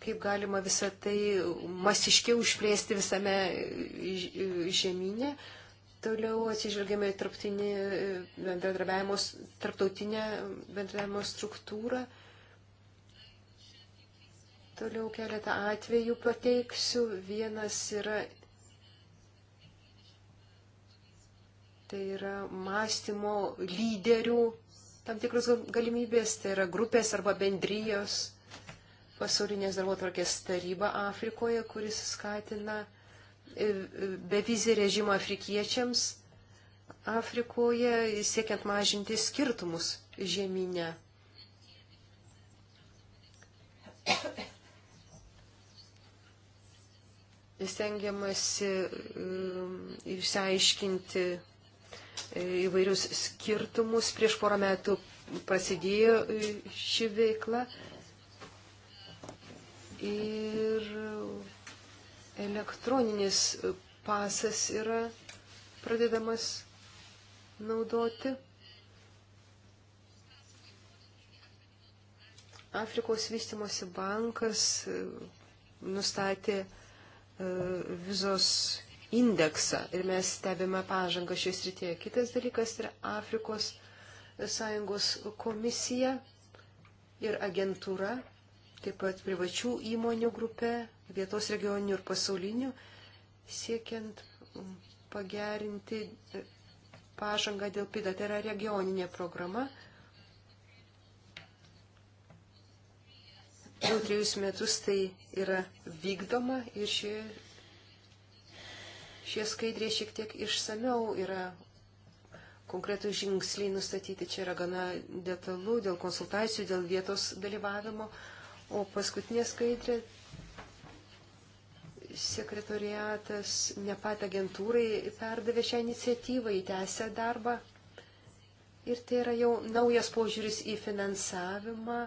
kaip galima visą tai masiškiau išplėsti visame žemynė. Toliau atsižvelgėme į e, tarptautinę bendradarbiavimo struktūrą. Toliau keletą atvejų pateiksiu. Vienas yra, tai yra mąstymo lyderių tam tikros galimybės, tai yra grupės arba bendrijos pasaulinės darbo tvarkės taryba Afrikoje, kuris skatina e, e, bevizį režimą afrikiečiams Afrikoje, siekiant mažinti skirtumus žemynę. Stengiamasi um, išsiaiškinti e, įvairius skirtumus. Prieš porą metų prasidėjo ši veikla ir elektroninis pasas yra pradedamas naudoti. Afrikos vystimosi bankas e, nustatė e, vizos indeksą ir mes stebime pažangą šioje srityje. Kitas dalykas yra Afrikos sąjungos komisija ir agentūra taip pat privačių įmonių grupė, vietos regioninių ir pasaulinių, siekiant pagerinti pažangą dėl PIDA. Tai yra regioninė programa. Jau trejus metus tai yra vykdoma ir šie, šie skaidrė šiek tiek išsameu yra konkretų žingsniai nustatyti. Čia yra gana detalu dėl konsultacijų, dėl vietos dalyvavimo. Uh, O paskutinė skaidrė sekretoriatas nepat agentūrai perdavė šią iniciatyvą, įtęsė darbą. Ir tai yra jau naujas požiūris į finansavimą.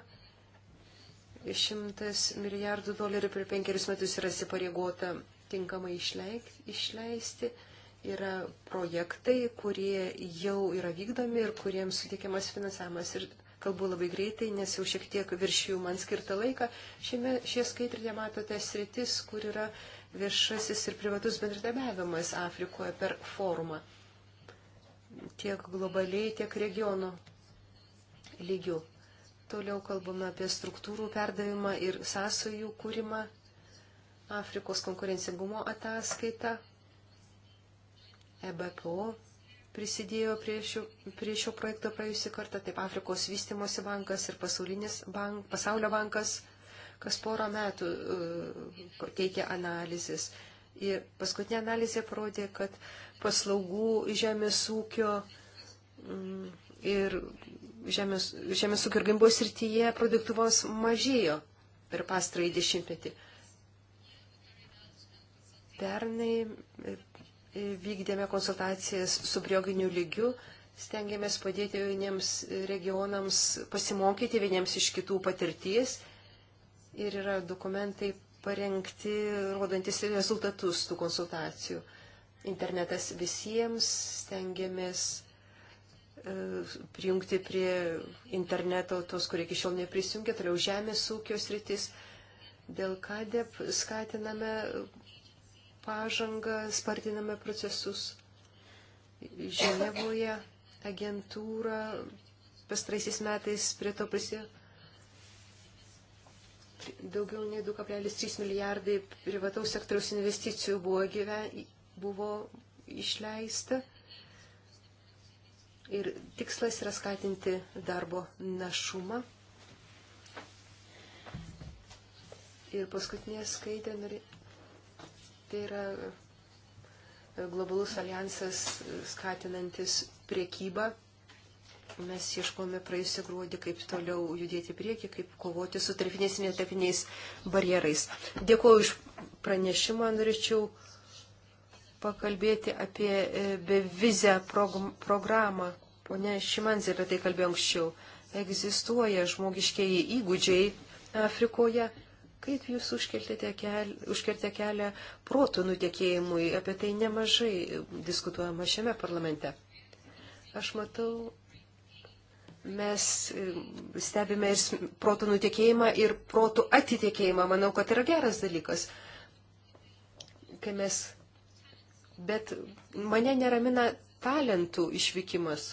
100 milijardų dolerių per penkerius metus yra įsipareigota tinkamai išleisti. Yra projektai, kurie jau yra vykdomi ir kuriems suteikiamas finansavimas. Ir kalbu labai greitai, nes jau šiek tiek virš jų man skirtą laiką. Šiame, šie skaitrėje matote sritis, kur yra viešasis ir privatus bendradarbiavimas Afrikoje per forumą. Tiek globaliai, tiek regionų lygių. Toliau kalbame apie struktūrų perdavimą ir sąsojų kūrimą, Afrikos konkurencingumo ataskaitą, EBPO prisidėjo prie šio, prie šio projekto praėjusį kartą, taip Afrikos vystimosi bankas ir pasaulinis bank, pasaulio bankas kas porą metų e, teikia analizės. Ir paskutinė analizė parodė, kad paslaugų žemės ūkio mm, ir žemės, žemės ūkio ir gimybos srityje produktyvos mažėjo per pastarąjį dešimtmetį. Pernai vykdėme konsultacijas su brioginiu lygiu, stengiamės padėti vieniems regionams pasimokyti vieniems iš kitų patirties ir yra dokumentai parengti, rodantis rezultatus tų konsultacijų. Internetas visiems stengiamės e, prijungti prie interneto tos, kurie iki šiol neprisijungė, toliau žemės ūkio sritis. Dėl KADEP skatiname pažangą, spartiname procesus. Ženevoje agentūra pastraisiais metais prie to prisidėjo daugiau nei 2,3 milijardai privataus sektoriaus investicijų buvo, gyven, buvo išleista. Ir tikslas yra skatinti darbo našumą. Ir paskutinė skaitė, Tai yra e, globalus alijansas e, skatinantis priekybą. Mes ieškome praėjusią gruodį, kaip toliau judėti prieki, kaip kovoti su tarpiniais ir netarpiniais barjerais. Dėkuoju iš pranešimą, norėčiau pakalbėti apie e, bevizę programą. Pone Šimanzė apie tai kalbėjo anksčiau. Egzistuoja žmogiškiai įgūdžiai Afrikoje kaip jūs užkirtėte kel, kelią protų nutekėjimui, apie tai nemažai diskutuojama šiame parlamente. Aš matau, mes e, stebime ir protų nutekėjimą, ir protų atitekėjimą. Manau, kad yra geras dalykas, kai mes. Bet mane neramina talentų išvykimas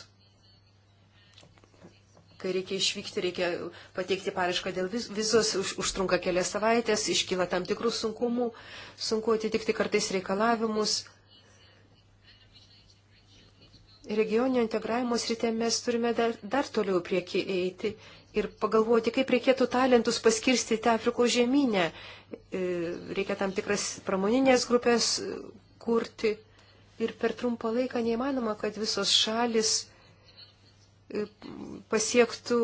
kai reikia išvykti, reikia pateikti paraišką dėl vis, visos, už, užtrunka kelias savaitės, iškyla tam tikrų sunkumų, sunku atitikti kartais reikalavimus. Regioninio integravimo srityje mes turime dar, dar toliau prieki eiti ir pagalvoti, kaip reikėtų talentus paskirstyti Afrikos žemynę. E, reikia tam tikras pramoninės grupės kurti. Ir per trumpą laiką neįmanoma, kad visos šalis pasiektų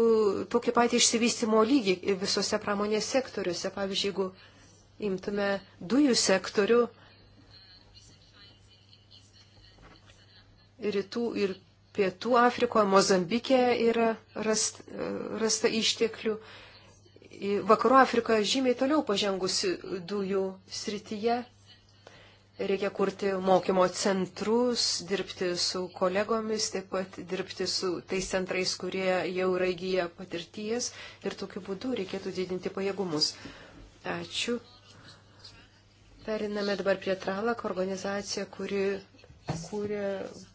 tokį patį išsivystimo lygį visose pramonės sektoriuose. Pavyzdžiui, jeigu imtume dujų sektorių, rytų ir pietų Afrikoje, Mozambike yra rast, rasta išteklių. Vakarų Afrika žymiai toliau pažengusi dujų srityje. Reikia kurti mokymo centrus, dirbti su kolegomis, taip pat dirbti su tais centrais, kurie jau yra įgyję patirties ir tokiu būdu reikėtų didinti pajėgumus. Ačiū. Periname dabar prie Tralak, organizacija, kuri kūrė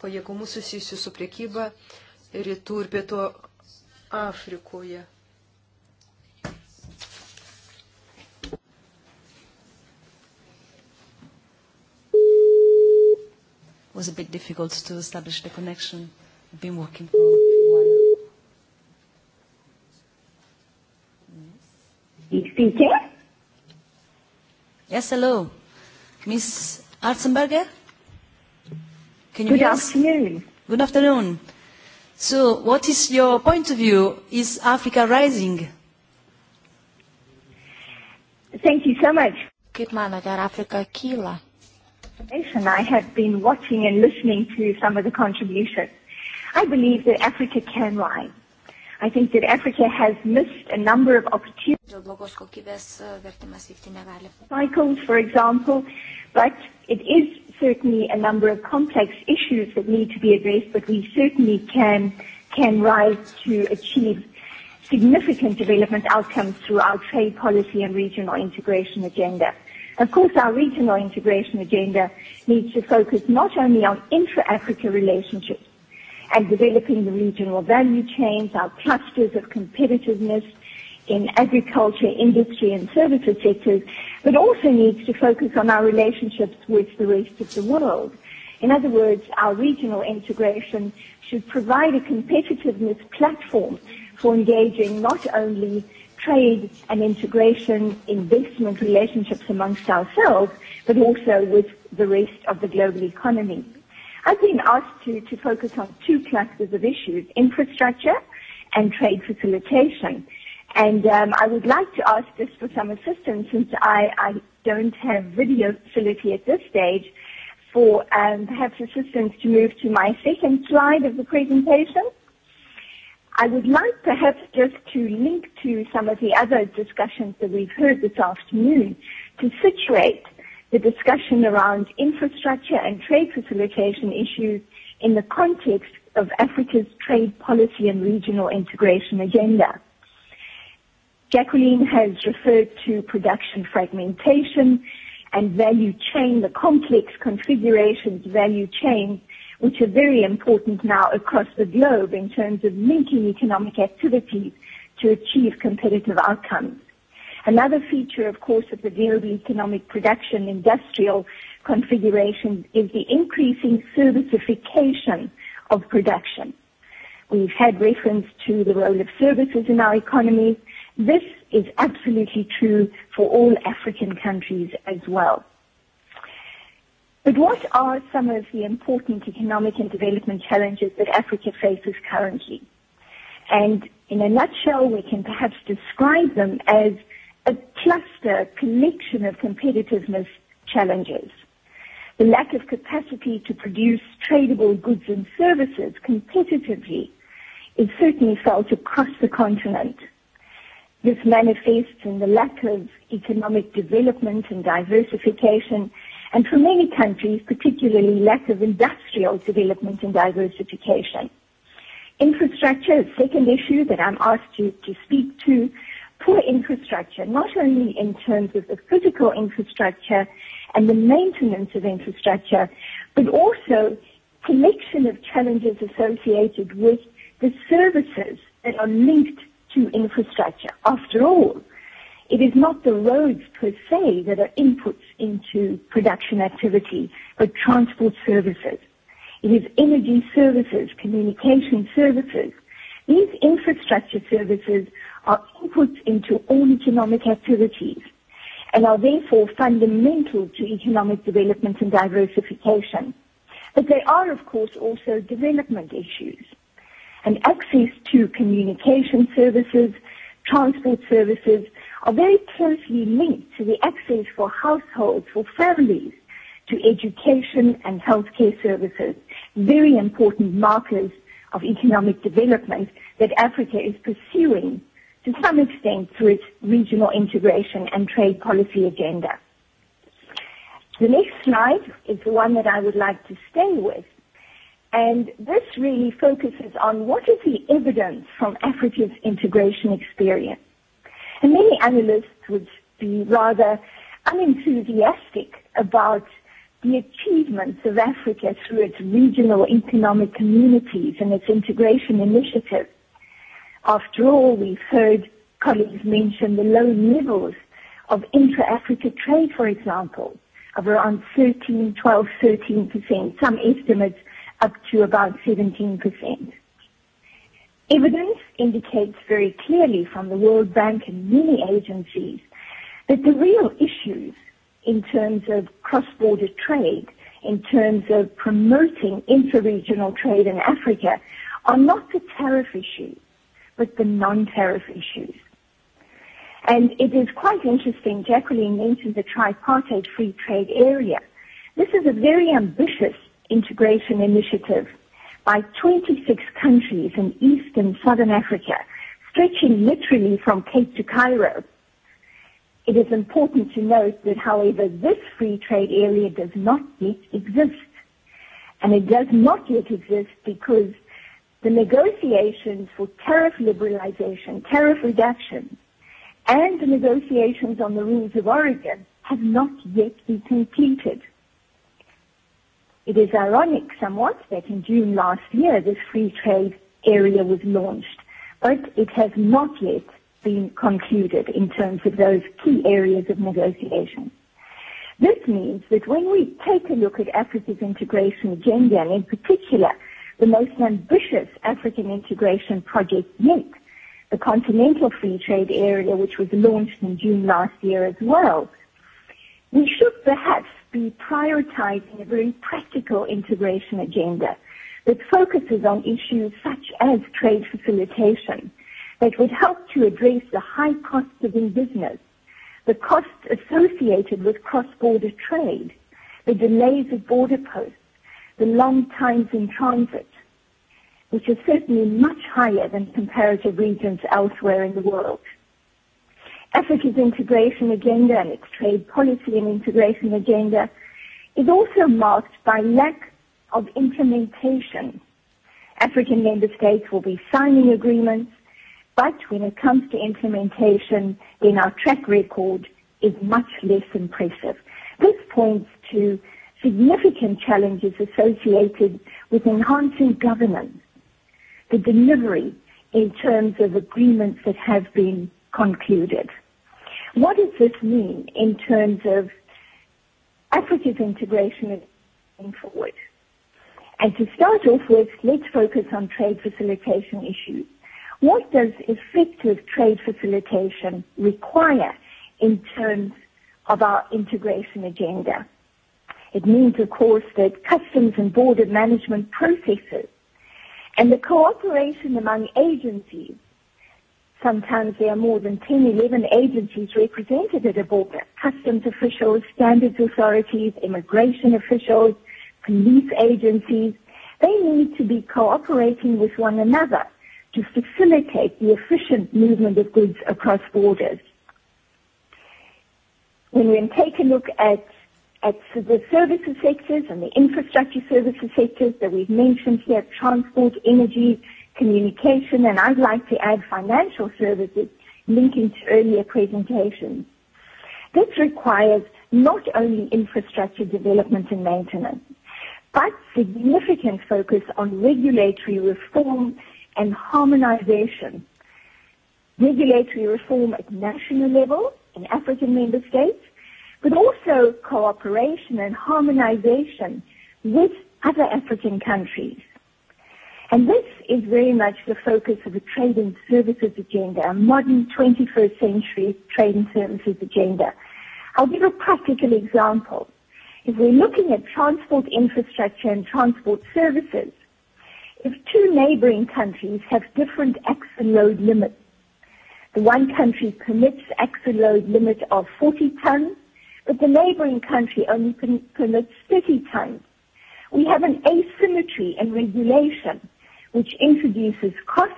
pajėgumus susijusius su priekyba rytų ir pietų Afrikoje. was a bit difficult to establish the connection. I've been working for a while. Speaker? Yes, hello. Miss Arzenberger? Can you Good hear us? afternoon. Good afternoon. So, what is your point of view? Is Africa rising? Thank you so much. Kaip manote, ar Afrika kyla? explanation, I have been watching and listening to some of the contributions. I believe that Africa can rise. I think that Africa has missed a number of opportunities. Dėl blogos kokybės vertimas vykti negali. Cycles, for example, but it is certainly a number of complex issues that need to be addressed, but we certainly can, can rise to achieve significant development outcomes through our trade policy and regional integration agenda. Of course, our regional integration agenda needs to focus not only on intra-Africa relationships and developing the regional value chains, our clusters of competitiveness in agriculture, industry, and services sectors, but also needs to focus on our relationships with the rest of the world. In other words, our regional integration should provide a competitiveness platform for engaging not only trade and integration investment relationships amongst ourselves, but also with the rest of the global economy. I've been asked to, to focus on two clusters of issues, infrastructure and trade facilitation. And um, I would like to ask this for some assistance since I, I don't have video facility at this stage for um, perhaps assistance to move to my second slide of the presentation I would like perhaps just to link to some of the other discussions that we've heard this afternoon to situate the discussion around infrastructure and trade facilitation issues in the context of Africa's trade policy and regional integration agenda. Jacqueline has referred to production fragmentation and value chain, the complex configurations value chain which are very important now across the globe in terms of linking economic activities to achieve competitive outcomes. Another feature, of course, of the global economic production industrial configuration is the increasing servicification of production. We've had reference to the role of services in our economy. This is absolutely true for all African countries as well. What are some of the important economic and development challenges that Africa faces currently? In a nutshell, we can perhaps describe them as a cluster collection of competitiveness challenges. The lack of capacity to produce tradable goods and services competitively is certainly felt across the continent. This manifests in the lack of economic development and diversification and for many countries, particularly lack of industrial development and diversification. Infrastructure is the second issue that I'm asked to, to speak to. Poor infrastructure, not only in terms of the physical infrastructure and the maintenance of infrastructure, but also collection of challenges associated with the services that are linked to infrastructure. After all, It is not the roads per se that are inputs into production activity, but transport services. It is energy services, communication services. These infrastructure services are inputs into all economic activities and are therefore fundamental to economic development and diversification. But they are, of course, also development issues. And access to communication services, transport services, are very closely linked to the access for households, for families, to education and healthcare services, very important markers of economic development that Africa is pursuing to some extent through its regional integration and trade policy agenda. The next slide is the one that I would like to stay with. And this really focuses on what is the evidence from Africa's integration experience. And many analysts would be rather unenthusiastic about the achievements of Africa through its regional economic communities and its integration initiatives. After all, we've heard colleagues mention the low levels of intra-Africa trade, for example, of around 13, 12, 13%, some estimates up to about 17%. Evidence indicates very clearly from the World Bank and many agencies that the real issues in terms of cross-border trade, in terms of promoting intra-regional trade in Africa, are not the tariff issues, but the non-tariff issues. And it is quite interesting, Jacqueline mentioned the tripartite free trade area. This is a very ambitious integration initiative by 26 countries in East and Southern Africa, stretching literally from Cape to Cairo. It is important to note that, however, this free trade area does not yet exist. And it does not yet exist because the negotiations for tariff liberalization, tariff reduction, and the negotiations on the rules of origin have not yet been completed. It is ironic somewhat that in June last year, this free trade area was launched, but it has not yet been concluded in terms of those key areas of negotiation. This means that when we take a look at Africa's integration agenda, and in particular, the most ambitious African integration project yet, the Continental Free Trade Area, which was launched in June last year as well, we should perhaps be prioritizing a very practical integration agenda that focuses on issues such as trade facilitation that would help to address the high costs of doing business, the costs associated with cross-border trade, the delays of border posts, the long times in transit, which is certainly much higher than comparative regions elsewhere in the world. Africa's integration agenda and its trade policy and integration agenda is also marked by lack of implementation. African member states will be signing agreements, but when it comes to implementation, then our track record is much less impressive. This points to significant challenges associated with enhancing governance, the delivery in terms of agreements that have been concluded. What does this mean in terms of Africa's integration going forward? And to start off with, let's focus on trade facilitation issues. What does effective trade facilitation require in terms of our integration agenda? It means, of course, that customs and border management processes and the cooperation among agencies Sometimes there are more than 10, 11 agencies represented at a board, customs officials, standards authorities, immigration officials, police agencies. They need to be cooperating with one another to facilitate the efficient movement of goods across borders. When we take a look at the services sectors and the infrastructure services sectors that we've mentioned here, transport, energy, communication, and I'd like to add financial services linking to earlier presentations. This requires not only infrastructure development and maintenance, but significant focus on regulatory reform and harmonization. Regulatory reform at national level in African member states, but also cooperation and harmonization with other African countries. This is very much the focus of the trade and services agenda, a modern 21st century trade and services agenda. I'll give a practical example. If we're looking at transport infrastructure and transport services, if two neighboring countries have different axle load limits, the one country permits axle load limit of 40 tons, but the neighboring country only permits 30 tons. We have an asymmetry in regulation which introduces costs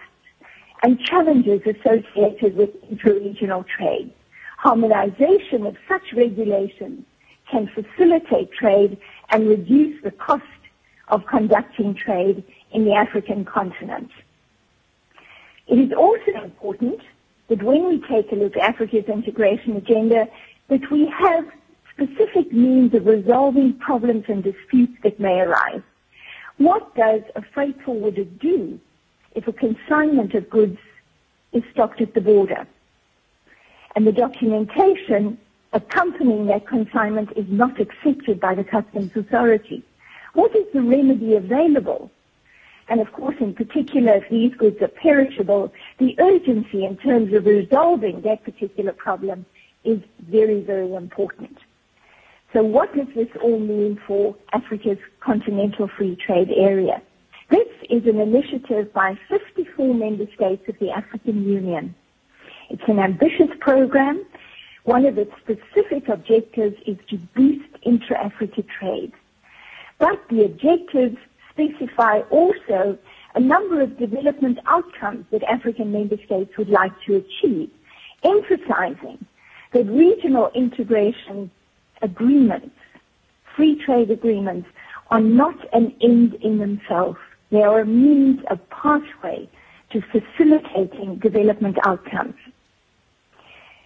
and challenges associated with interregional trade. Harmonization of such regulations can facilitate trade and reduce the cost of conducting trade in the African continent. It is also important that when we take a look at Africa's integration agenda, that we have specific means of resolving problems and disputes that may arise. What does a freight forwarder do if a consignment of goods is stopped at the border and the documentation accompanying that consignment is not accepted by the customs authority? What is the remedy available? And of course, in particular, if these goods are perishable, the urgency in terms of resolving that particular problem is very, very important. What does this all mean for Africa's continental free trade area? This is an initiative by 54 member states of the African Union. It's an ambitious program. One of its specific objectives is to boost intra-Africa trade. The objectives specify also a number of development outcomes that African member states would like to achieve, emphasizing that regional integration agreements, free trade agreements, are not an end in themselves. They are a means, a pathway to facilitating development outcomes.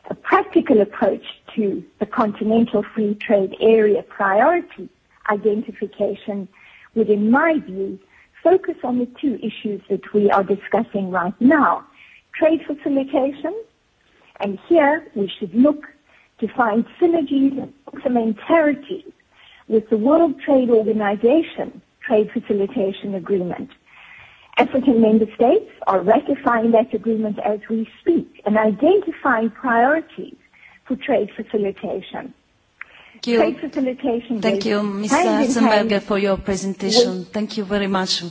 A practical approach to the continental free trade area priority identification would, in my view, focus on the two issues that we are discussing right now, trade facilitation, and here we should look to find synergies and complementarities with the World Trade Organization Trade Facilitation Agreement. African member states are ratifying that agreement as we speak and identifying priorities for trade facilitation. Thank you. Trade facilitation Thank you, Ms. Hasenberger, for your presentation. With Thank you very much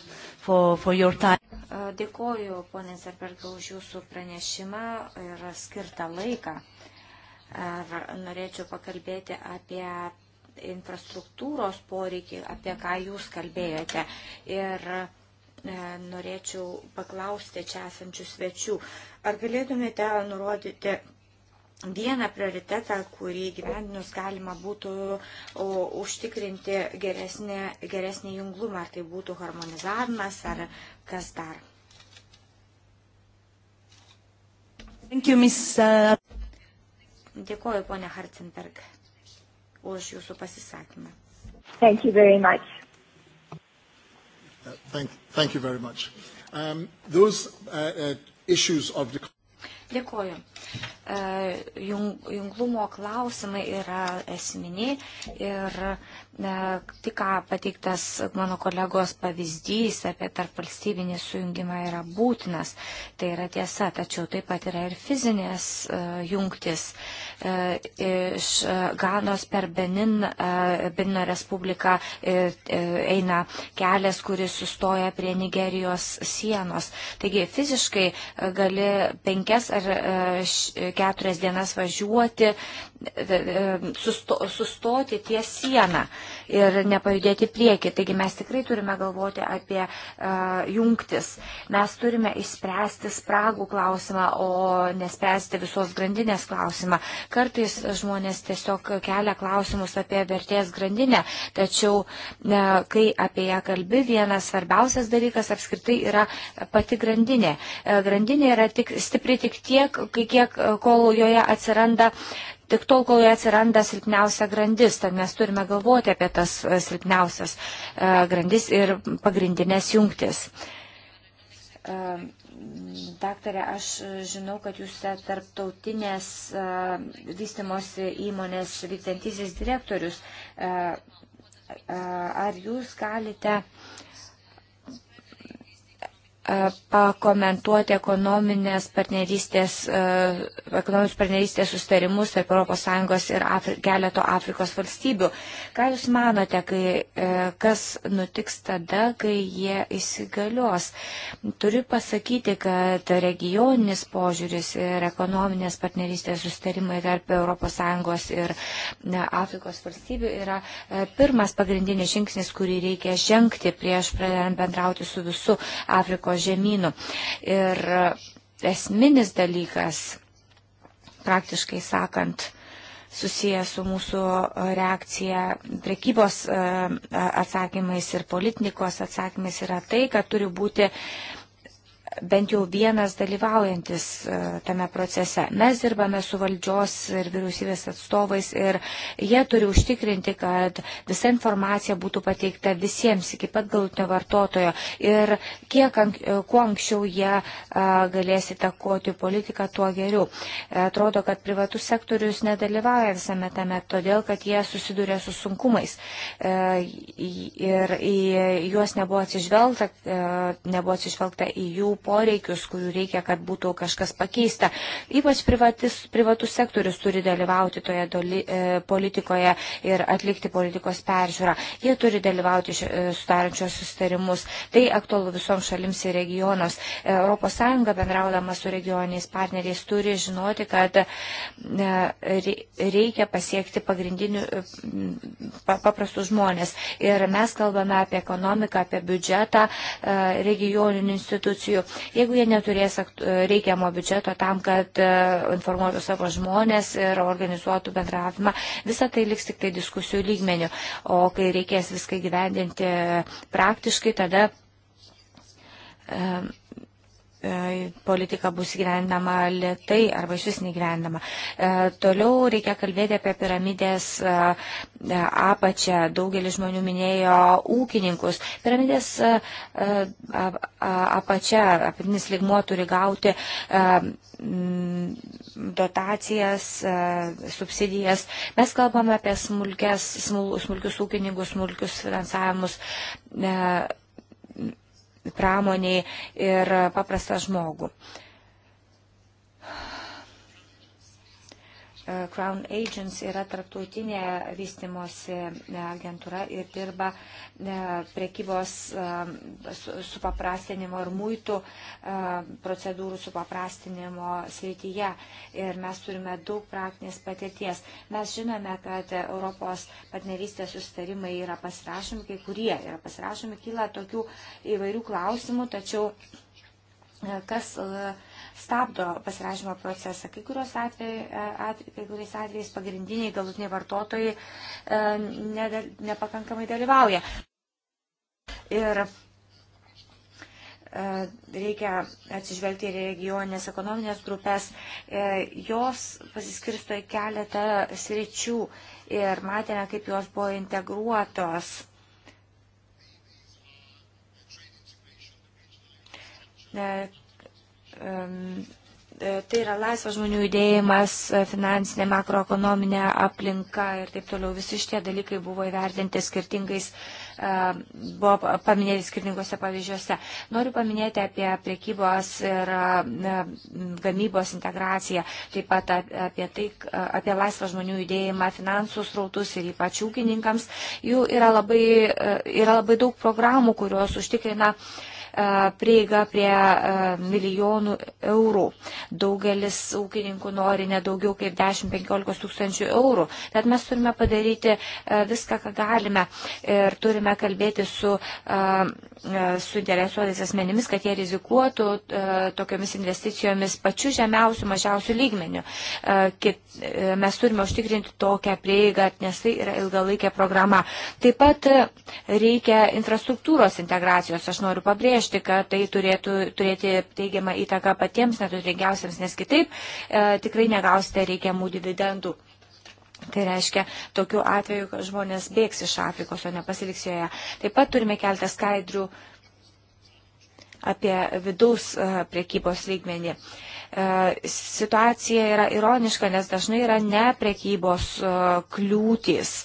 for, for your time. Uh, dėkoju, ponė Zerberga, už jūsų pranešimą ir skirtą laiką. Uh, Ar norėčiau pakalbėti apie infrastruktūros poreikį, apie ką jūs kalbėjote. Ir e, norėčiau paklausti čia esančių svečių. Ar galėtumėte nurodyti vieną prioritetą, kurį gyvendinus galima būtų užtikrinti geresnį, geresnį junglumą, ar tai būtų harmonizavimas, ar kas dar? Thank you, Miss. Uh, Dėkoju, ponė Hartzenberg, už jūsų pasisakymą. Thank you very much. Uh, thank, thank you very much. Um, those uh, uh, issues of the... Dėkoju. Uh, jung, junglumo klausimai yra esminiai ir uh, tik ką pateiktas mano kolegos pavyzdys apie tarp valstybinį sujungimą yra būtinas. Tai yra tiesa, tačiau taip pat yra ir fizinės uh, jungtis. Uh, E, iš e, Ganos per Benin, e, Benino Respubliką eina kelias, kuris sustoja prie Nigerijos sienos. Taigi fiziškai gali penkias ar keturias dienas važiuoti E, e, susto, sustoti ties sieną ir nepajudėti prieki. Taigi mes tikrai turime galvoti apie uh, jungtis. Mes turime išspręsti spragų klausimą, o nespręsti visos grandinės klausimą. Kartais žmonės tiesiog kelia klausimus apie vertės grandinę, tačiau uh, kai apie ją kalbi, vienas svarbiausias dalykas apskritai yra pati grandinė. Uh, grandinė yra tik, stipri tik tiek, kai kiek, kol joje atsiranda tik tol, kol atsiranda silpniausia grandis, tad mes turime galvoti apie tas e, silpniausias e, grandis ir pagrindinės jungtis. E, Daktarė, aš žinau, kad jūs tarptautinės vystimosi įmonės vykdantisis direktorius. Ar jūs galite E, pakomentuoti ekonominės partnerystės, e, ekonominės partnerystės sustarimus tarp ES ir Afri, keleto Afrikos valstybių. Ką Jūs manote, kai, e, kas nutiks tada, kai jie įsigalios? Turiu pasakyti, kad regioninis požiūris ir ekonominės partnerystės sustarimai tarp ES ir Afrikos valstybių yra pirmas pagrindinis žingsnis, kurį reikia žengti prieš pradedant bendrauti su visų Afrikos žemynų. Ir esminis dalykas, praktiškai sakant, susijęs su mūsų reakcija prekybos e, atsakymais ir politikos atsakymais yra tai, kad turi būti bent jau vienas dalyvaujantis e, tame procese. Mes dirbame su valdžios ir vyriausybės atstovais ir jie turi užtikrinti, kad visa informacija būtų pateikta visiems iki pat galutinio vartotojo ir kiek, kuo anksčiau jie e, galės įtakoti politiką, tuo geriau. E, atrodo, kad privatus sektorius nedalyvauja visame tame, todėl kad jie susiduria su sunkumais ir į juos nebuvo atsižvelgta, nebuvo atsižvelgta į jų poreikius, kurių reikia, kad būtų kažkas pakeista. Ypač privatis, privatus sektorius turi dalyvauti toje doli, e, politikoje ir atlikti politikos peržiūrą. Jie turi dalyvauti e, sudarančios sustarimus. Tai aktualu visoms šalims ir regionos. ES bendraudama su regioniais partneriais turi žinoti, kad e, reikia pasiekti pagrindinių e, paprastus žmonės. Ir mes kalbame apie ekonomiką, apie biudžetą e, regioninių institucijų jeigu jie neturės reikiamo biudžeto tam, kad e, informuotų savo žmonės ir organizuotų bendravimą, visa tai liks tik tai diskusijų lygmenių. O kai reikės viską gyvendinti e, praktiškai, tada. Um, E, politika bus gyvendama lietai arba iš vis negyvendama. E, toliau reikia kalbėti apie piramidės e, apačią. Daugelis žmonių minėjo ūkininkus. Piramidės apačia, apatinis ligmuo turi gauti dotacijas, subsidijas. Mes kalbame apie smulkes, smul, smulkius ūkininkus, smulkius finansavimus pramoniai ir paprastą žmogų. Uh, E, Crown Agents yra tarptautinė vystimosi e, agentūra ir dirba e, prekybos supaprastinimo ir muitų procedūrų supaprastinimo srityje. Ir mes turime daug praktinės patirties. Mes žinome, kad Europos partnerystės sustarimai yra pasirašomi, kai kurie yra pasirašomi, kyla tokių įvairių klausimų, tačiau kas uh, stabdo pasirašymo procesą. Kai, atvej, e, atvej, kai kuriais atvejais pagrindiniai galutiniai vartotojai e, ne, nepakankamai dalyvauja. Ir e, reikia atsižvelgti ir regioninės ekonominės grupės, jos pasiskirsto į keletą sričių ir matėme, kaip jos buvo integruotos. E, tai yra laisvas žmonių judėjimas, e, finansinė makroekonominė aplinka ir taip toliau. Visi šitie dalykai buvo įvertinti skirtingais, e, buvo paminėti skirtingose pavyzdžiuose. Noriu paminėti apie priekybos ir gamybos integraciją, taip pat apie, tai, apie laisvą žmonių judėjimą, finansų srautus ir ypač ūkininkams. Jų yra labai, yra labai daug programų, kurios užtikrina. Uh, E, prieigą prie e, milijonų eurų. Daugelis ūkininkų nori nedaugiau kaip 10-15 tūkstančių eurų. Tad mes turime padaryti e, viską, ką galime ir turime kalbėti su suinteresuotais asmenimis, kad jie rizikuotų tokiomis investicijomis pačiu žemiausiu, mažiausiu lygmeniu. Mes turime užtikrinti tokią prieigą, nes tai yra ilgalaikė programa. Taip pat reikia infrastruktūros integracijos, aš noriu pabrėžti pabrėžti, kad tai turėtų turėti teigiamą įtaką patiems neturtingiausiams, nes kitaip e, tikrai negausite reikiamų dividendų. Tai reiškia, tokiu atveju žmonės bėgs iš Afrikos, o nepasiliks joje. Taip pat turime keltą skaidrių apie vidaus e, priekybos lygmenį. E, situacija yra ironiška, nes dažnai yra ne priekybos e, kliūtis.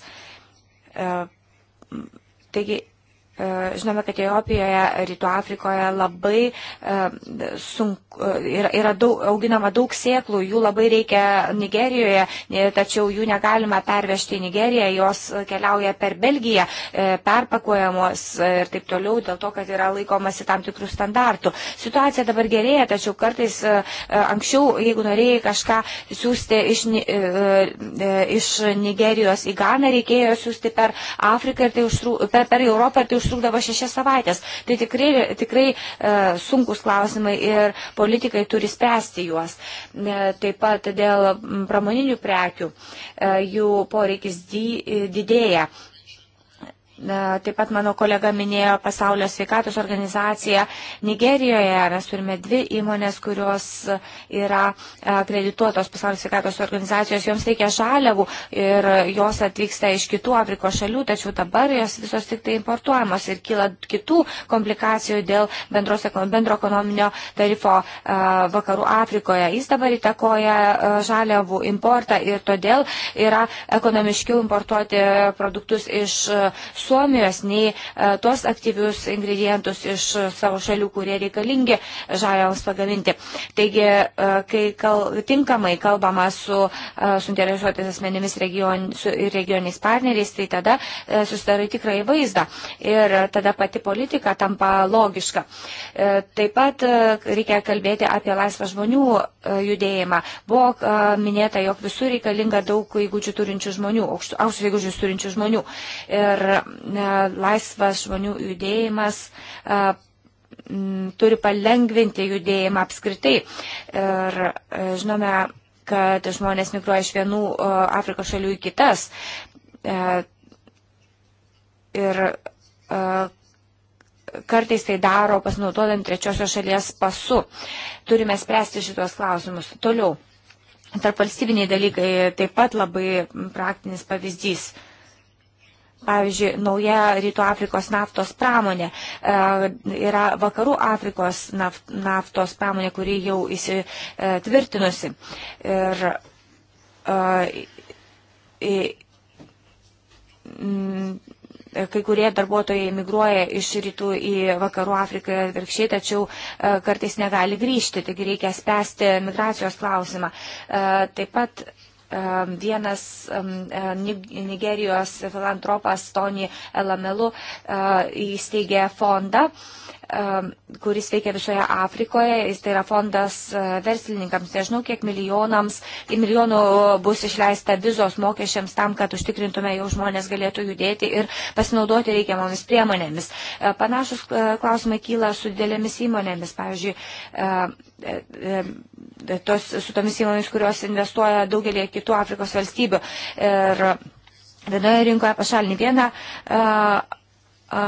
Taigi E, žinome, kad Etiopijoje, Rytų Afrikoje labai e, sunku, e, yra, yra daug, auginama daug sėklų, jų labai reikia Nigerijoje, tačiau jų negalima pervežti į Nigeriją, jos keliauja per Belgiją, perpakuojamos ir taip toliau, dėl to, kad yra laikomasi tam tikrų standartų. Situacija dabar gerėja, tačiau kartais anksčiau, jeigu norėjai kažką siūsti iš, iš Nigerijos į Ganą, reikėjo siūsti per Afriką ir tai užtru, per, per Europą ir tai užtruko užtrukdavo šešias savaitės. Tai tikrai, tikrai e, sunkus klausimai ir politikai turi spręsti juos. E, taip pat dėl pramoninių prekių e, jų poreikis dy, didėja. Taip pat mano kolega minėjo Pasaulio sveikatos organizaciją Nigerijoje. Mes turime dvi įmonės, kurios e, yra e, akredituotos Pasaulio sveikatos organizacijos. Joms reikia žaliavų ir jos atvyksta iš kitų Afrikos šalių, tačiau dabar jos visos tik tai importuojamos ir kyla kitų komplikacijų dėl bendros, bendro ekonominio tarifo e, vakarų Afrikoje. Jis dabar įtakoja žaliavų importą ir todėl yra ekonomiškiau importuoti produktus iš Suomijos, nei e, tuos aktyvius ingredientus iš savo šalių, kurie reikalingi žaliavams pagaminti. Taigi, e, kai kal, tinkamai kalbama su e, suinteresuotis asmenimis region, su regioniais partneriais, tai tada susidarai tikrai vaizdą ir tada pati politika tampa logiška. Taip pat reikia kalbėti apie laisvą žmonių judėjimą. Buvo minėta, jog visur reikalinga daug įgūdžių turinčių žmonių, aukštų įgūdžių turinčių žmonių. Ir laisvas žmonių judėjimas turi palengvinti judėjimą apskritai. Ir žinome, kad žmonės migruoja iš vienų Afrikos šalių į kitas. Ir kartais tai daro pasinaudodami trečiosios šalies pasu. Turime spręsti šitos klausimus. Toliau. Tarp valstybiniai dalykai taip pat labai praktinis pavyzdys. Uh, Pavyzdžiui, nauja Rytų Afrikos naftos pramonė e, yra Vakarų Afrikos naft, naftos pramonė, kuri jau įsitvirtinusi. Ir e, kai kurie darbuotojai migruoja iš rytų į vakarų Afriką ir virkščiai, tačiau e, kartais negali grįžti, taigi reikia spręsti migracijos klausimą. E, taip pat vienas e, Nigerijos filantropas Tony Elamelu e, įsteigė fondą Um, kuris veikia visoje Afrikoje. Jis tai yra fondas uh, verslininkams. Nežinau, kiek milijonams, milijonų bus išleista vizos mokesčiams tam, kad užtikrintume jau žmonės galėtų judėti ir pasinaudoti reikiamomis priemonėmis. Uh, panašus uh, klausimai kyla su didelėmis įmonėmis. Pavyzdžiui, tos, su tomis įmonėmis, kurios investuoja daugelį kitų Afrikos valstybių. Ir vienoje rinkoje pašalini vieną. A, a,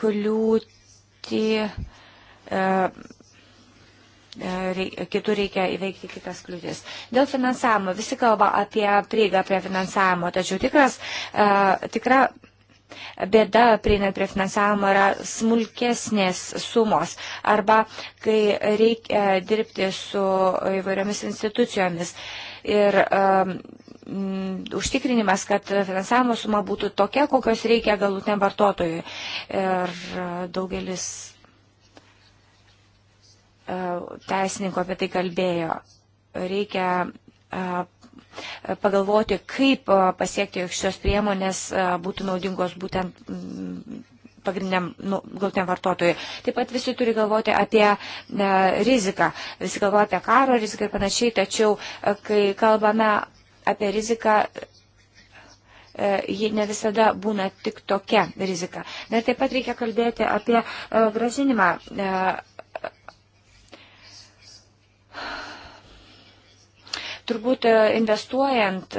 kliūtį kiti, e, e, kitur reikia įveikti kitas kliūtis. Dėl finansavimo. Visi kalba apie prieigą prie finansavimo, tačiau tikras, e, tikra bėda prieinant prie finansavimo yra smulkesnės sumos arba kai reikia dirbti su įvairiomis institucijomis. Ir um, m, mm, užtikrinimas, kad finansavimo suma būtų tokia, kokios reikia galutiniam vartotojui. Ir e, daugelis e, teisininko apie tai kalbėjo. Reikia e, pagalvoti, kaip pasiekti, jog šios priemonės būtų naudingos būtent mm, pagrindiniam nu, galtiniam vartotojui. Taip pat visi turi galvoti apie e, riziką. Visi galvoja apie karo riziką ir panašiai, tačiau e, kai kalbame apie riziką e, ji ne visada būna tik tokia rizika. Na ir taip pat reikia kalbėti apie e, gražinimą. E, turbūt investuojant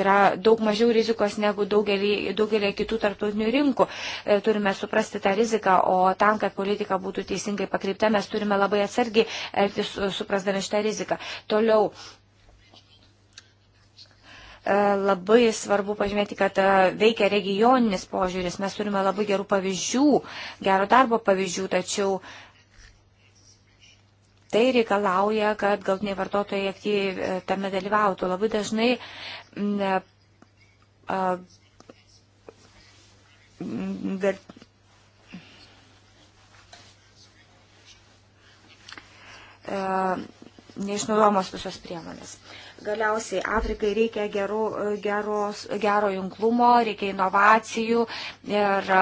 yra daug mažiau rizikos negu daugelį, daugelį kitų tarptautinių rinkų. Turime suprasti tą riziką, o tam, kad politika būtų teisingai pakreipta, mes turime labai atsargiai elgtis suprasdami šitą riziką. Toliau E, labai svarbu pažymėti, kad e, veikia regioninis požiūris. Mes turime labai gerų pavyzdžių, gero darbo pavyzdžių, tačiau tai reikalauja, kad galtiniai vartotojai aktyviai e, tame dalyvautų. Labai dažnai ne, a, dar, neišnaudojamos visos priemonės. Uh, Galiausiai Afrikai reikia gero, geros, gero junglumo, reikia inovacijų ir e,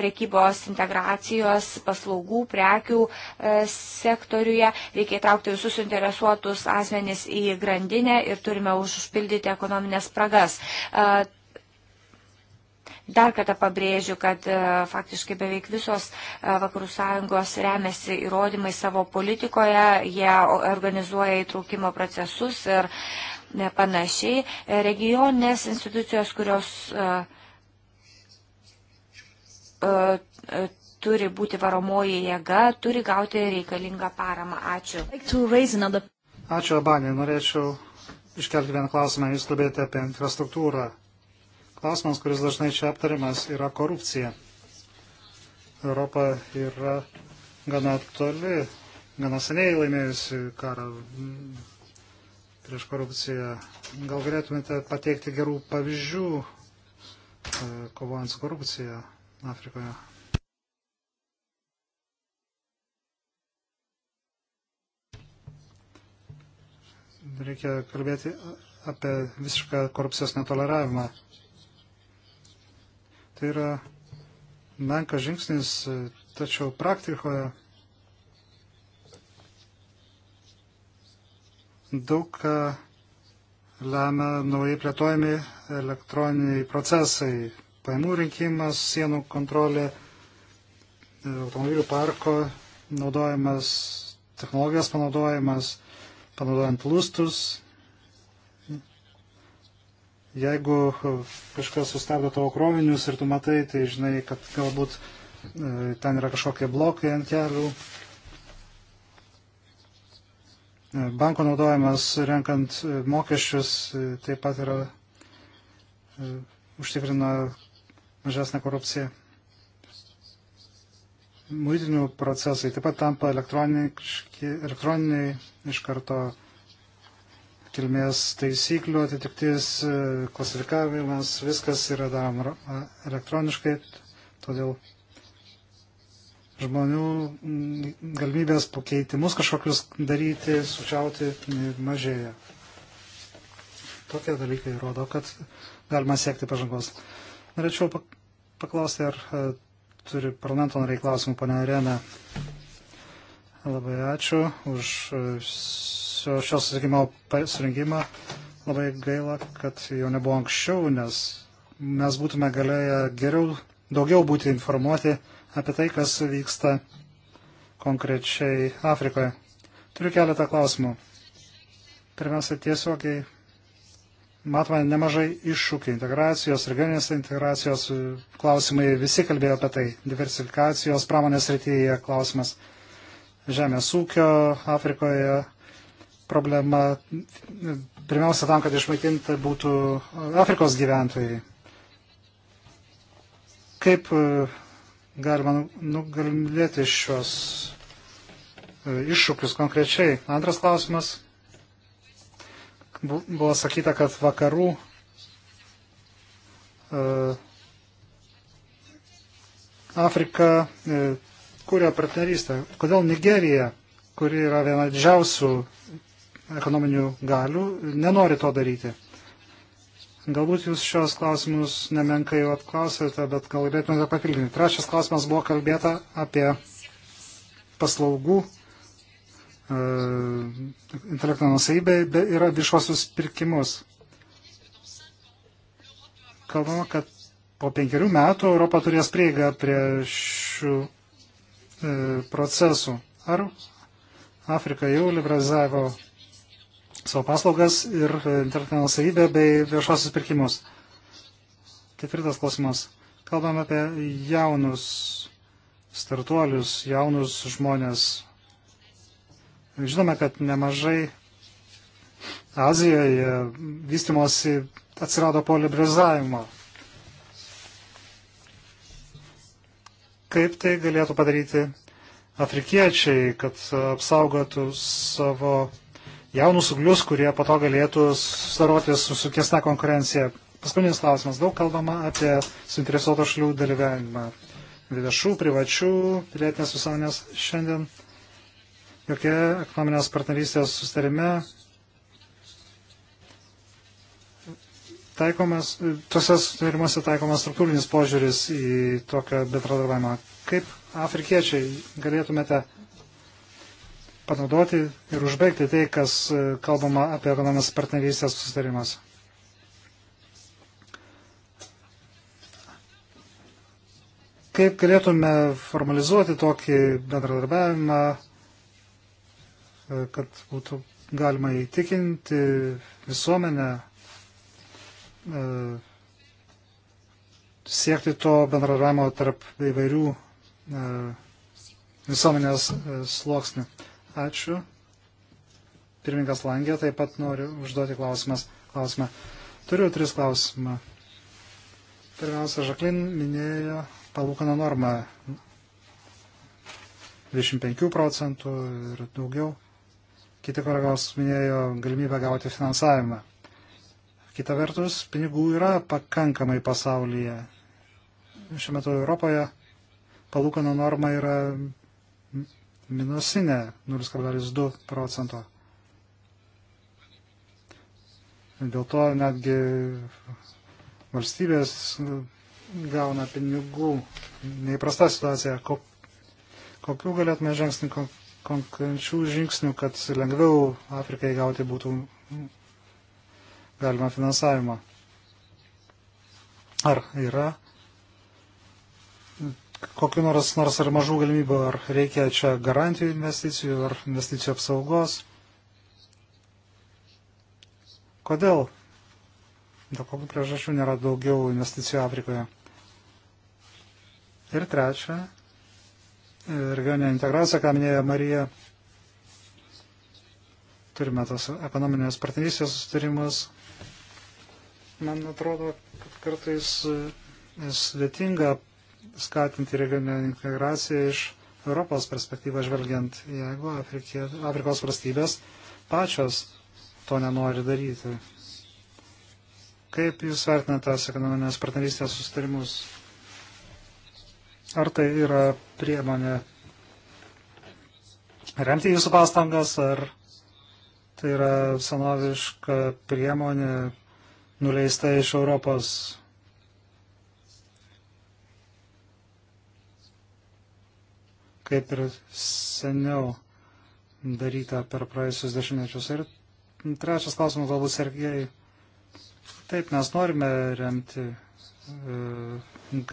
prekybos integracijos paslaugų, prekių e, sektoriuje. Reikia įtraukti visus interesuotus asmenys į grandinę ir turime užpildyti ekonominės spragas. E, Dar kartą pabrėžiu, kad e, faktiškai beveik visos e, Vakarų sąjungos remiasi įrodymai savo politikoje, jie organizuoja įtraukimo procesus ir e, panašiai. Regioninės institucijos, kurios turi būti varomoji jėga, turi gauti reikalingą paramą. Ačiū. Ačiū, Abanė. Norėčiau iškelti vieną klausimą. Jūs kalbėjote apie infrastruktūrą klausimas, kuris dažnai čia aptariamas, yra korupcija. Europa yra gana toli, gana seniai laimėjusi karą prieš korupciją. Gal galėtumėte pateikti gerų pavyzdžių e, kovojant su korupcija Afrikoje? Reikia kalbėti apie visišką korupcijos netoleravimą. Tai yra menkas žingsnis, tačiau praktikoje daug ką lemia naujai plėtojami elektroniniai procesai, paimų rinkimas, sienų kontrolė, automobilių parko naudojimas, technologijos panaudojimas, panaudojant lustus, Jeigu kažkas sustabdo tavo krovinius ir tu matai, tai žinai, kad galbūt e, ten yra kažkokie blokai ant kelių. E, banko naudojimas renkant e, mokesčius taip pat yra užtikrina mažesnę korupciją. Muitinių procesai taip pat tampa elektroniniai, elektroniniai iš karto kilmės taisyklių atitiktis, e, klasifikavimas, viskas yra daroma e, elektroniškai, todėl žmonių galimybės pakeitimus kažkokius daryti, sučiauti mažėja. Tokie dalykai rodo, kad galima siekti pažangos. Norėčiau paklausti, ar e, turi parlamento nariai klausimų, pana Arena. Labai ačiū už šio susitikimo surinkimą. Labai gaila, kad jo nebuvo anksčiau, nes mes būtume galėję geriau, daugiau būti informuoti apie tai, kas vyksta konkrečiai Afrikoje. Turiu keletą klausimų. Pirmiausia, tiesiogiai matome nemažai iššūkių integracijos, regioninės integracijos klausimai, visi kalbėjo apie tai, diversifikacijos pramonės rytyje klausimas, žemės ūkio Afrikoje, problema pirmiausia tam, kad išmaitinti būtų Afrikos gyventojai. Kaip e, galima nugalėti šios e, iššūkius konkrečiai? Antras klausimas. Buvo sakyta, kad vakarų e, Afrika kūrė partnerystę. Kodėl Nigerija, kuri yra viena didžiausių ekonominių galių, nenori to daryti. Galbūt jūs šios klausimus nemenkai jau atklausėte, bet gal galėtumėte papildinti. Trečias klausimas buvo kalbėta apie paslaugų e, intelektinę nusavybę ir viešuosius pirkimus. Kalbama, kad po penkerių metų Europa turės prieigą prie šių e, procesų. Ar Afrika jau liberalizavo savo paslaugas ir e, internetinę savybę bei viešosius pirkimus. Ketvirtas klausimas. Kalbam apie jaunus startuolius, jaunus žmonės. Žinome, kad nemažai Azijoje vystimosi atsirado po liberalizavimo. Kaip tai galėtų padaryti afrikiečiai, kad apsaugotų savo jaunus uglius, kurie po to galėtų susidaroti su sukesna konkurencija. Paskutinis klausimas. Daug kalbama apie suinteresuoto šalių dalyvavimą. Viešų, privačių, pilietinės visuomenės šiandien. Jokie ekonominės partnerystės sustarime taikomas, tuose sutarimuose taikomas struktūrinis požiūris į tokią bendradarbiavimą. Kaip afrikiečiai galėtumėte panaudoti ir užbaigti tai, kas e, kalbama apie ekonominės partnerystės susitarimas. Kaip galėtume formalizuoti tokį bendradarbiavimą, e, kad būtų galima įtikinti visuomenę e, siekti to bendradarbiavimo tarp įvairių visuomenės sluoksnių. Ačiū. Pirmininkas Langė taip pat noriu užduoti klausimas, klausimą. Turiu tris klausimą. Pirmiausia, Žaklin minėjo palūkanų normą 25 procentų ir daugiau. Kiti kolegos minėjo galimybę gauti finansavimą. Kita vertus, pinigų yra pakankamai pasaulyje. Šiuo metu Europoje palūkanų norma yra minusinė 0,2 procento. Dėl to netgi valstybės gauna pinigų. Neįprasta situacija. Kokių galėtume žingsnių, konkrečių žingsnių, kad lengviau Afrikai gauti būtų galima finansavimą? Ar yra kokiu nors, nors ar mažų galimybių, ar reikia čia garantijų investicijų, ar investicijų apsaugos. Kodėl? Dėl kokių priežasčių nėra daugiau investicijų Afrikoje? Ir trečia, regioninė integracija, ką minėjo Marija, turime tas ekonominės partnerystės sustarimus. Man atrodo, kad kartais e, sudėtinga skatinti regioninę integraciją iš Europos perspektyvą žvelgiant, jeigu Afrikė, Afrikos valstybės pačios to nenori daryti. Kaip Jūs vertinate tas ekonominės partnerystės sustarimus? Ar tai yra priemonė remti Jūsų pastangas, ar tai yra senoviška priemonė nuleista iš Europos kaip ir seniau daryta per praėjusius dešimtmečius. Ir trečias klausimas galbūt Sergejai. Taip, mes norime remti e,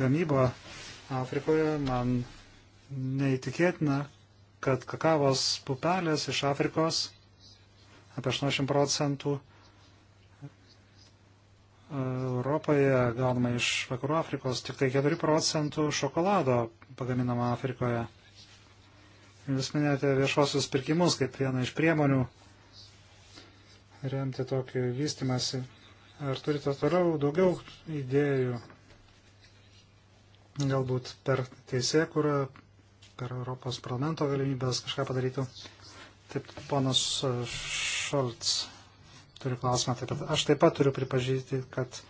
gamybą Afrikoje. Man neįtikėtina, kad kakavos pupelės iš Afrikos apie 80 procentų e, Europoje gaunama iš Vakarų Afrikos, tik tai 4 procentų šokolado pagaminama Afrikoje. Jūs minėjote viešuosius pirkimus kaip vieną iš priemonių remti tokį vystimąsi. Ar turite toliau daugiau idėjų, galbūt per teisėkurą, per Europos parlamento galimybės kažką padarytų? Taip, ponas Šolts turi klausimą taip pat. Aš taip pat turiu pripažinti, kad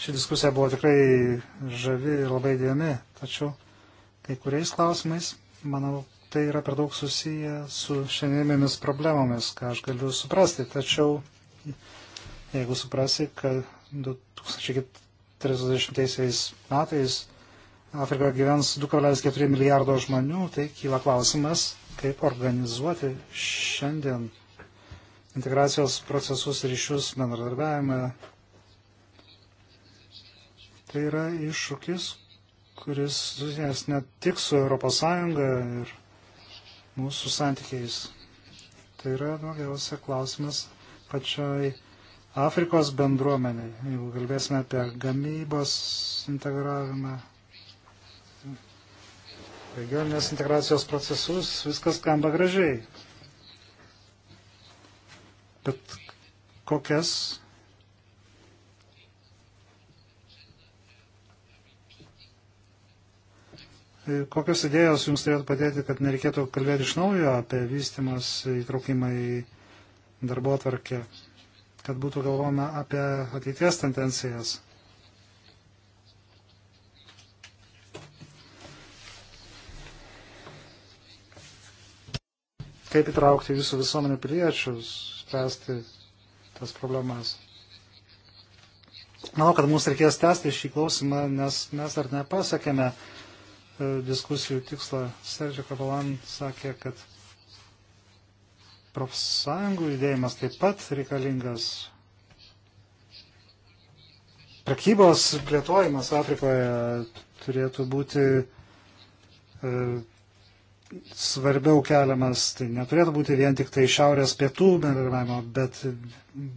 ši diskusija buvo tikrai žavi ir labai įdėmi, tačiau kai kuriais klausimais, manau, tai yra per daug susiję su šiandienėmis problemomis, ką aš galiu suprasti. Tačiau jeigu suprasi, kad 2030 metais Afrikoje gyvens 2,4 milijardo žmonių, tai kyla klausimas, kaip organizuoti šiandien integracijos procesus ryšius bendradarbiavimą. Tai yra iššūkis, kuris susijęs ne tik su ES ir mūsų santykiais. Tai yra daugiausia klausimas pačiai Afrikos bendruomeniai. Jeigu kalbėsime apie gamybos integravimą, regioninės integracijos procesus, viskas skamba gražiai. Bet kokias E, kokios idėjos jums turėtų padėti, kad nereikėtų kalbėti iš naujo apie vystimas įtraukimą į darbo atvarkę, kad būtų galvojama apie ateities tendencijas? Kaip įtraukti visų visuomenių piliečius, spręsti tas problemas? Manau, kad mums reikės tęsti šį klausimą, nes mes dar nepasakėme E, diskusijų tikslą. Sergio Kabalan sakė, kad profsąjungų judėjimas taip pat reikalingas. Prekybos plėtojimas Afrikoje turėtų būti e, svarbiau keliamas. Tai neturėtų būti vien tik tai šiaurės pietų bendravimo, bet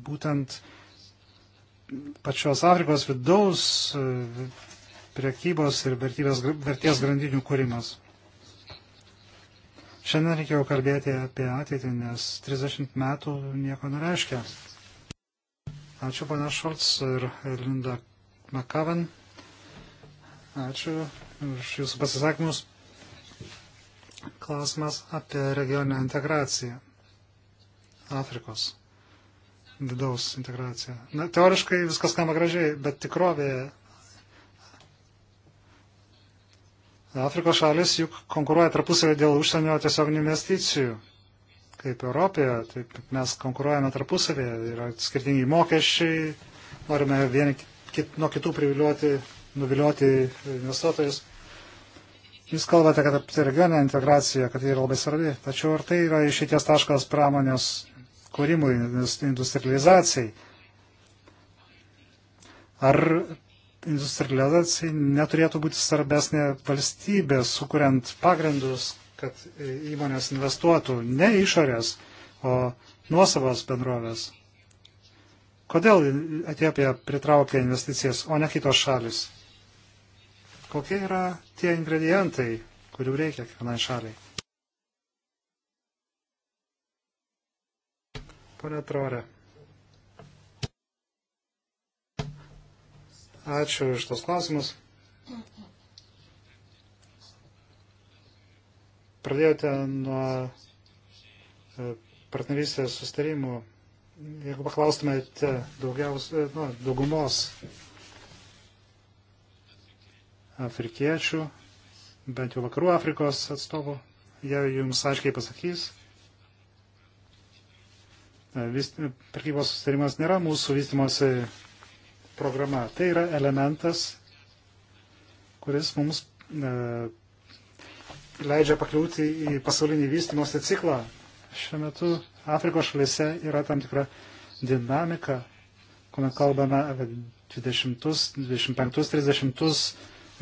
būtent pačios Afrikos vidaus priekybos ir vertybės, verties grandinių kūrimas. Šiandien reikėjo kalbėti apie ateitį, nes 30 metų nieko nereiškia. Ačiū, pana Šolc ir Linda Makavan. Ačiū už jūsų pasisakymus. Klausimas apie regioninę integraciją. Afrikos vidaus integraciją. Na, teoriškai viskas skamba gražiai, bet tikrovėje Afrikos šalis juk konkuruoja tarpusavį dėl užsienio tiesioginių investicijų. Kaip Europoje, taip mes konkuruojame tarpusavį, yra skirtingi mokesčiai, norime vieni kit, nuo kitų priviliuoti, nuviliuoti investuotojus. Jūs kalbate, kad apie regioninę integraciją, kad ji yra labai svarbi, tačiau ar tai yra išeities taškas pramonės kūrimui, industrializacijai? Ar industrializacija neturėtų būti svarbesnė valstybė, sukuriant pagrindus, kad įmonės investuotų ne išorės, o nuosavos bendrovės. Kodėl Etiopija pritraukia investicijas, o ne kitos šalis? Kokie yra tie ingredientai, kurių reikia kiekvienai šaliai? Pone Trore. Ačiū iš tos klausimus. Pradėjote nuo e, partnerystės sustarimų. Jeigu paklaustumėte daugiaus, e, nu, daugumos afrikiečių, bent jau vakarų Afrikos atstovų, jie jums aiškiai pasakys, e, prekybos sustarimas nėra mūsų vystimosi programa. Tai yra elementas, kuris mums e, leidžia pakliūti į pasaulinį vystimosi ciklą. Šiuo metu Afrikos šalyse yra tam tikra dinamika, kuomet kalbame apie 20, 25, 30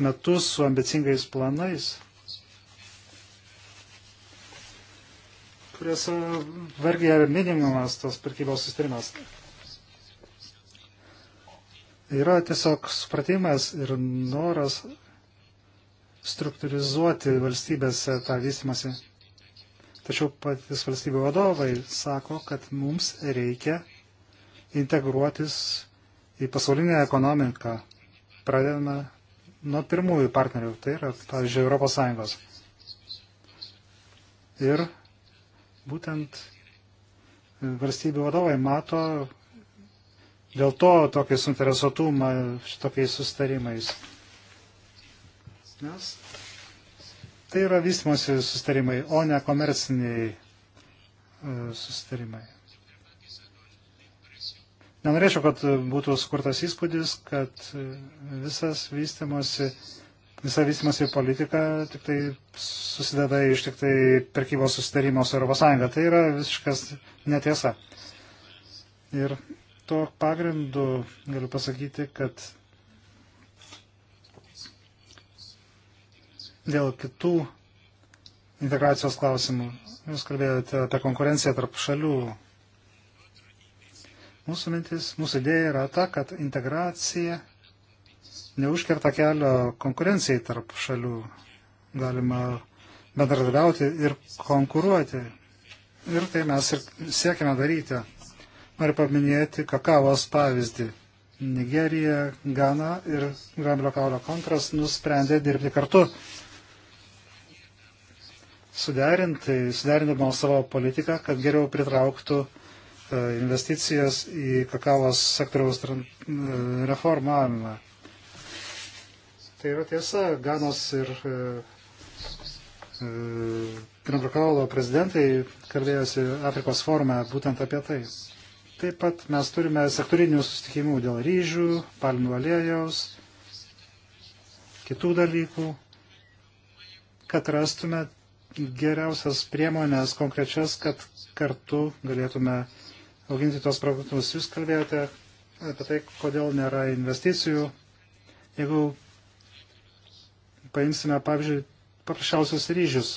metus su ambicingais planais, kuriuose vargiai minimumas tos pirkybos sustarimas. Yra tiesiog supratimas ir noras struktūrizuoti valstybėse tą vystimąsi. Tačiau patys valstybių vadovai sako, kad mums reikia integruotis į pasaulinę ekonomiką. Pradedame nuo pirmųjų partnerių, tai yra, pavyzdžiui, Europos Sąjungos. Ir būtent valstybių vadovai mato Dėl to tokį suinteresuotumą šitokiais sustarimais. Nes tai yra vystimosi sustarimai, o ne komerciniai e, sustarimai. Nenorėčiau, kad būtų skurtas įspūdis, kad visas vystimosi, visa vystimosi politika tik tai susideda iš tik tai perkybos sustarimo su ES. Tai yra visiškas netiesa. Ir to pagrindu galiu pasakyti, kad dėl kitų integracijos klausimų, jūs kalbėjote apie konkurenciją tarp šalių. Mūsų mintis, mūsų idėja yra ta, kad integracija neužkerta kelio konkurencijai tarp šalių. Galima bendradarbiauti ir konkuruoti. Ir tai mes ir siekime daryti. Noriu paminėti kakavos pavyzdį. Nigerija, Gana ir Gramblio kaulio kontras nusprendė dirbti kartu. Suderinti, suderindama savo politiką, kad geriau pritrauktų e, investicijas į kakavos sektoriaus e, reformavimą. Tai yra tiesa, Ganos ir Gramblio e, kaulo prezidentai kalbėjosi Afrikos forume būtent apie tai. Taip pat mes turime sektorinių sustikimų dėl ryžių, palmių aliejaus, kitų dalykų, kad rastume geriausias priemonės konkrečias, kad kartu galėtume auginti tos produktus. Jūs kalbėjote apie tai, kodėl nėra investicijų. Jeigu paimsime, pavyzdžiui, paprasčiausius ryžius.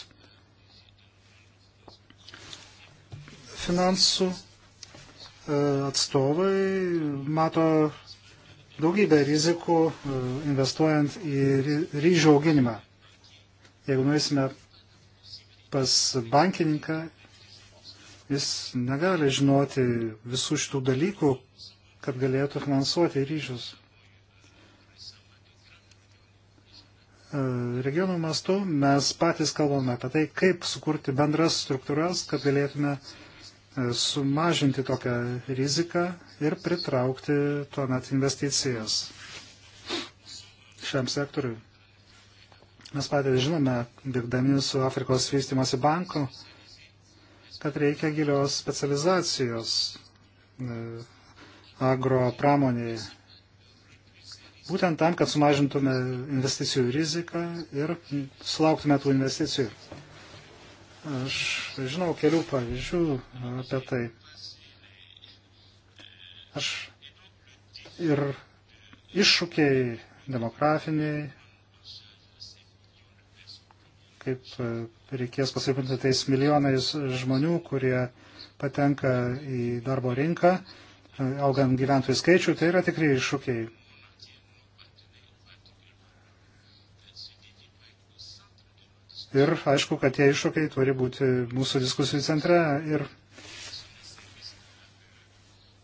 Finansų E, atstovai mato daugybę rizikų e, investuojant į ryžių auginimą. Jeigu nueisime pas bankininką, jis negali žinoti visų šitų dalykų, kad galėtų finansuoti ryžius. E, regionų mastu mes patys kalbame apie tai, kaip sukurti bendras struktūras, kad galėtume uh, sumažinti tokią riziką ir pritraukti tuomet investicijas šiam sektoriui. Mes patys žinome, dirbdami su Afrikos vystimosi banku, kad reikia gilios specializacijos e, agro pramoniai. Būtent tam, kad sumažintume investicijų riziką ir sulauktume tų investicijų. Aš žinau kelių pavyzdžių apie tai. Aš ir iššūkiai demografiniai, kaip reikės pasirūpinti tais milijonais žmonių, kurie patenka į darbo rinką, augant gyventojų skaičių, tai yra tikrai iššūkiai. Ir aišku, kad tie iššūkiai turi būti mūsų diskusijų centre. Ir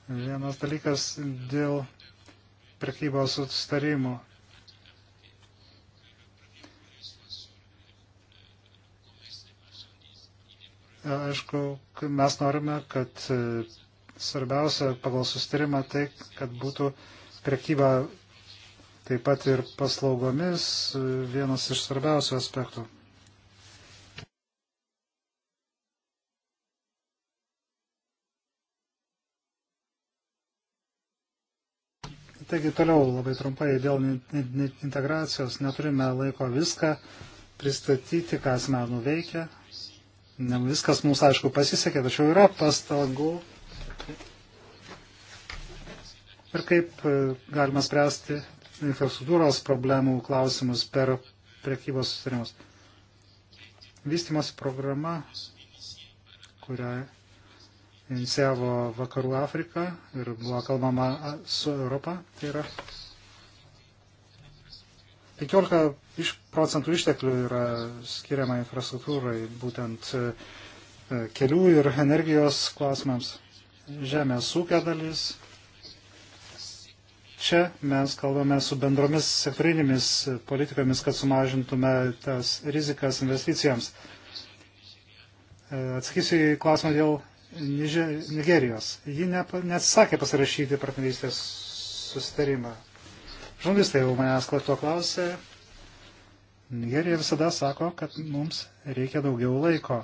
vienas dalykas dėl prekybos sustarimų. Aišku, mes norime, kad svarbiausia pagal sustarimą tai, kad būtų prekyba taip pat ir paslaugomis vienas iš svarbiausių aspektų. Taigi toliau labai trumpai dėl integracijos neturime laiko viską pristatyti, ką esame nuveikę. Ne viskas mums aišku pasisekė, tačiau yra pastangų. Ir kaip e, galima spręsti infrastruktūros problemų klausimus per prekybos susitarimus. Vystimosi programa, kurią inicijavo Vakarų Afriką ir buvo kalbama su Europa. Tai yra 15 iš procentų išteklių yra skiriama infrastruktūrai, būtent e, kelių ir energijos klausimams. Žemės ūkio dalis. Čia mes kalbame su bendromis sektorinėmis politikomis, kad sumažintume tas rizikas investicijams. E, atsakysiu į klausimą dėl Nigerijos. Ji nesakė pasirašyti partnerystės susitarimą. Žurnalistai jau manęs to klausė. Nigerija visada sako, kad mums reikia daugiau laiko,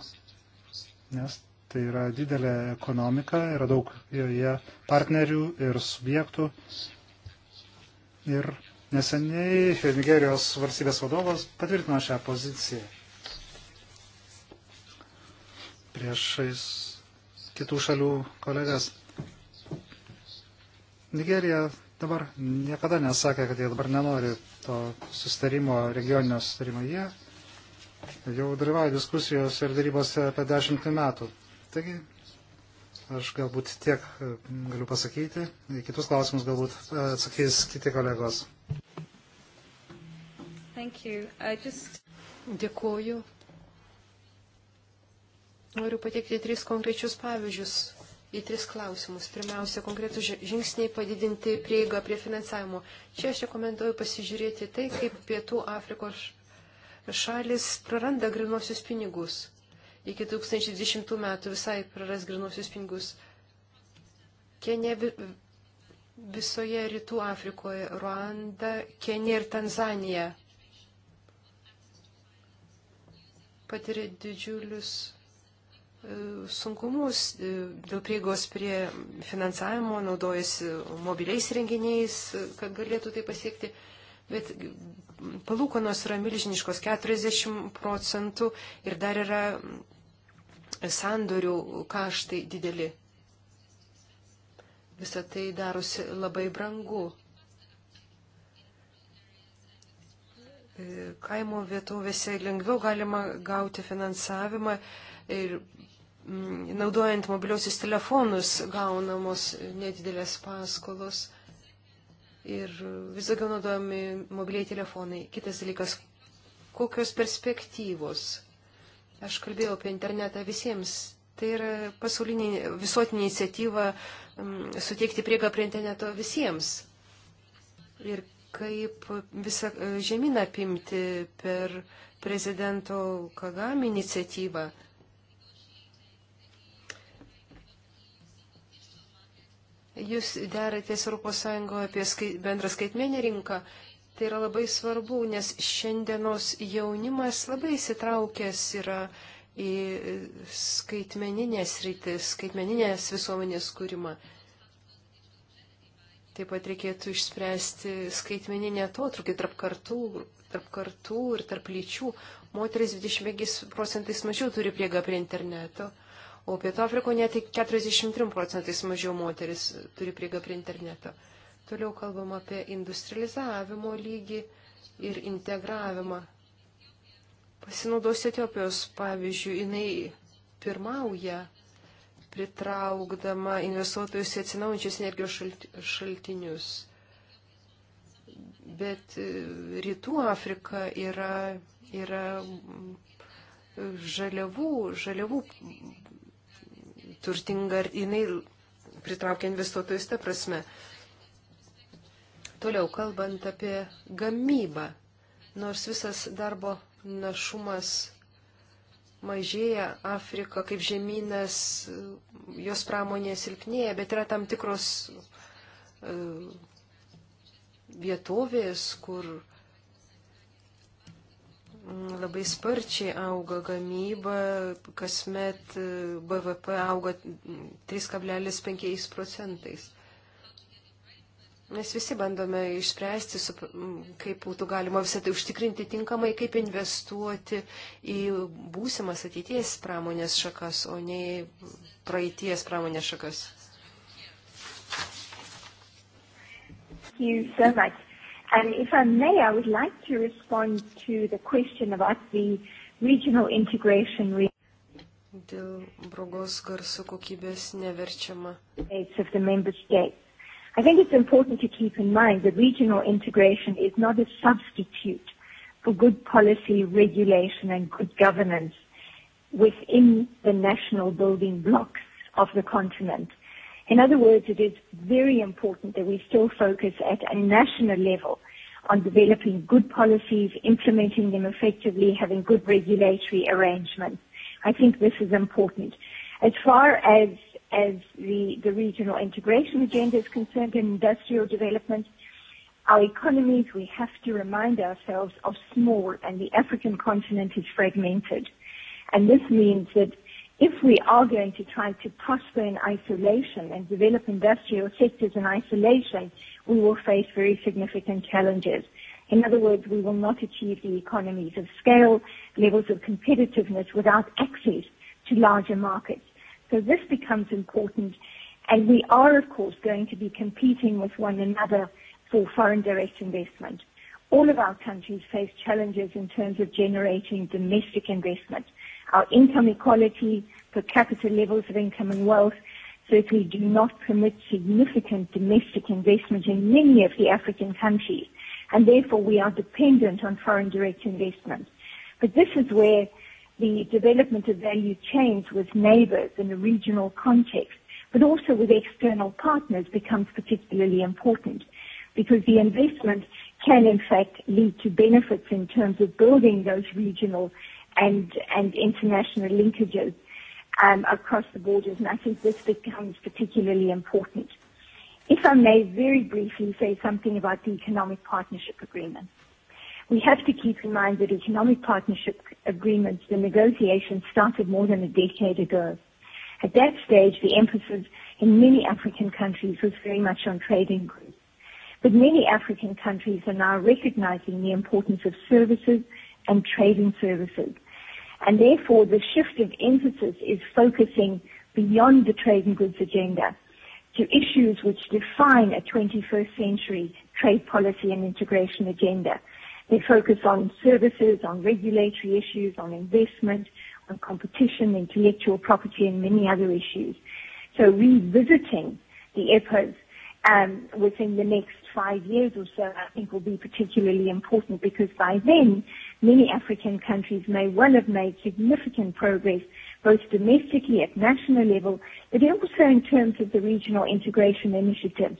nes tai yra didelė ekonomika, yra daug joje partnerių ir subjektų. Ir neseniai Nigerijos valstybės vadovas patvirtino šią poziciją. Priešais kitų šalių kolegas. Nigerija dabar niekada nesakė, kad jie dabar nenori to sustarimo, regioninio sustarimo. Jie jau dalyvauja diskusijos ir darybose apie dešimtį metų. Taigi, aš galbūt tiek e, galiu pasakyti. Į kitus klausimus galbūt e, atsakys kiti kolegos. Just... Dėkuoju. Noriu pateikti tris konkrečius pavyzdžius į tris klausimus. Pirmiausia, konkretų žingsniai padidinti prieigą prie finansavimo. Čia aš rekomenduoju pasižiūrėti tai, kaip Pietų Afrikos šalis praranda grinuosius pinigus. Iki 2020 metų visai praras grinuosius pinigus. Kenė visoje Rytų Afrikoje, Ruanda, Kenė ir Tanzanija patiria didžiulius sunkumus e, dėl prieigos prie finansavimo, naudojasi mobiliais renginiais, kad galėtų tai pasiekti. Bet palūkonos yra milžiniškos 40 procentų ir dar yra sandorių kaštai dideli. Visą tai darosi labai brangu. E, kaimo vietovėse lengviau galima gauti finansavimą ir Mm, naudojant mobiliosius telefonus gaunamos nedidelės paskolos ir vis daugiau naudojami mobiliai telefonai. Kitas dalykas, kokios perspektyvos? Aš kalbėjau apie internetą visiems. Tai yra pasaulinė visuotinė iniciatyva mm, suteikti priega prie interneto visiems. Ir kaip visą e, žemyną apimti per prezidento Kagami iniciatyvą. Jūs deratės ES apie skai, bendrą skaitmenį rinką. Tai yra labai svarbu, nes šiandienos jaunimas labai įsitraukęs yra į skaitmeninės rytis, skaitmeninės visuomenės kūrimą. Taip pat reikėtų išspręsti skaitmeninę atotrukį tarp kartų, tarp kartų ir tarp lyčių. Moteris 25 procentais mažiau turi priega prie interneto o Pietų Afrikoje net 43 procentais mažiau moteris turi prieigą prie interneto. Toliau kalbam apie industrializavimo lygį ir integravimą. Pasinaudosiu Etiopijos pavyzdžių, jinai pirmauja pritraukdama investuotojus į atsinaujančius energijos šaltinius. Bet e, rytų Afrika yra, yra žaliavų, žaliavų turtinga ir jinai pritraukia investuotojus tą prasme. Toliau kalbant apie gamybą, nors visas darbo našumas mažėja, Afrika kaip žemynas, jos pramonė silpnėja, bet yra tam tikros e, vietovės, kur labai sparčiai auga gamyba, kasmet e, BVP auga 3,5 procentais. Mes visi bandome išspręsti, kaip būtų galima visą tai užtikrinti tinkamai, kaip investuoti į būsimas ateities pramonės šakas, o ne praeities pramonės šakas. Thank you so much. If I may, I would like to respond to the question about the regional integration. Dėl blogos garso kokybės neverčiama. Of the member states. I think it's important to keep in mind that regional integration is not a substitute for good policy, regulation, and good governance within the national building blocks of the continent. In other words, it is very important that we still focus at a national level on developing good policies, implementing them effectively, having good regulatory arrangements. I think this is important. As far as, as the, the regional integration agenda is concerned and industrial development, our economies, we have to remind ourselves, are small and the African continent is fragmented. And this means that If we are going to try to prosper in isolation and develop industrial sectors in isolation, we will face very significant challenges. In other words, we will not achieve the economies of scale, levels of competitiveness without access to larger markets. This becomes important, and we are, of course, going to be competing with one another for foreign direct investment. All of our countries face challenges in terms of generating domestic investment our income equality, per capita levels of income and wealth, certainly do not permit significant domestic investment in many of the African countries, and therefore we are dependent on foreign direct investment. But this is where the development of value chains with neighbors in a regional context, but also with external partners, becomes particularly important because the investment can in fact lead to benefits in terms of building those regional and and international linkages um, across the borders. And I think this becomes particularly important. If I may very briefly say something about the economic partnership agreement. We have to keep in mind that economic partnership agreements, the negotiations started more than a decade ago. At that stage, the emphasis in many African countries was very much on trading groups. But many African countries are now recognizing the importance of services and trading services and therefore the shift of emphasis is focusing beyond the trade and goods agenda to issues which define a 21st century trade policy and integration agenda. They focus on services, on regulatory issues, on investment, on competition, intellectual property, and many other issues. So revisiting the EPOs um, within the next five years or so, I think will be particularly important because by then many African countries may well have made significant progress, both domestically at national level, but also in terms of the regional integration initiatives.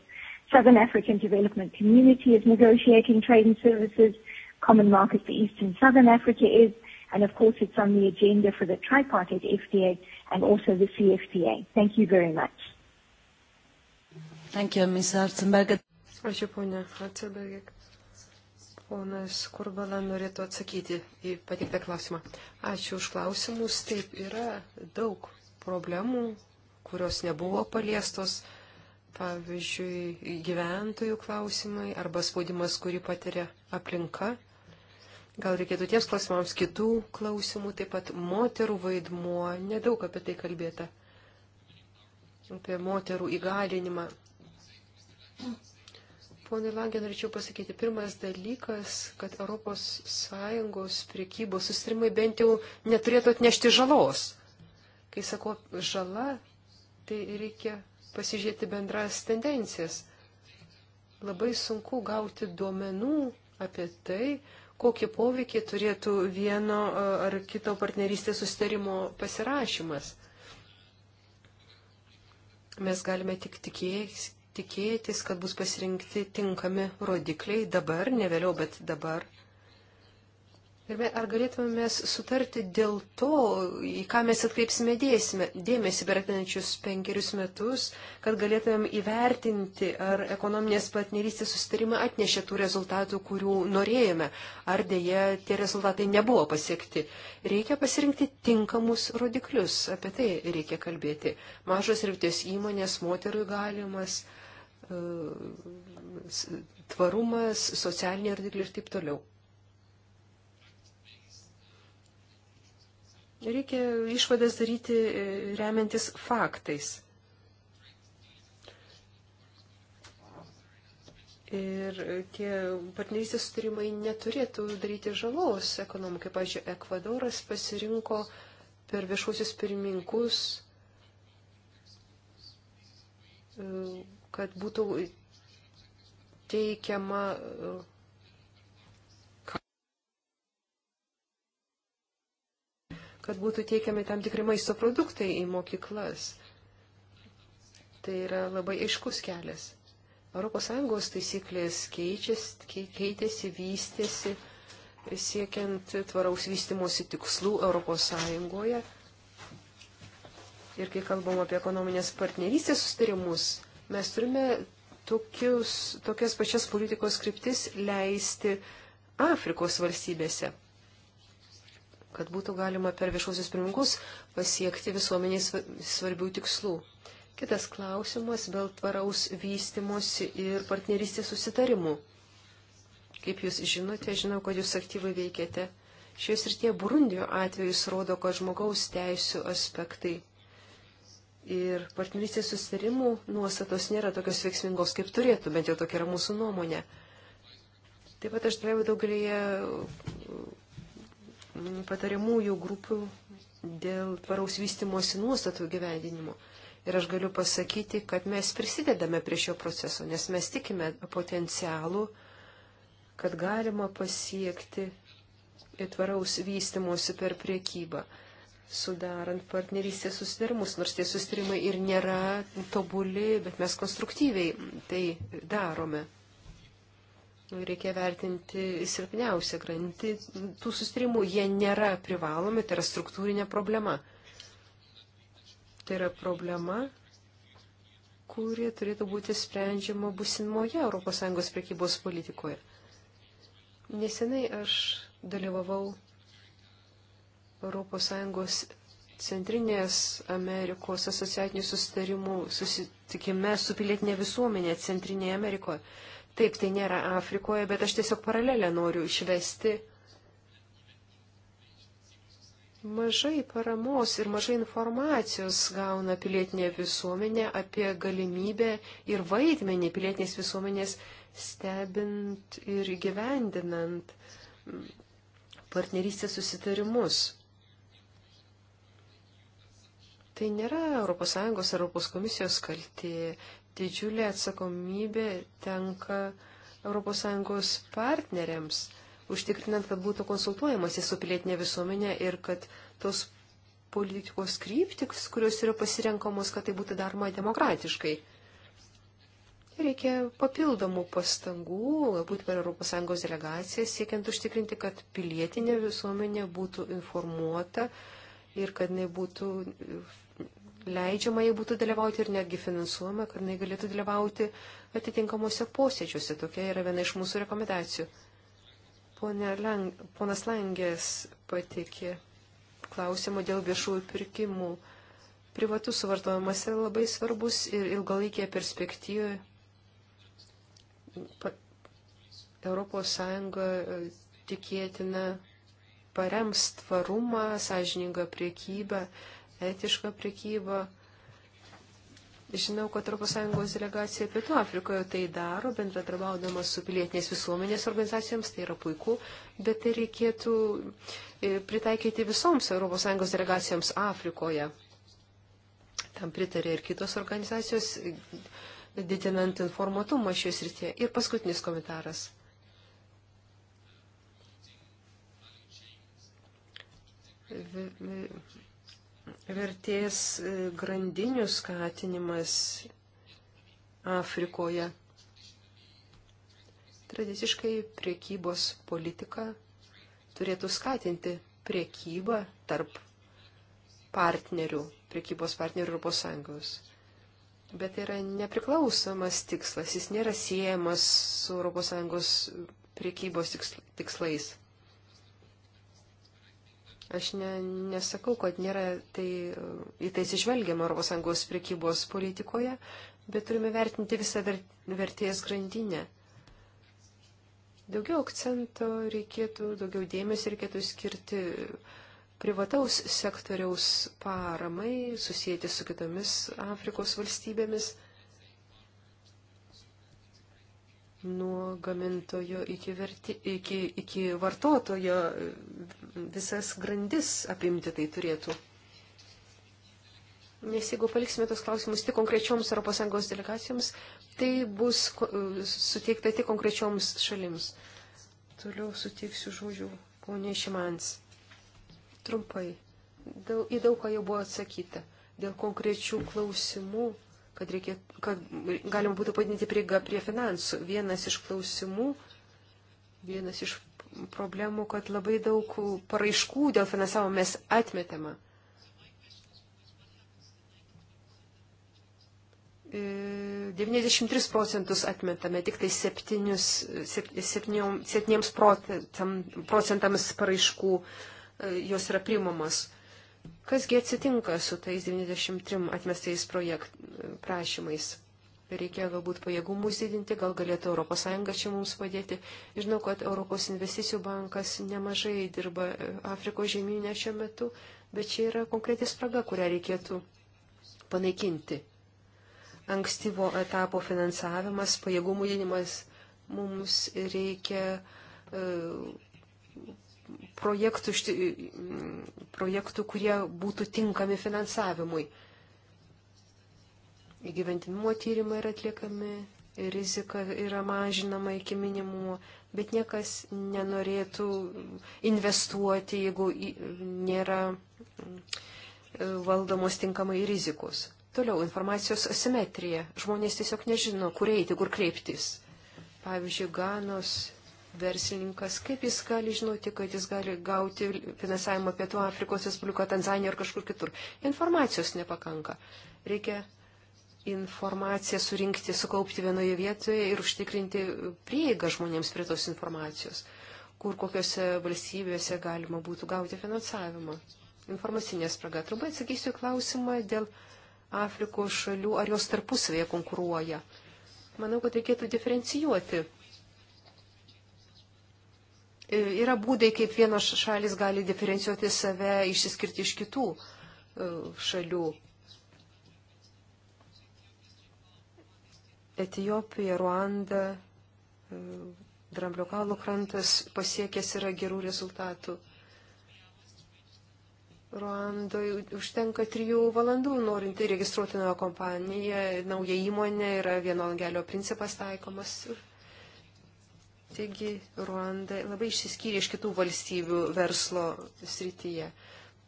Southern African Development Community is negotiating trade and services. Common Market for East and Southern Africa is, and of course, it's on the agenda for the tripartite FTA and also the CFTA. Thank you very much. Thank you, Ms. Hartzenberger. Ačiū, ponia Hartzenberger. Ponas Kurbala norėtų atsakyti į pateiktą klausimą. Ačiū už klausimus. Taip yra daug problemų, kurios nebuvo paliestos. Pavyzdžiui, gyventojų klausimai arba spaudimas, kurį patiria aplinka. Gal reikėtų ties klausimams kitų klausimų, taip pat moterų vaidmuo, nedaug apie tai kalbėta, apie moterų įgalinimą. Pone Langė, norėčiau pasakyti, pirmas dalykas, kad ES priekybos sustrimai bent jau neturėtų atnešti žalos. Kai sako žala, tai reikia pasižiūrėti bendras tendencijas. Labai sunku gauti duomenų apie tai, kokį poveikį turėtų vieno e, ar kito partnerystės sustarimo pasirašymas. Mes galime tik tikėtis tikėtis, kad bus pasirinkti tinkami rodikliai dabar, ne vėliau, bet dabar. Ir ar galėtume mes sutarti dėl to, į ką mes atkreipsime dėsime, dėmesį per atinančius penkerius metus, kad galėtumėm įvertinti, ar ekonominės partnerystės sustarimą atnešė tų rezultatų, kurių norėjome, ar dėje tie rezultatai nebuvo pasiekti. Reikia pasirinkti tinkamus rodiklius, apie tai reikia kalbėti. Mažos ir vietės įmonės, moterų galimas E, tvarumas, socialiniai rodikliai ir taip toliau. Reikia išvadas daryti e, remiantis faktais. Ir tie partnerystės sutarimai neturėtų daryti žalos ekonomikai. Pavyzdžiui, Ekvadoras pasirinko per viešuosius pirmininkus e, kad būtų teikiama kad būtų teikiami tam tikri maisto produktai į mokyklas. Tai yra labai aiškus kelias. ES taisyklės keičias, keitėsi, vystėsi, siekiant tvaraus vystimosi tikslų ES. Ir kai kalbam apie ekonominės partnerystės sustarimus, Mes turime tokius, tokias pačias politikos kryptis leisti Afrikos valstybėse, kad būtų galima per viešuosius pirmininkus pasiekti visuomenės svarbių tikslų. Kitas klausimas - dėl tvaraus vystimosi ir partnerystės susitarimų. Kaip jūs žinote, žinau, kad jūs aktyvai veikiate. Šioje srityje Burundijo atvejus rodo, kad žmogaus teisų aspektai ir partnerystės susitarimų nuostatos nėra tokios veiksmingos, kaip turėtų, bent jau tokia yra mūsų nuomonė. Taip pat aš dalyvau daugelėje mm, patariamųjų grupių dėl tvaraus vystimosi nuostatų gyvendinimo. Ir aš galiu pasakyti, kad mes prisidedame prie šio proceso, nes mes tikime potencialų, kad galima pasiekti tvaraus vystimosi per priekybą sudarant partnerystės susitarimus, nors tie susitarimai ir nėra tobuli, bet mes konstruktyviai tai darome. Reikia vertinti silpniausią grandį. Tų sustarimų jie nėra privalomi, tai yra struktūrinė problema. Tai yra problema, kuri turėtų būti sprendžiama busimoje ES prekybos politikoje. Nesenai aš dalyvavau ES Centrinės Amerikos asociatinių susitarimų susitikime su pilietinė visuomenė Centrinėje Amerikoje. Taip, tai nėra Afrikoje, bet aš tiesiog paralelę noriu išvesti. Mažai paramos ir mažai informacijos gauna pilietinė visuomenė apie galimybę ir vaidmenį pilietinės visuomenės stebint ir gyvendinant partnerystės susitarimus. Tai nėra ES ar ES komisijos kaltė. Didžiulė atsakomybė tenka ES partneriams, užtikrinant, kad būtų konsultuojamasi su pilietinė visuomenė ir kad tos politikos kryptis, kurios yra pasirenkamos, kad tai būtų daroma demokratiškai. Reikia papildomų pastangų, galbūt per ES delegaciją, siekiant užtikrinti, kad pilietinė visuomenė būtų informuota ir kad nebūtų leidžiama jai būtų dalyvauti ir netgi finansuojama, kad jinai galėtų dalyvauti atitinkamuose posėdžiuose. Tokia yra viena iš mūsų rekomendacijų. Lang, ponas Langės patikė klausimą dėl viešųjų pirkimų. Privatus suvartojimas yra labai svarbus ir ilgalaikėje perspektyvoje. Europos Sąjunga e, tikėtina parems tvarumą, sąžiningą priekybą, etišką prekybą. Žinau, kad ES delegacija Pietų Afrikoje tai daro, bendradarbiaudama su pilietinės visuomenės organizacijoms, tai yra puiku, bet tai reikėtų e, pritaikyti visoms ES delegacijoms Afrikoje. Tam pritarė ir kitos organizacijos, didinant informatumą šios rytėje. Ir paskutinis komentaras. V, v, Vertės e, grandinių skatinimas Afrikoje. Tradiciškai priekybos politika turėtų skatinti priekybą tarp partnerių, priekybos partnerių Europos Sąjungos. Bet tai yra nepriklausomas tikslas, jis nėra siejamas su ES priekybos tikslais. Aš ne, nesakau, kad nėra tai, į tai atsižvelgiama ES priekybos politikoje, bet turime vertinti visą vertės grandinę. Daugiau akcento reikėtų, daugiau dėmesio reikėtų skirti privataus sektoriaus paramai, susijęti su kitomis Afrikos valstybėmis. nuo gamintojo iki, verti, iki, iki vartotojo visas grandis apimti tai turėtų. Nes jeigu paliksime tos klausimus tik konkrečioms ES delegacijoms, tai bus suteikta tik konkrečioms šalims. Toliau suteiksiu žodžių poniai Šimans. Trumpai. Dėl, į daug ką jau buvo atsakyta. Dėl konkrečių klausimų kad, reikia, kad galima būtų padinti prieigą prie finansų. Vienas iš klausimų, vienas iš problemų, kad labai daug paraiškų dėl finansavimo mes atmetama. E, 93 procentus atmetame, tik tai 7, 7, 7 procentams paraiškų e, jos yra primamos. Kasgi atsitinka su tais 93 atmestais projekt prašymais? Reikėjo galbūt pajėgumus didinti, gal galėtų ES čia mums padėti. Žinau, kad Europos investicijų bankas nemažai dirba e, Afrikos žemynė šiuo metu, bet čia yra konkreti spraga, kurią reikėtų panaikinti. Ankstyvo etapo finansavimas, pajėgumų didinimas, mums reikia uh, projektų, projektų kurie būtų tinkami finansavimui. Įgyventimimo tyrimai yra atliekami, rizika yra mažinama iki minimumo, bet niekas nenorėtų investuoti, jeigu nėra e, valdomos tinkamai rizikos. Toliau informacijos asimetrija. Žmonės tiesiog nežino, kur eiti, kur kreiptis. Pavyzdžiui, Ganos verslininkas, kaip jis gali žinoti, kad jis gali gauti finansavimą Pietų Afrikos Respubliko, Tanzaniją ar kažkur kitur. Informacijos nepakanka. Reikia informaciją surinkti, sukaupti vienoje vietoje ir užtikrinti prieigą žmonėms prie tos informacijos, kur kokiose valstybėse galima būtų gauti finansavimą. Informacinė spraga. Trumpai atsakysiu klausimą dėl Afrikos šalių, ar jos tarpusavėje konkuruoja. Manau, kad reikėtų diferencijuoti E, yra būdai, kaip vienos šalis gali diferencijuoti save, išsiskirti iš kitų e, šalių. Etijopija, Ruanda, e, Dramblio kalno krantas pasiekęs yra gerų rezultatų. Ruandoje užtenka trijų valandų, norint įregistruoti naują kompaniją, naują įmonę, yra vieno langelio principas taikomas. Ir Taigi Ruanda labai išsiskyrė iš kitų valstybių verslo srityje.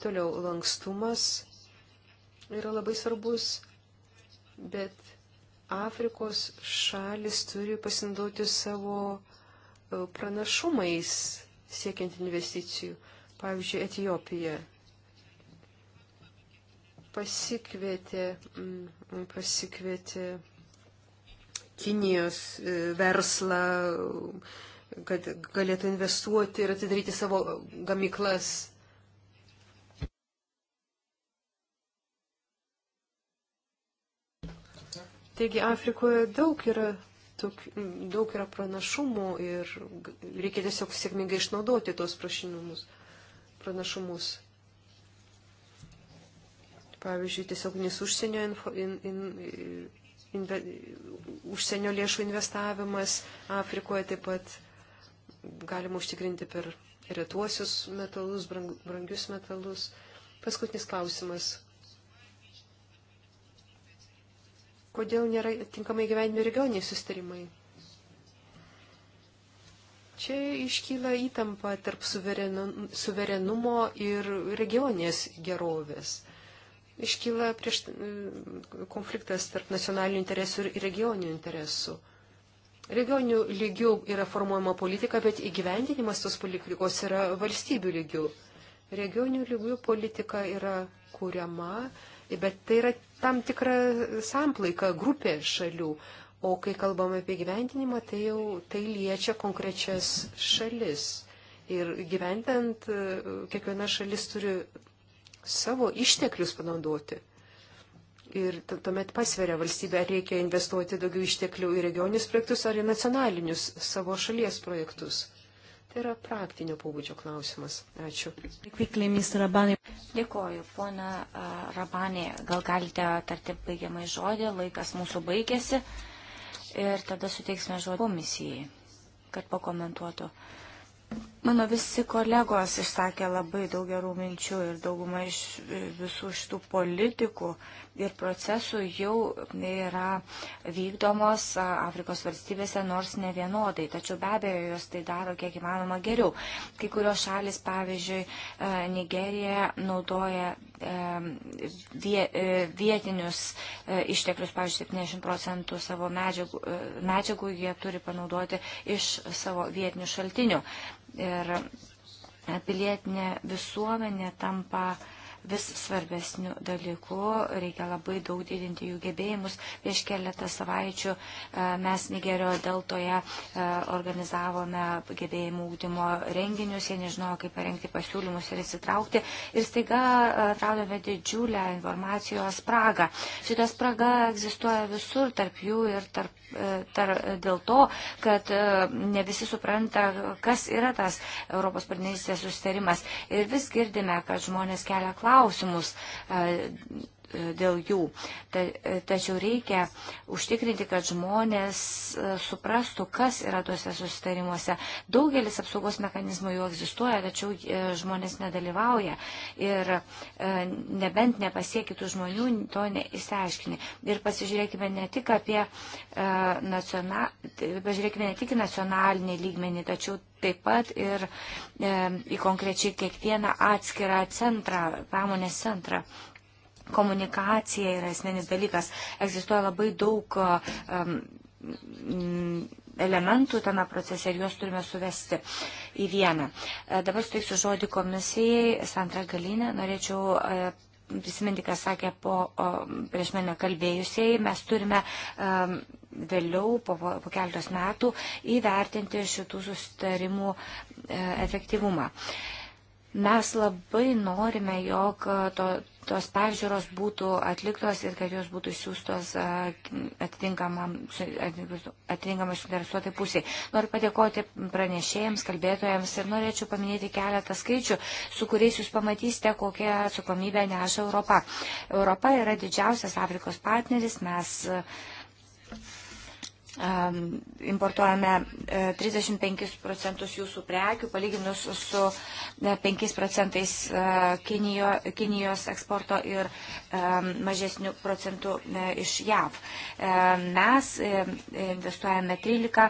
Toliau lankstumas yra labai svarbus, bet Afrikos šalis turi pasinaudoti savo e, pranašumais siekiant investicijų. Pavyzdžiui, Etijopija pasikvietė, pasikvietė Kinijos e, verslą, kad galėtų investuoti ir atidaryti savo gamyklas. Taigi Afrikoje daug yra, daug, daug yra pranašumų ir reikia tiesiog sėkmingai išnaudoti tos prašinumus, pranašumus. Pavyzdžiui, tiesiog nes užsienio info, in, in, inve, užsienio lėšų investavimas Afrikoje taip pat galima užtikrinti per retuosius metalus, brang, brangius metalus. Paskutinis klausimas. Kodėl nėra tinkamai gyvenimi regioniai sustarimai? Čia iškyla įtampa tarp suverenu, suverenumo ir regionės gerovės iškyla prieš e, konfliktas tarp nacionalinių interesų ir regioninių interesų. Regioninių lygių yra formuojama politika, bet įgyvendinimas tos politikos yra valstybių lygių. Regioninių lygių politika yra kuriama, bet tai yra tam tikra samplaika grupė šalių. O kai kalbame apie gyvendinimą, tai jau tai liečia konkrečias šalis. Ir gyventant, e, kiekviena šalis turi savo išteklius panaudoti. Ir tuomet pasveria valstybė, ar reikia investuoti daugiau išteklių į regioninius projektus ar į nacionalinius savo šalies projektus. Tai yra praktinio pobūdžio klausimas. Ačiū. Dėkuoju, pona Rabanė. Gal galite tarti baigiamai žodį, laikas mūsų baigėsi. Ir tada suteiksime žodį komisijai, kad pakomentuotų. Uh, Mano visi kolegos išsakė labai daug gerų minčių ir dauguma iš visų šitų politikų ir procesų jau yra vykdomos Afrikos valstybėse, nors ne vienodai, tačiau be abejo jos tai daro kiek įmanoma geriau. Kai kurios šalis, pavyzdžiui, Nigerija naudoja vietinius išteklius, pavyzdžiui, 70 procentų savo medžiagų, medžiagų jie turi panaudoti iš savo vietinių šaltinių. Ir pilietinė visuomenė tampa uh, vis svarbesnių dalykų, reikia labai daug didinti jų gebėjimus. Prieš keletą savaičių e, mes Nigerio deltoje e, organizavome gebėjimų ūkdymo renginius, jie nežinojo, kaip parengti pasiūlymus ir įsitraukti. Ir staiga e, atradome didžiulę informacijos spragą. Šita spraga egzistuoja visur, tarp jų ir tarp tar, dėl to, kad e, ne visi supranta, kas yra tas Europos partnerystės susitarimas. Ir vis girdime, kad žmonės kelia klausimus e, dėl jų. Ta, tačiau reikia užtikrinti, kad žmonės e, suprastų, kas yra tuose susitarimuose. Daugelis apsaugos mechanizmų jau egzistuoja, tačiau e, žmonės nedalyvauja. Ir e, nebent nepasiekitų žmonių, to neįsiaiškini. Ir pasižiūrėkime ne tik apie nacional... pažiūrėkime ne tik nacionalinį lygmenį, tačiau taip pat ir į konkrečiai kiekvieną atskirą centrą, pramonės centrą komunikacija yra esminis dalykas. Egzistuoja labai daug um, elementų tame procese ir juos turime suvesti į vieną. E, dabar suteiksiu žodį komisijai. Sandra Galinė, norėčiau e, prisiminti, ką sakė po, o, prieš mane kalbėjusiai, mes turime um, vėliau, po, po keletos metų, įvertinti šitų sustarimų e, efektyvumą. E, Mes labai norime, jog to, tos peržiūros būtų atliktos ir kad jos būtų siūstos atitinkamai suinteresuotai pusiai. Noriu padėkoti pranešėjams, kalbėtojams ir norėčiau paminėti keletą skaičių, su kuriais jūs pamatysite, kokią atsakomybę neša Europa. Europa yra didžiausias Afrikos partneris, mes uh, importuojame 35 e, procentus jūsų prekių, palyginus su 5 e, procentais e, Kinijo, Kinijos eksporto ir mažesnių procentų iš JAV. Mes investuojame 13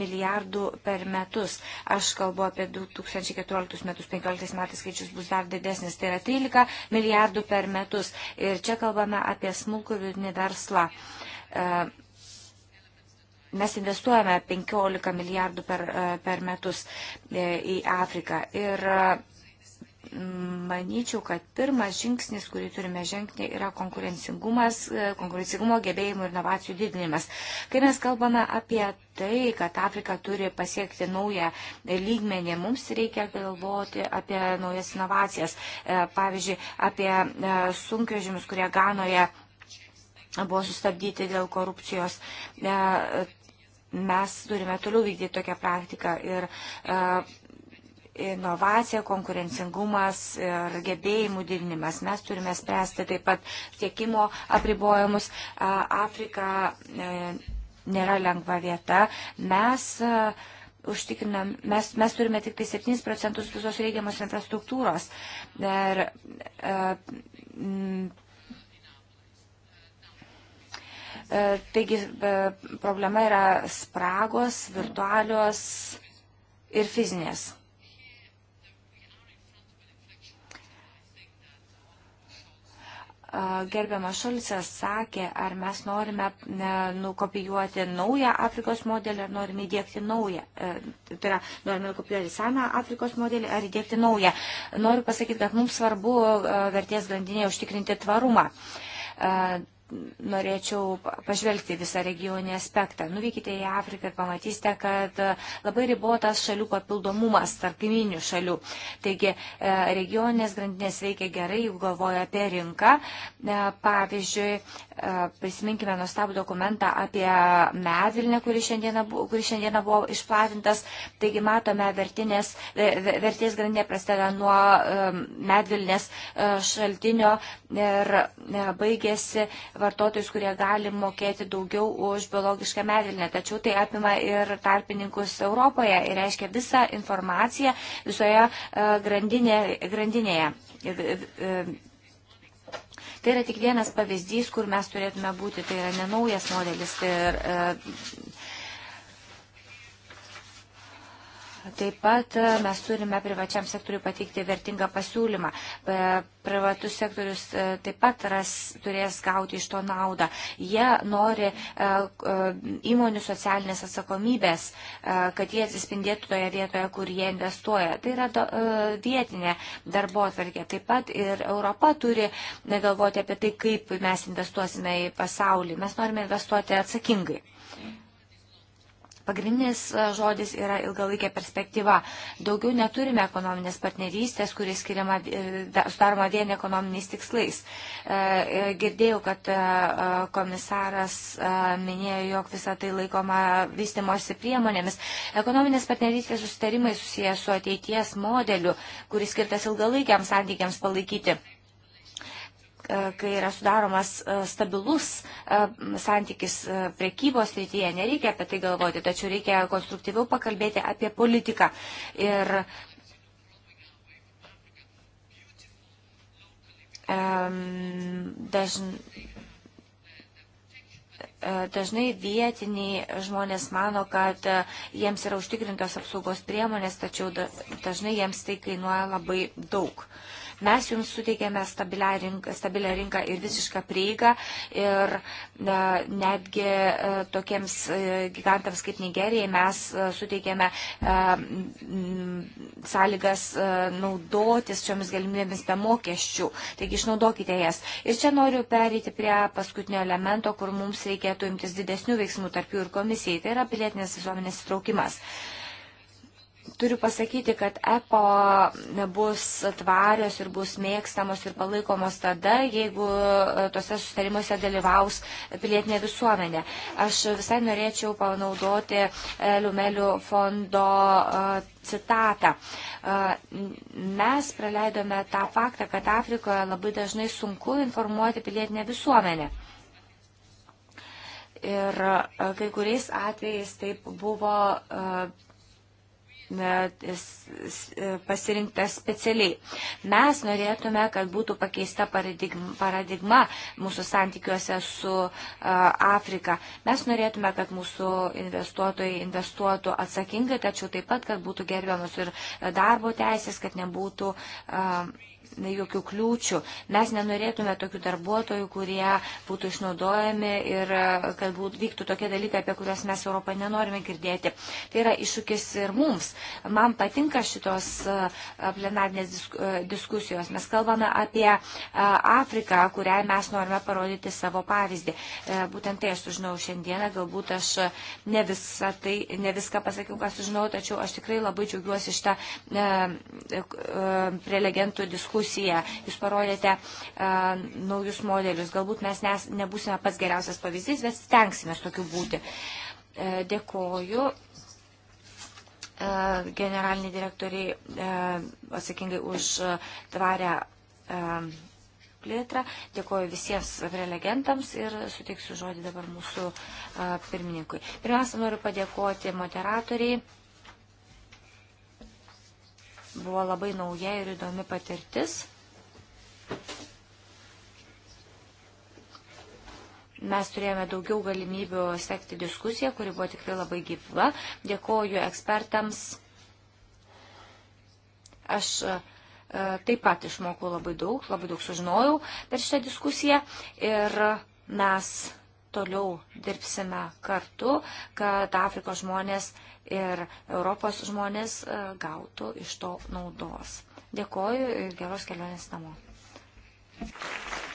milijardų per metus. Aš kalbu apie 2014 metus, 15 metais skaičius bus dar didesnis, tai yra 13 milijardų per metus. Ir čia kalbame apie smulkų vidinį verslą. Uh, mes investuojame 15 milijardų per, e, per metus e, į Afriką. Ir e, manyčiau, kad pirmas žingsnis, kurį turime žengti, yra konkurencingumas, konkurencingumo gebėjimų ir inovacijų didinimas. Kai mes kalbame apie tai, kad Afrika turi pasiekti naują lygmenį, mums reikia galvoti apie naujas inovacijas. Pavyzdžiui, apie sunkvežimius, kurie Ganoje buvo sustabdyti dėl korupcijos mes turime toliau vykdyti tokią praktiką ir e, inovacija, konkurencingumas ir gebėjimų didinimas. Mes turime spręsti taip pat tiekimo apribojimus. E, Afrika e, nėra lengva vieta. Mes užtikrinam, mes, mes turime tik tai 7 procentus visos reikiamos infrastruktūros. Ir, e, m, E, taigi e, problema yra spragos, virtualios ir fizinės. E, gerbiamas Šulcas sakė, ar mes norime nukopijuoti naują Afrikos modelį, ar norime įdėkti naują. Tai yra, norime nukopijuoti seną Afrikos modelį, ar įdėkti naują. Noriu pasakyti, kad mums svarbu vertės grandinėje užtikrinti tvarumą norėčiau pažvelgti visą regioninį aspektą. Nuvykite į Afriką ir pamatysite, kad e, labai ribotas šalių papildomumas tarp kaiminių šalių. Taigi e, regioninės grandinės veikia gerai, jeigu galvoja apie rinką. E, pavyzdžiui, E, prisiminkime nuostabų dokumentą apie medvilnę, kuris šiandieną, kuri šiandieną buvo išplatintas. Taigi matome vertinės, vertės grandė prasideda nuo e, medvilnės e, šaltinio ir baigėsi vartotojus, kurie gali mokėti daugiau už biologišką medvilnę. Tačiau tai apima ir tarpininkus Europoje ir reiškia visą informaciją visoje grandinė, grandinėje Tai yra tik vienas pavyzdys, kur mes turėtume būti. Tai yra nenaujas modelis. Tai ir, Taip pat e, mes turime privačiam sektoriui pateikti vertingą pasiūlymą. Privatus sektorius e, taip pat ras, turės gauti iš to naudą. Jie nori e, įmonių socialinės atsakomybės, kad jie atsispindėtų toje vietoje, kur jie investuoja. Tai yra do, vietinė darbo atvarkė. Taip pat ir Europa turi galvoti apie tai, kaip mes investuosime į pasaulį. Mes norime investuoti atsakingai. Pagrindinis e, žodis yra ilgalaikė perspektyva. Daugiau neturime ekonominės partnerystės, kuris skiriama, e, sudaroma vien ekonominiais tikslais. E, girdėjau, kad komisaras minėjo, jog visą tai laikoma vystimosi priemonėmis. Ekonominės partnerystės susitarimai susijęs su ateities modeliu, kuris skirtas ilgalaikiams santykiams palaikyti. E, kai yra sudaromas e, stabilus e, santykis prekybos rytyje, nereikia apie tai galvoti, tačiau reikia konstruktyviau pakalbėti apie politiką. Ir dažnai dažnai vietiniai žmonės mano, kad jiems yra užtikrintos apsaugos priemonės, tačiau dažnai jiems tai kainuoja labai daug. Uh, Mes jums suteikėme stabilę rinką, stabilę rinką ir visišką prieigą ir netgi e, tokiems e, gigantams kaip Nigerijai mes e, suteikėme sąlygas naudotis šiomis galimybėmis be mokesčių. Taigi išnaudokite jas. Ir čia noriu perėti prie paskutinio elemento, kur mums reikėtų imtis didesnių veiksmų tarp jų ir komisijai. Tai yra pilietinės visuomenės įtraukimas. Thank you Turiu pasakyti, kad EPO bus tvarios ir bus mėgstamos ir palaikomos tada, jeigu e, tose sustarimuose dalyvaus pilietinė visuomenė. Aš visai norėčiau panaudoti e, Liumelių fondo e, citatą. Mes praleidome tą faktą, kad Afrikoje labai dažnai sunku informuoti pilietinę visuomenę. Ir kai kuriais atvejais taip buvo E, e, pasirinktas specialiai. Mes norėtume, kad būtų pakeista paradigma, paradigma mūsų santykiuose su e, Afrika. Mes norėtume, kad mūsų investuotojai investuotų atsakingai, tačiau taip pat, kad būtų gerbiamas ir darbo teisės, kad nebūtų uh, jokių kliūčių. Mes nenorėtume tokių darbuotojų, kurie būtų išnaudojami ir e, kad būt, vyktų tokie dalykai, apie kuriuos mes Europą nenorime girdėti. Tai yra iššūkis ir mums. Man patinka šitos e, plenarnės e, diskusijos. Mes kalbame apie Afriką, kuriai mes norime parodyti savo pavyzdį. Būtent tai aš sužinau šiandieną. Galbūt aš ne, visą tai, ne viską pasakiau, ką sužinau, tačiau aš tikrai labai džiaugiuosi šitą prelegentų diskusiją diskusiją, jūs parodėte uh, naujus modelius. Galbūt mes nes, nebūsime pats geriausias pavyzdys, bet stengsime tokiu būti. Uh, dėkoju uh, generaliniai direktoriai uh, atsakingai už uh, tvarę. Uh, plėtrą. Dėkoju visiems prelegentams ir suteiksiu žodį dabar mūsų pirmininkui. Pirmiausia, noriu padėkoti moderatoriai. Buvo labai nauja ir įdomi patirtis. mes turėjome daugiau galimybių sekti diskusiją, kuri buvo tikrai labai gyva. Dėkoju ekspertams. Aš e, e, taip pat išmokau labai daug, labai daug sužinojau per šitą diskusiją ir mes toliau dirbsime kartu, kad Afrikos žmonės ir Europos žmonės e, gautų iš to naudos. Dėkoju ir geros kelionės namo. Thank you.